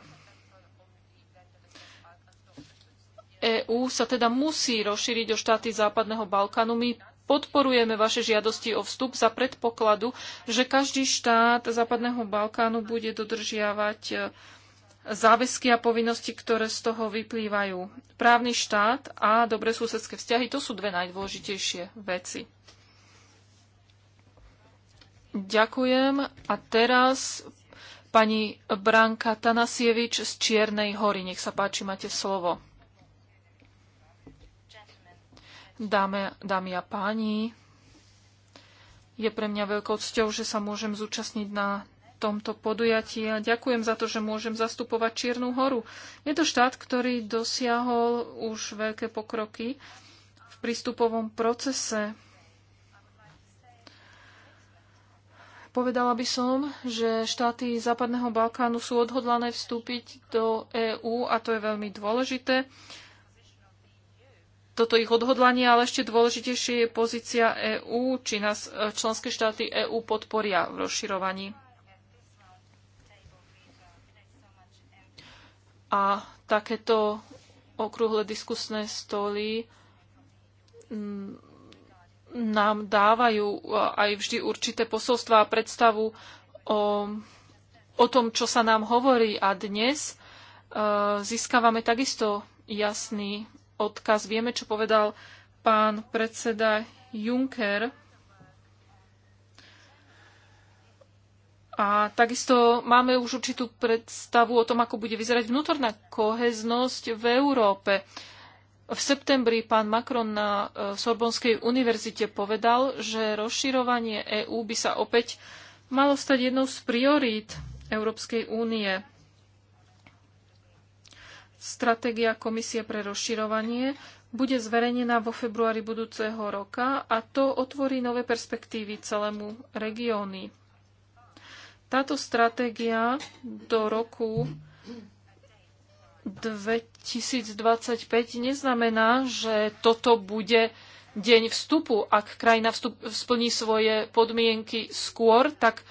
Speaker 2: EÚ sa teda musí rozšíriť o štáty Západného Balkánu. My podporujeme vaše žiadosti o vstup za predpokladu, že každý štát Západného Balkánu bude dodržiavať e, záväzky a povinnosti, ktoré z toho vyplývajú. Právny štát a dobré susedské vzťahy, to sú dve najdôležitejšie veci. Ďakujem. A teraz pani Branka Tanasievič z Čiernej hory. Nech sa páči, máte slovo. Dáme, dámy a páni, je pre mňa veľkou cťou, že sa môžem zúčastniť na tomto podujatí a ďakujem za to, že môžem zastupovať Čiernu horu. Je to štát, ktorý dosiahol už veľké pokroky v prístupovom procese. Povedala by som, že štáty Západného Balkánu sú odhodlané vstúpiť do EÚ a to je veľmi dôležité toto ich odhodlanie, ale ešte dôležitejšie je pozícia EÚ, či nás e, členské štáty EÚ podporia v rozširovaní. A takéto okrúhle diskusné stoly mm, nám dávajú e, aj vždy určité posolstva a predstavu o, o tom, čo sa nám hovorí. A dnes e, získavame takisto jasný odkaz. Vieme, čo povedal pán predseda Juncker. A takisto máme už určitú predstavu o tom, ako bude vyzerať vnútorná koheznosť v Európe. V septembri pán Macron na e, Sorbonskej univerzite povedal, že rozširovanie EÚ by sa opäť malo stať jednou z priorít Európskej únie. Stratégia Komisie pre rozširovanie bude zverejnená vo februári budúceho roka a to otvorí nové perspektívy celému regióny. Táto stratégia do roku 2025 neznamená, že toto bude deň vstupu. Ak krajina vstup, splní svoje podmienky skôr, tak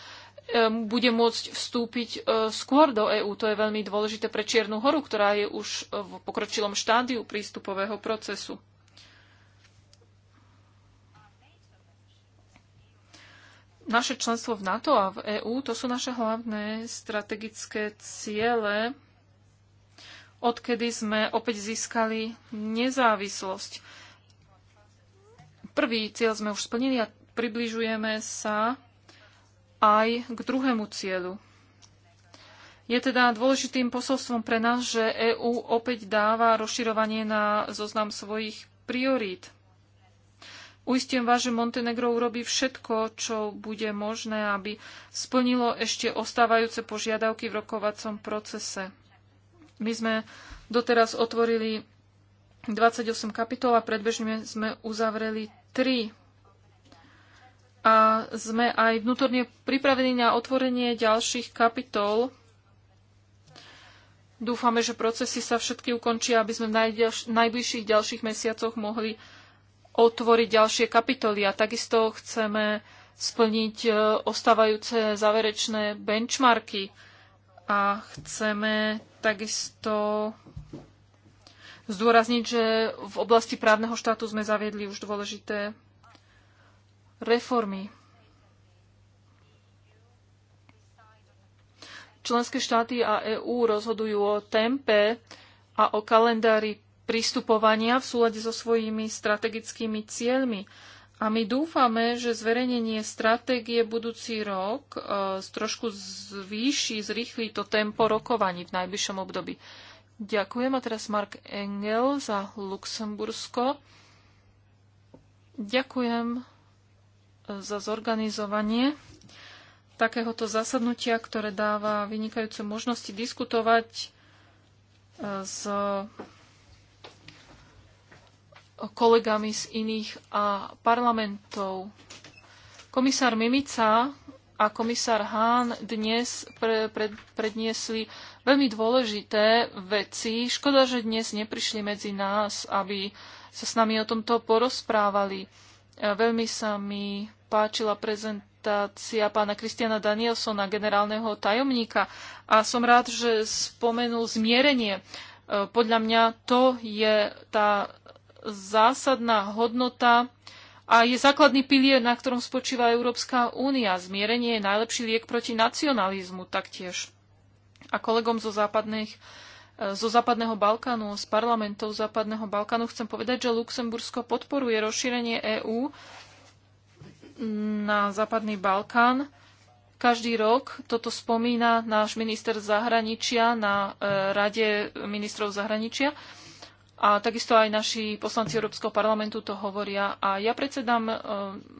Speaker 2: Ehm, bude môcť vstúpiť e, skôr do EÚ. To je veľmi dôležité pre Čiernu horu, ktorá je už e, v pokročilom štádiu prístupového procesu. Naše členstvo v NATO a v EÚ to sú naše hlavné strategické ciele, odkedy sme opäť získali nezávislosť. Prvý cieľ sme už splnili a približujeme sa aj k druhému cieľu. Je teda dôležitým posolstvom pre nás, že EÚ opäť dáva rozširovanie na zoznam svojich priorít. Uistím vás, že Montenegro urobí všetko, čo bude možné, aby splnilo ešte ostávajúce požiadavky v rokovacom procese. My sme doteraz otvorili 28 kapitol a predbežne sme uzavreli 3 a sme aj vnútorne pripravení na otvorenie ďalších kapitol. Dúfame, že procesy sa všetky ukončia, aby sme v najbližších ďalších mesiacoch mohli otvoriť ďalšie kapitoly a takisto chceme splniť e, ostávajúce záverečné benchmarky a chceme takisto zdôrazniť, že v oblasti právneho štátu sme zaviedli už dôležité reformy. Členské štáty a EÚ rozhodujú o tempe a o kalendári pristupovania v súlade so svojimi strategickými cieľmi. A my dúfame, že zverejnenie stratégie budúci rok e, trošku zvýši, zrýchli to tempo rokovaní v najbližšom období. Ďakujem. A teraz Mark Engel za Luxembursko. Ďakujem za zorganizovanie takéhoto zasadnutia, ktoré dáva vynikajúce možnosti diskutovať e, s kolegami z iných a parlamentov. Komisár Mimica a komisár Hahn dnes pre, pre, predniesli veľmi dôležité veci. Škoda, že dnes neprišli medzi nás, aby sa s nami o tomto porozprávali. E, veľmi sa mi páčila prezentácia pána Kristiana Danielsona, generálneho tajomníka. A som rád, že spomenul zmierenie. E, podľa mňa to je tá zásadná hodnota a je základný pilier, na ktorom spočíva Európska únia. Zmierenie je najlepší liek proti nacionalizmu taktiež. A kolegom zo západných zo Západného Balkánu, z parlamentov Západného Balkánu, chcem povedať, že Luxembursko podporuje rozšírenie EÚ na Západný Balkán. Každý rok toto spomína náš minister zahraničia na e, Rade ministrov zahraničia. A takisto aj naši poslanci Európskeho parlamentu to hovoria. A ja predsedám e,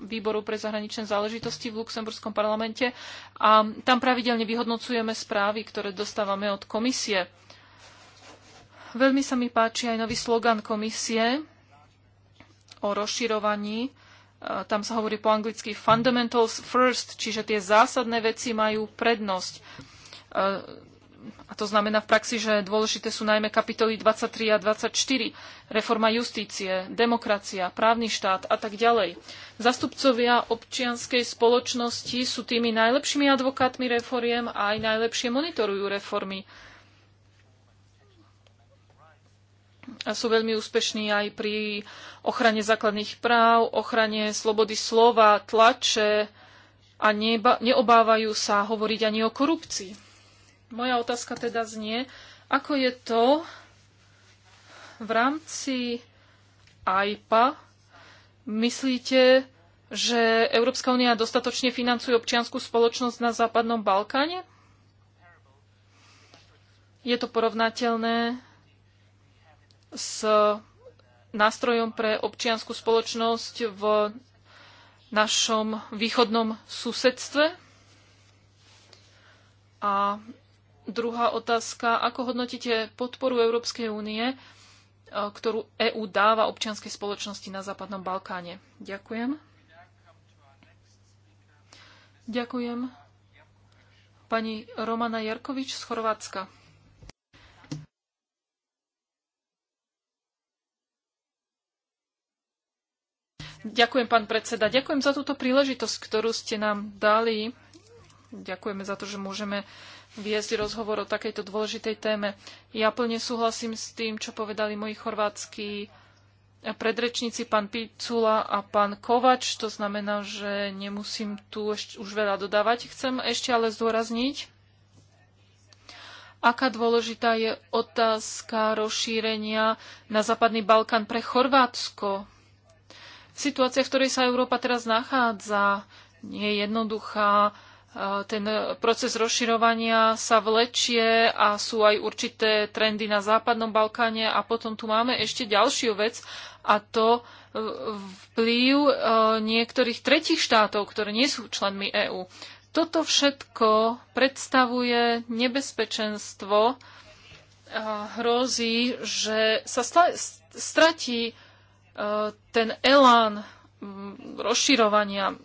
Speaker 2: výboru pre zahraničné záležitosti v Luxemburskom parlamente a tam pravidelne vyhodnocujeme správy, ktoré dostávame od komisie. Veľmi sa mi páči aj nový slogan komisie o rozširovaní. E, tam sa hovorí po anglicky fundamentals first, čiže tie zásadné veci majú prednosť. E, a to znamená v praxi, že dôležité sú najmä kapitoly 23 a 24, reforma justície, demokracia, právny štát a tak ďalej. Zastupcovia občianskej spoločnosti sú tými najlepšími advokátmi reforiem a aj najlepšie monitorujú reformy. sú veľmi úspešní aj pri ochrane základných práv, ochrane slobody slova, tlače a neba, neobávajú sa hovoriť ani o korupcii. Moja otázka teda znie, ako je to v rámci AIPA? Myslíte, že Európska únia dostatočne financuje občianskú spoločnosť na Západnom Balkáne? Je to porovnateľné s nástrojom pre občianskú spoločnosť v našom východnom susedstve. A druhá otázka, ako hodnotíte podporu Európskej únie, e, ktorú EÚ dáva občianskej spoločnosti na Západnom Balkáne? Ďakujem. Ďakujem. Pani Romana Jarkovič z Chorvátska. Ďakujem, pán predseda. Ďakujem za túto príležitosť, ktorú ste nám dali. Ďakujeme za to, že môžeme viesť rozhovor o takejto dôležitej téme. Ja plne súhlasím s tým, čo povedali moji chorvátsky predrečníci, pán Picula a pán Kovač. To znamená, že nemusím tu ešte, už veľa dodávať. Chcem ešte ale zdôrazniť, aká dôležitá je otázka rozšírenia na Západný Balkán pre Chorvátsko Situácia, v ktorej sa Európa teraz nachádza, nie je jednoduchá. E, ten proces rozširovania sa vlečie a sú aj určité trendy na Západnom Balkáne a potom tu máme ešte ďalšiu vec a to e, vplyv e, niektorých tretich štátov, ktoré nie sú členmi EÚ. Toto všetko predstavuje nebezpečenstvo, hrozí, že sa stratí ten elán rozširovania,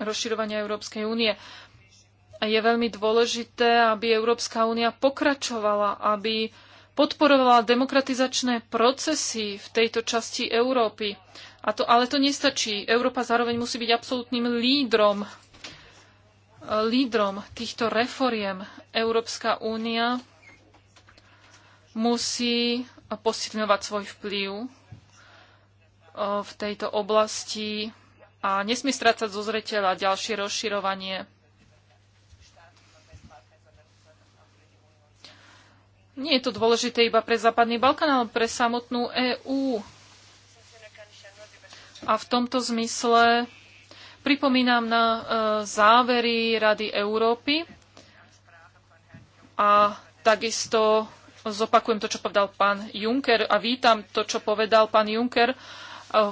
Speaker 2: rozširovania Európskej únie. A je veľmi dôležité, aby Európska únia pokračovala, aby podporovala demokratizačné procesy v tejto časti Európy. A to, ale to nestačí. Európa zároveň musí byť absolútnym lídrom lídrom týchto reforiem. Európska únia musí posilňovať svoj vplyv e, v tejto oblasti a nesmie strácať zo zreteľa ďalšie rozširovanie. Nie je to dôležité iba pre Západný Balkán, ale pre samotnú EÚ. A v tomto zmysle pripomínam na e, závery Rady Európy a takisto zopakujem to, čo povedal pán Juncker a vítam to, čo povedal pán Juncker eh,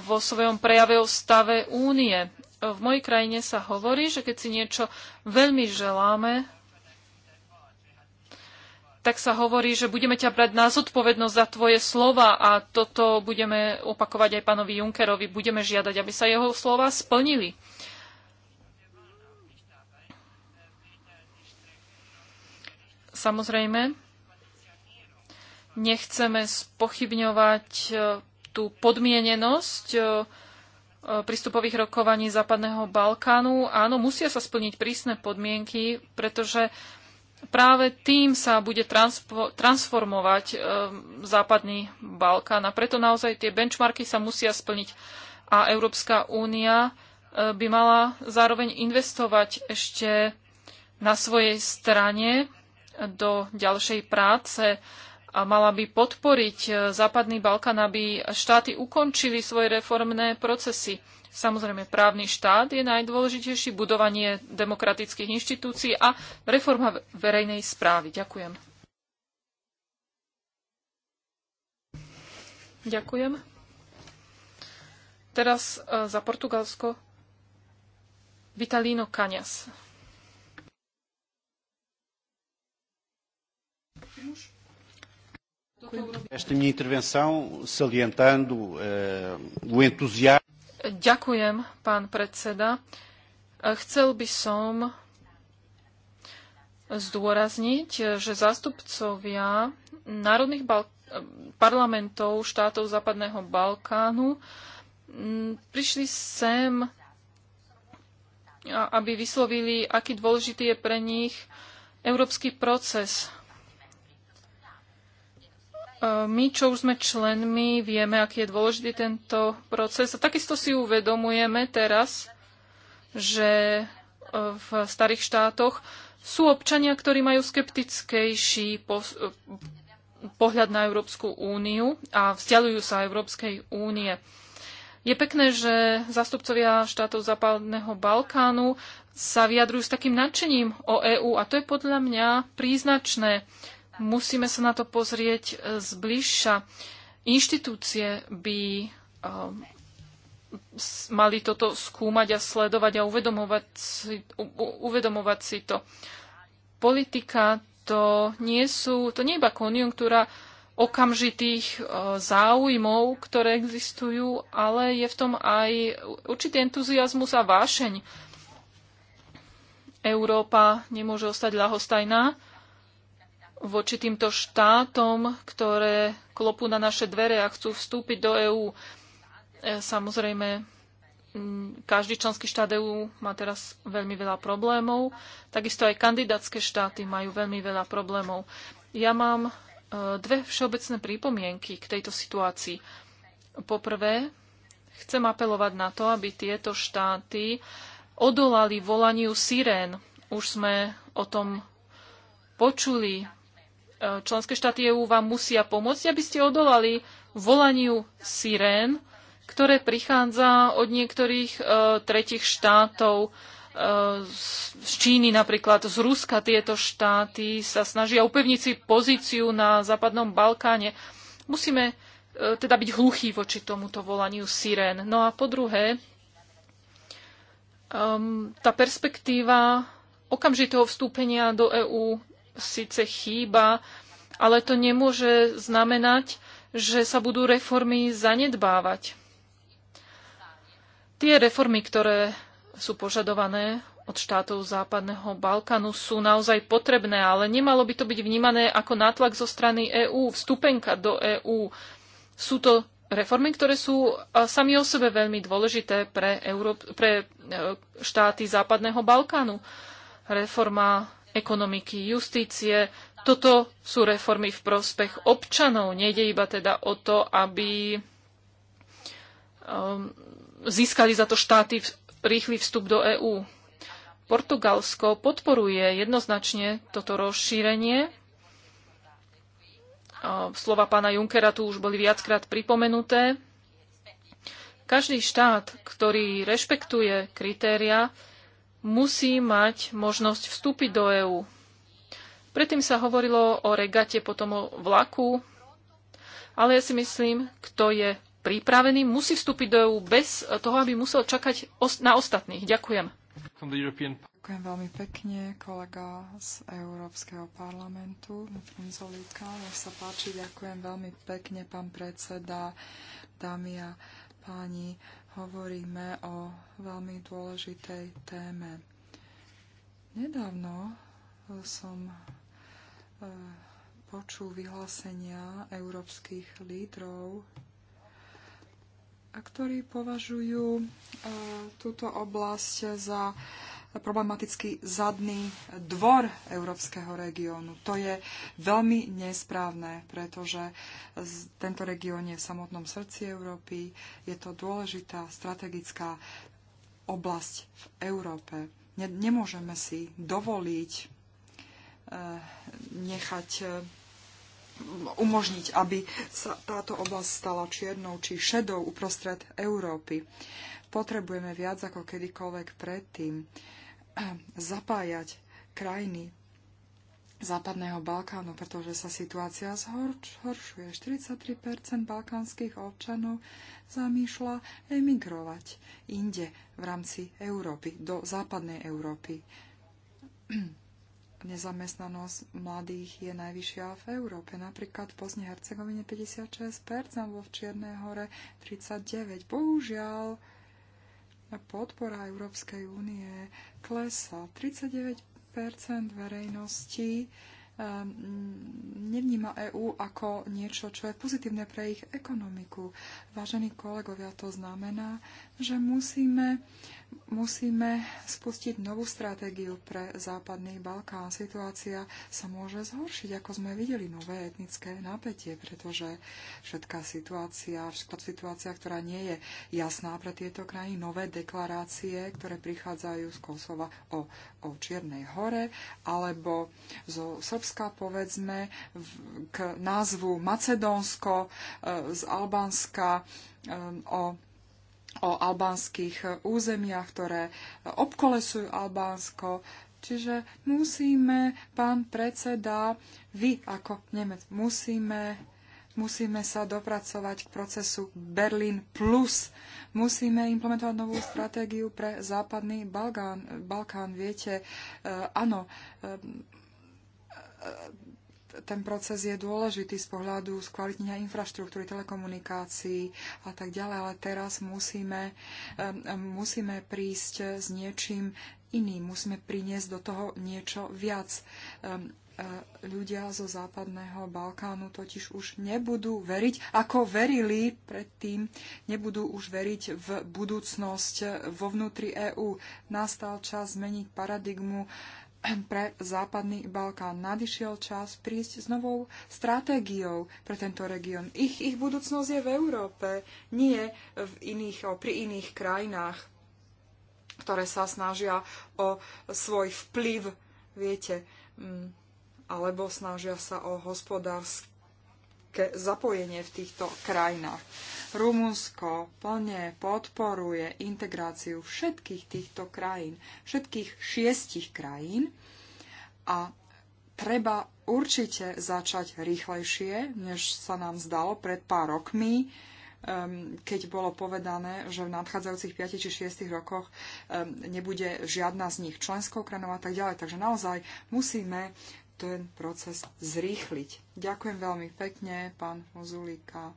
Speaker 2: vo svojom prejave o stave únie. V mojej krajine sa hovorí, že keď si niečo veľmi želáme, tak sa hovorí, že budeme ťa brať na zodpovednosť za tvoje slova a toto budeme opakovať aj pánovi Junkerovi. Budeme žiadať, aby sa jeho slova splnili. Samozrejme, nechceme spochybňovať e, tú podmienenosť e, e, prístupových rokovaní Západného Balkánu. Áno, musia sa splniť prísne podmienky, pretože práve tým sa bude transformovať Západný Balkán. A preto naozaj tie benchmarky sa musia splniť. A Európska únia by mala zároveň investovať ešte na svojej strane do ďalšej práce a mala by podporiť e, Západný Balkán, aby štáty ukončili svoje reformné procesy. Samozrejme, právny štát je najdôležitejší, budovanie demokratických inštitúcií a reforma verejnej správy. Ďakujem. Ďakujem. Teraz e, za Portugalsko Vitalino Kanias.
Speaker 3: Už? Eh,
Speaker 2: Ďakujem, pán predseda. Eh, chcel by som zdôrazniť, eh, že zástupcovia národných parlamentov štátov Západného Balkánu mm, prišli sem, aby vyslovili, aký dôležitý je pre nich európsky proces E, my, čo už sme členmi, vieme, aký je dôležitý tento proces a takisto si uvedomujeme teraz, že e, v starých štátoch sú občania, ktorí majú skeptickejší e, pohľad na Európsku úniu a vzdialujú sa Európskej únie. Je pekné, že zastupcovia štátov Západného Balkánu sa vyjadrujú s takým nadšením o EÚ a to je podľa mňa príznačné. Musíme sa na to pozrieť e, zbližša. Inštitúcie by e, mali toto skúmať a sledovať a uvedomovať si, u, uvedomovať si to. Politika to nie sú, to nie je iba konjunktúra okamžitých e, záujmov, ktoré existujú, ale je v tom aj určitý entuziasmus a vášeň. Európa nemôže ostať ľahostajná voči týmto štátom, ktoré klopú na naše dvere a chcú vstúpiť do EÚ. E, samozrejme, každý členský štát EÚ má teraz veľmi veľa problémov. Takisto aj kandidátske štáty majú veľmi veľa problémov. Ja mám e, dve všeobecné prípomienky k tejto situácii. Poprvé, chcem apelovať na to, aby tieto štáty odolali volaniu sirén. Už sme o tom počuli E, členské štáty EÚ vám musia pomôcť, aby ste odolali volaniu sirén, ktoré prichádza od niektorých e, tretich štátov, e, z Číny napríklad, z Ruska tieto štáty sa snažia upevniť si pozíciu na západnom Balkáne. Musíme e, teda byť hluchí voči tomuto volaniu sirén. No a po druhé, tá perspektíva okamžitého vstúpenia do EÚ síce chýba, ale to nemôže znamenať, že sa budú reformy zanedbávať. Tie reformy, ktoré sú požadované od štátov Západného Balkánu, sú naozaj potrebné, ale nemalo by to byť vnímané ako nátlak zo strany EÚ, vstupenka do EÚ. Sú to reformy, ktoré sú sami o sebe veľmi dôležité pre, Euró- pre e, štáty Západného Balkánu. Reforma ekonomiky, justície. Toto sú reformy v prospech občanov. Nejde iba teda o to, aby ehm, získali za to štáty rýchly vstup do EÚ. Portugalsko podporuje jednoznačne toto rozšírenie. Ehm, slova pána Junkera tu už boli viackrát pripomenuté. Každý štát, ktorý rešpektuje kritéria, musí mať možnosť vstúpiť do EÚ. Predtým sa hovorilo o regate, potom o vlaku, ale ja si myslím, kto je pripravený, musí vstúpiť do EÚ bez toho, aby musel čakať na ostatných. Ďakujem. Ďakujem veľmi
Speaker 1: pekne, kolega z Európskeho parlamentu, Frunzolíka. Nech sa páči, ďakujem veľmi pekne, pán predseda, dámy a páni hovoríme o veľmi dôležitej téme. Nedávno e, som e, počul vyhlásenia európskych lídrov, ktorí považujú e, túto oblasť za problematický zadný dvor európskeho regiónu. To je veľmi nesprávne, pretože tento región je v samotnom srdci Európy. Je to dôležitá strategická oblasť v Európe. Nemôžeme si dovoliť eh, nechať eh, umožniť, aby sa táto oblasť stala čiernou či šedou uprostred Európy. Potrebujeme viac ako kedykoľvek predtým zapájať krajiny Západného Balkánu, pretože sa situácia zhoršuje. 43% balkánskych občanov zamýšľa emigrovať inde v rámci Európy, do západnej Európy. Nezamestnanosť mladých je najvyššia v Európe. Napríklad v Bosne Hercegovine 56%, vo v Čiernej hore 39%. Bohužiaľ, podpora Európskej únie klesá. 39 verejnosti ehm, nevníma EÚ ako niečo, čo je pozitívne pre ich ekonomiku. Vážení kolegovia, to znamená, že musíme, musíme spustiť novú stratégiu pre Západný Balkán. Situácia sa môže zhoršiť, ako sme videli, nové etnické napätie, pretože všetká situácia, všetká situácia, ktorá nie je jasná pre tieto krajiny, nové deklarácie, ktoré prichádzajú z Kosova o, o Čiernej hore, alebo zo Srbska, povedzme, v, k názvu Macedónsko, e, z Albánska e, o o albánskych eh, územiach, ktoré eh, obkolesujú Albánsko. Čiže musíme, pán predseda, vy ako Nemec, musíme, musíme sa dopracovať k procesu Berlin Plus. Musíme implementovať novú stratégiu pre západný Balkán. Balkán viete, eh, áno, ten proces je dôležitý z pohľadu skvalitnenia infraštruktúry, telekomunikácií a tak ďalej, ale teraz musíme, musíme prísť s niečím iným, musíme priniesť do toho niečo viac. E, ľudia zo západného Balkánu totiž už nebudú veriť, ako verili predtým, nebudú už veriť v budúcnosť vo vnútri EÚ. Nastal čas zmeniť paradigmu pre Západný Balkán. Nadišiel čas prísť s novou stratégiou pre tento región. Ich, ich budúcnosť je v Európe, nie v iných, pri iných krajinách, ktoré sa snažia o svoj vplyv, viete, mm, alebo snažia sa o hospodársk ke zapojenie v týchto krajinách. Rumunsko plne podporuje integráciu všetkých týchto krajín, všetkých šiestich krajín a treba určite začať rýchlejšie, než sa nám zdalo pred pár rokmi, um, keď bolo povedané, že v nadchádzajúcich 5 či 6 rokoch um, nebude žiadna z nich členskou krajinou a tak ďalej. Takže naozaj musíme ten proces zrýchliť. Ďakujem veľmi pekne, pán Mozulika.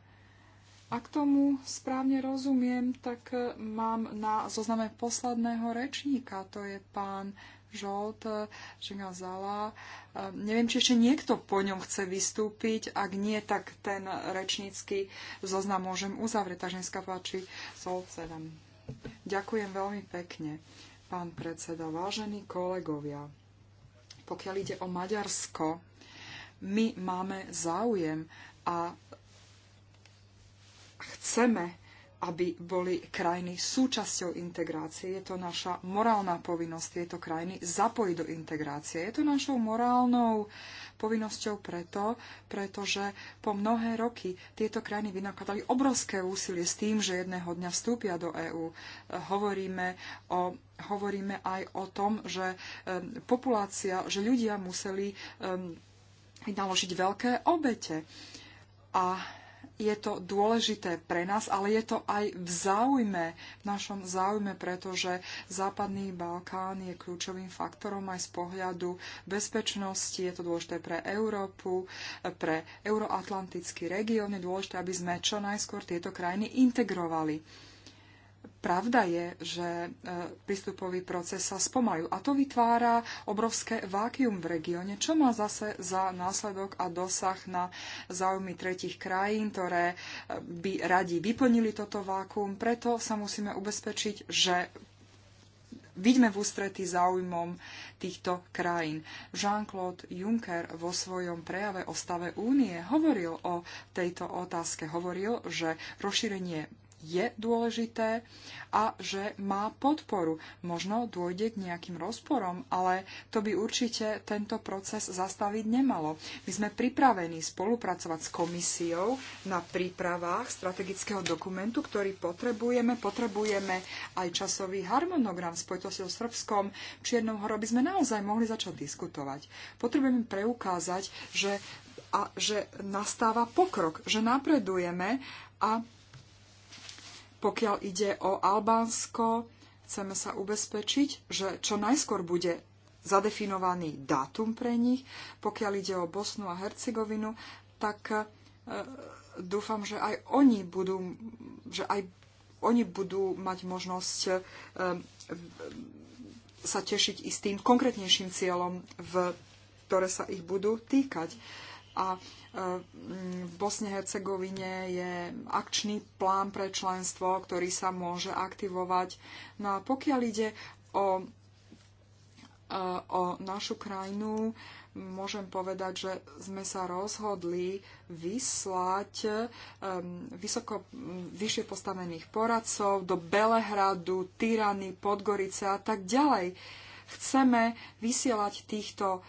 Speaker 1: Ak tomu správne rozumiem, tak e, mám na zozname posledného rečníka, to je pán Žolt e, Žigazala. E, neviem, či ešte niekto po ňom chce vystúpiť. Ak nie, tak ten rečnícky zoznam môžem uzavrieť. Takže dneska páči Sol 7. Ďakujem veľmi pekne, pán predseda. Vážení kolegovia, pokiaľ ide o Maďarsko, my máme záujem a chceme, aby boli krajiny súčasťou integrácie. Je to naša morálna povinnosť tieto krajiny zapojiť do integrácie. Je to našou morálnou povinnosťou preto, pretože po mnohé roky tieto krajiny vynakladali obrovské úsilie s tým, že jedného dňa vstúpia do EÚ. E, hovoríme, o, hovoríme aj o tom, že e, populácia, že ľudia museli vynaložiť e, veľké obete. A je to dôležité pre nás, ale je to aj v záujme, v našom záujme, pretože Západný Balkán je kľúčovým faktorom aj z pohľadu bezpečnosti, je to dôležité pre Európu, pre euroatlantický región, je dôležité, aby sme čo najskôr tieto krajiny integrovali. Pravda je, že e, prístupový proces sa spomajú a to vytvára obrovské vákium v regióne, čo má zase za následok a dosah na záujmy tretich krajín, ktoré e, by radi vyplnili toto vákuum. Preto sa musíme ubezpečiť, že vidíme v ústretí záujmom týchto krajín. Jean-Claude Juncker vo svojom prejave o stave únie hovoril o tejto otázke. Hovoril, že rozšírenie je dôležité a že má podporu. Možno dôjde k nejakým rozporom, ale to by určite tento proces zastaviť nemalo. My sme pripravení spolupracovať s komisiou na prípravách strategického dokumentu, ktorý potrebujeme. Potrebujeme aj časový harmonogram v spojitosti so Srbskom. Čiernom hore by sme naozaj mohli začať diskutovať. Potrebujeme preukázať, že a že nastáva pokrok, že napredujeme a pokiaľ ide o Albánsko, chceme sa ubezpečiť, že čo najskôr bude zadefinovaný dátum pre nich. Pokiaľ ide o Bosnu a Hercegovinu, tak e, dúfam, že aj oni budú, že aj oni budú mať možnosť e, sa tešiť istým konkrétnejším cieľom, v, ktoré sa ich budú týkať a e, v Bosne-Hercegovine je akčný plán pre členstvo, ktorý sa môže aktivovať. No a pokiaľ ide o, e, o našu krajinu, môžem povedať, že sme sa rozhodli vyslať e, vysoko, vyššie postavených poradcov do Belehradu, Tyrany, Podgorice a tak ďalej. Chceme vysielať týchto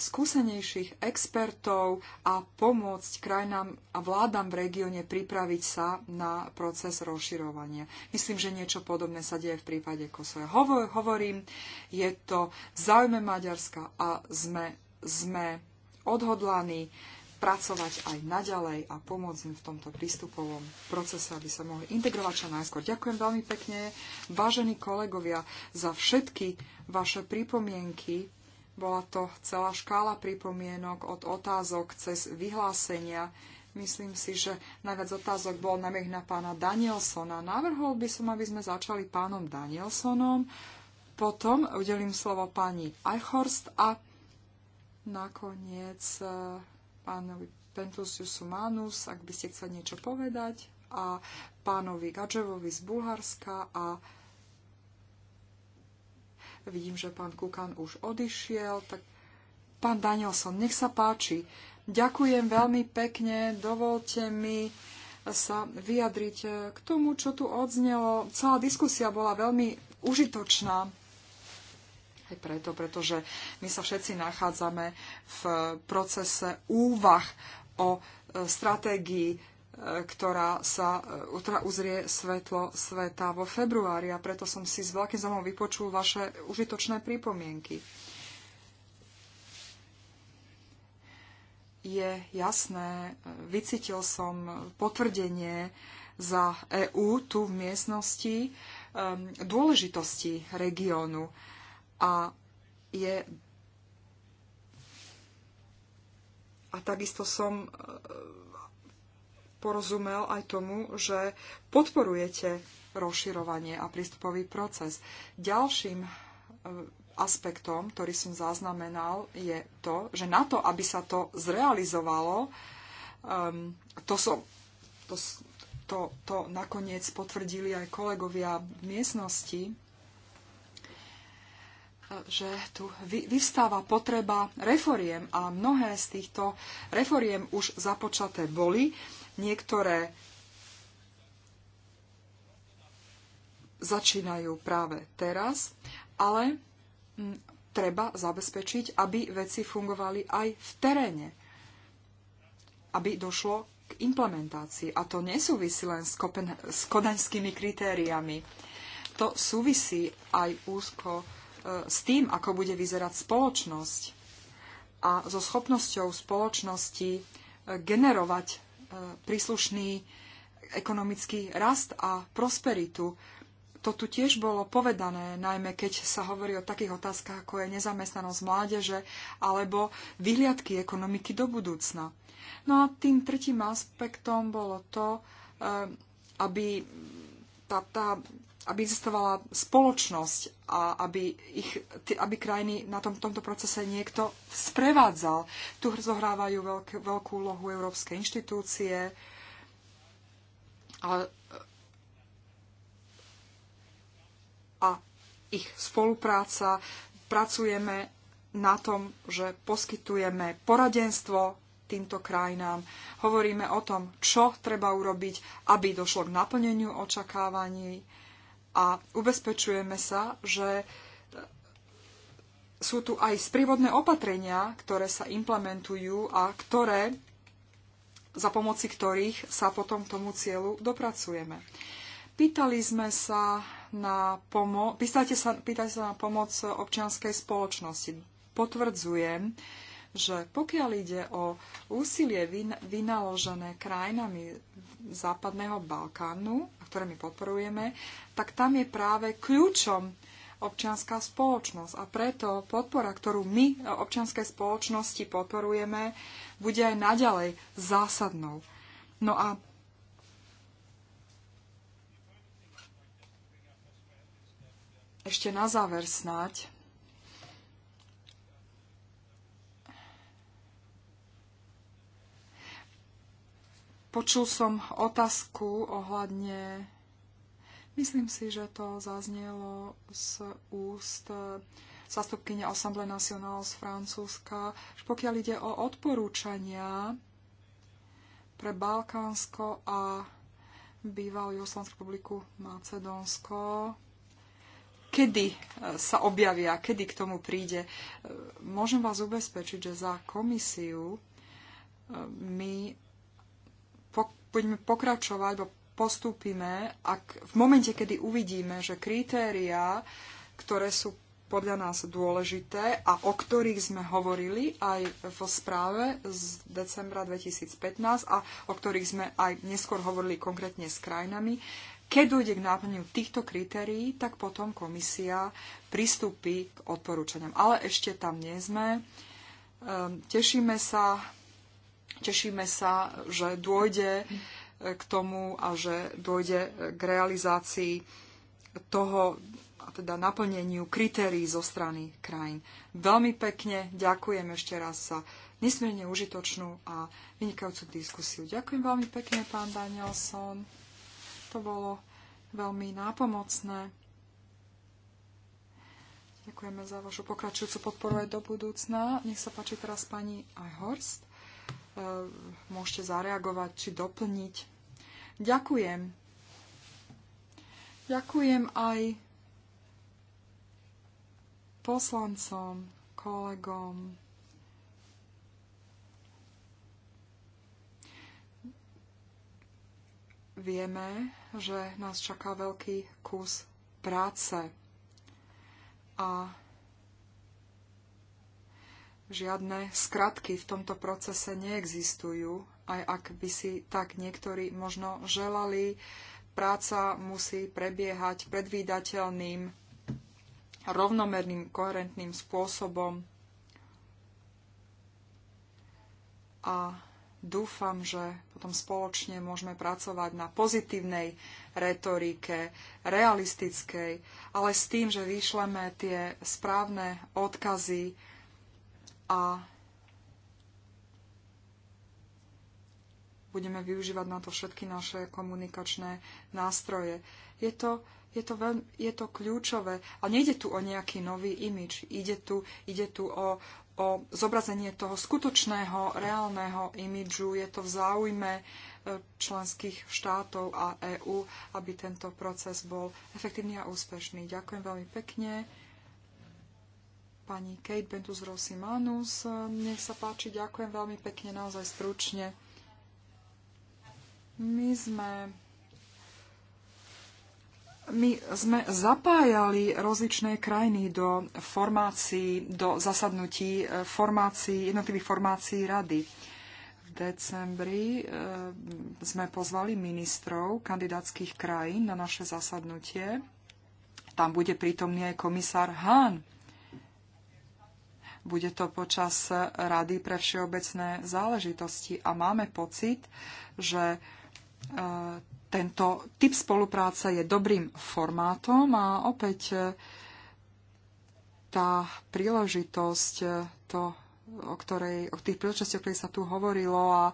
Speaker 1: skúsenejších expertov a pomôcť krajinám a vládam v regióne pripraviť sa na proces rozširovania. Myslím, že niečo podobné sa deje v prípade Kosova. hovorím, je to v záujme Maďarska a sme, sme odhodlaní pracovať aj naďalej a pomôcť im v tomto prístupovom procese, aby sa mohli integrovať čo najskôr. Ďakujem veľmi pekne, vážení kolegovia, za všetky vaše pripomienky bola to celá škála pripomienok od otázok cez vyhlásenia. Myslím si, že najviac otázok bol na na pána Danielsona. Navrhol by som, aby sme začali pánom Danielsonom, potom udelím slovo pani Eichhorst a nakoniec eh, pánovi Pentusiusu Manus, ak by ste chceli niečo povedať, a pánovi Gadževovi z Bulharska a Vidím, že pán Kukan už odišiel. Tak pán Danielson, nech sa páči. Ďakujem veľmi pekne. Dovolte mi sa vyjadriť k tomu, čo tu odznelo. Celá diskusia bola veľmi užitočná. Aj preto, pretože my sa všetci nachádzame v procese úvah o e, stratégii ktorá sa e, ktorá uzrie svetlo sveta vo februári a preto som si s veľkým zámom vypočul vaše užitočné pripomienky. Je jasné, vycítil som potvrdenie za EÚ tu v miestnosti e, dôležitosti regiónu a je a takisto som e, porozumel aj tomu, že podporujete rozširovanie a prístupový proces. Ďalším e, aspektom, ktorý som zaznamenal, je to, že na to, aby sa to zrealizovalo, um, to, so, to, to, to nakoniec potvrdili aj kolegovia v miestnosti, e, že tu vyvstáva potreba reforiem a mnohé z týchto reforiem už započaté boli Niektoré začínajú práve teraz, ale mm, treba zabezpečiť, aby veci fungovali aj v teréne, aby došlo k implementácii. A to nesúvisí len s, kopen- s kodaňskými kritériami. To súvisí aj úzko e, s tým, ako bude vyzerať spoločnosť a so schopnosťou spoločnosti e, generovať príslušný ekonomický rast a prosperitu. To tu tiež bolo povedané, najmä keď sa hovorí o takých otázkach, ako je nezamestnanosť mládeže alebo vyhliadky ekonomiky do budúcna. No a tým tretím aspektom bolo to, eh, aby tá, tá, aby existovala spoločnosť a aby, ich, aby krajiny na tom, tomto procese niekto sprevádzal. Tu zohrávajú veľk, veľkú úlohu európske inštitúcie, a, a ich spolupráca. Pracujeme na tom, že poskytujeme poradenstvo týmto krajinám. Hovoríme o tom, čo treba urobiť, aby došlo k naplneniu očakávaní a ubezpečujeme sa, že sú tu aj sprívodné opatrenia, ktoré sa implementujú a ktoré, za pomoci ktorých sa potom k tomu cieľu dopracujeme. Pýtali sme sa na, pomo- pýtate sa, pýtate sa na pomoc občianskej spoločnosti. Potvrdzujem, že pokiaľ ide o úsilie vynaložené krajinami Západného Balkánu, a ktoré my podporujeme, tak tam je práve kľúčom občianská spoločnosť. A preto podpora, ktorú my e, občianskej spoločnosti podporujeme, bude aj naďalej zásadnou. No a ešte na záver snáď Počul som otázku ohľadne, myslím si, že to zaznelo z úst zastupkyne Assemblée Nationale z Francúzska, že pokiaľ ide o odporúčania pre Balkánsko a bývalú Jugoslánsku republiku Macedónsko, kedy e, sa objavia, kedy k tomu príde. E, môžem vás ubezpečiť, že za komisiu e, my budeme pokračovať, bo postúpime, ak v momente, kedy uvidíme, že kritériá, ktoré sú podľa nás dôležité a o ktorých sme hovorili aj v správe z decembra 2015 a o ktorých sme aj neskôr hovorili konkrétne s krajinami, keď dojde k náplňu týchto kritérií, tak potom komisia pristúpi k odporúčaniam. Ale ešte tam nie sme. Ehm, tešíme sa Tešíme sa, že dôjde e, k tomu a že dôjde e, k realizácii toho, a teda naplneniu kritérií zo strany krajín. Veľmi pekne ďakujem ešte raz za nesmierne užitočnú a vynikajúcu diskusiu. Ďakujem veľmi pekne, pán Danielson. To bolo veľmi nápomocné. Ďakujeme za vašu pokračujúcu podporu aj do budúcna. Nech sa páči teraz pani Ajhorst. E, môžete zareagovať či doplniť. Ďakujem. Ďakujem aj poslancom, kolegom. Vieme, že nás čaká veľký kus práce. A Žiadne skratky v tomto procese neexistujú, aj ak by si tak niektorí možno želali. Práca musí prebiehať predvídateľným, rovnomerným, koherentným spôsobom. A dúfam, že potom spoločne môžeme pracovať na pozitívnej retorike, realistickej, ale s tým, že vyšleme tie správne odkazy a budeme využívať na to všetky naše komunikačné nástroje. Je to, je to, veľmi, je to kľúčové. A nejde tu o nejaký nový imič. Ide tu, ide tu o, o zobrazenie toho skutočného, reálneho imidžu. Je to v záujme e, členských štátov a EÚ, aby tento proces bol efektívny a úspešný. Ďakujem veľmi pekne pani Kate Bentus Rosimanus. Nech sa páči, ďakujem veľmi pekne, naozaj stručne. My sme my sme zapájali rozličné krajiny do formácií, do zasadnutí eh, formácií, jednotlivých formácií rady. V decembri eh, sme pozvali ministrov kandidátskych krajín na naše zasadnutie. Tam bude prítomný aj komisár Hahn bude to počas Rady pre všeobecné záležitosti a máme pocit, že e, tento typ spolupráce je dobrým formátom a opäť e, tá príležitosť, e, to, o, ktorej, o tých príležitostiach, o ktorých sa tu hovorilo a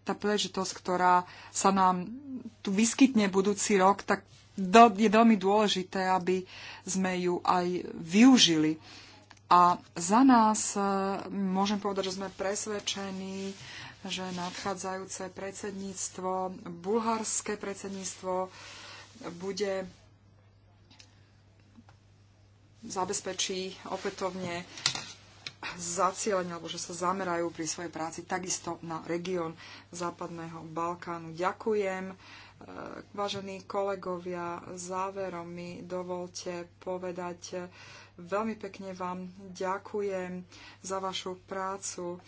Speaker 1: tá príležitosť, ktorá sa nám tu vyskytne budúci rok, tak do, je veľmi dôležité, aby sme ju aj využili. A za nás e, môžem povedať, že sme presvedčení, že nadchádzajúce predsedníctvo, bulharské predsedníctvo bude zabezpečí opätovne zacielenie, alebo že sa zamerajú pri svojej práci takisto na región Západného Balkánu. Ďakujem. E, vážení kolegovia, záverom mi dovolte povedať Veľmi pekne vám ďakujem za vašu prácu. E,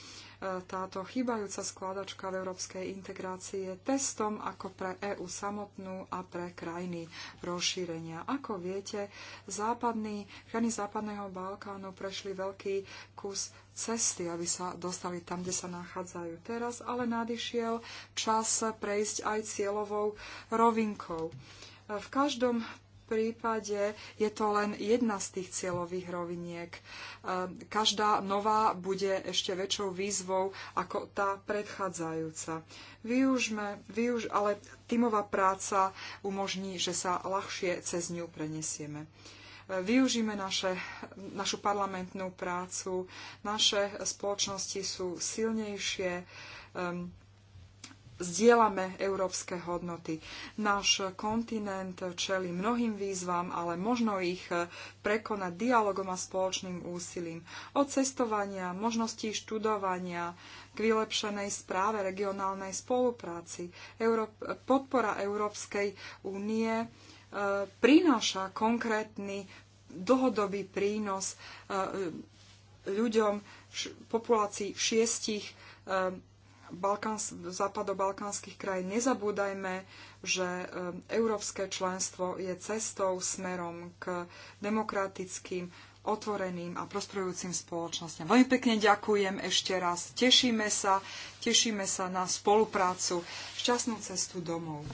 Speaker 1: Táto chýbajúca skladačka v európskej integrácii je testom ako pre EÚ samotnú a pre krajiny rozšírenia. Ako viete, západný, krajiny západného Balkánu prešli veľký kus cesty, aby sa dostali tam, kde sa nachádzajú teraz, ale nadišiel čas prejsť aj cieľovou rovinkou. E, v každom prípade je to len jedna z tých cieľových roviniek. E, každá nová bude ešte väčšou výzvou ako tá predchádzajúca. Využme, využ, ale tímová práca umožní, že sa ľahšie cez ňu prenesieme e, využíme naše, našu parlamentnú prácu, naše spoločnosti sú silnejšie, ehm, zdieľame európske hodnoty. Náš kontinent čeli mnohým výzvam, ale možno ich prekonať dialogom a spoločným úsilím. Od cestovania, možností študovania, k vylepšenej správe regionálnej spolupráci. Euró- podpora Európskej únie e, prináša konkrétny dlhodobý prínos e, ľuďom, š- populácii šiestich e, Balkáns, západobalkánskych krajín. Nezabúdajme, že e, európske členstvo je cestou smerom k demokratickým, otvoreným a prosperujúcim spoločnosťam. Veľmi pekne ďakujem ešte raz. Tešíme sa, tešíme sa na spoluprácu. Šťastnú cestu domov.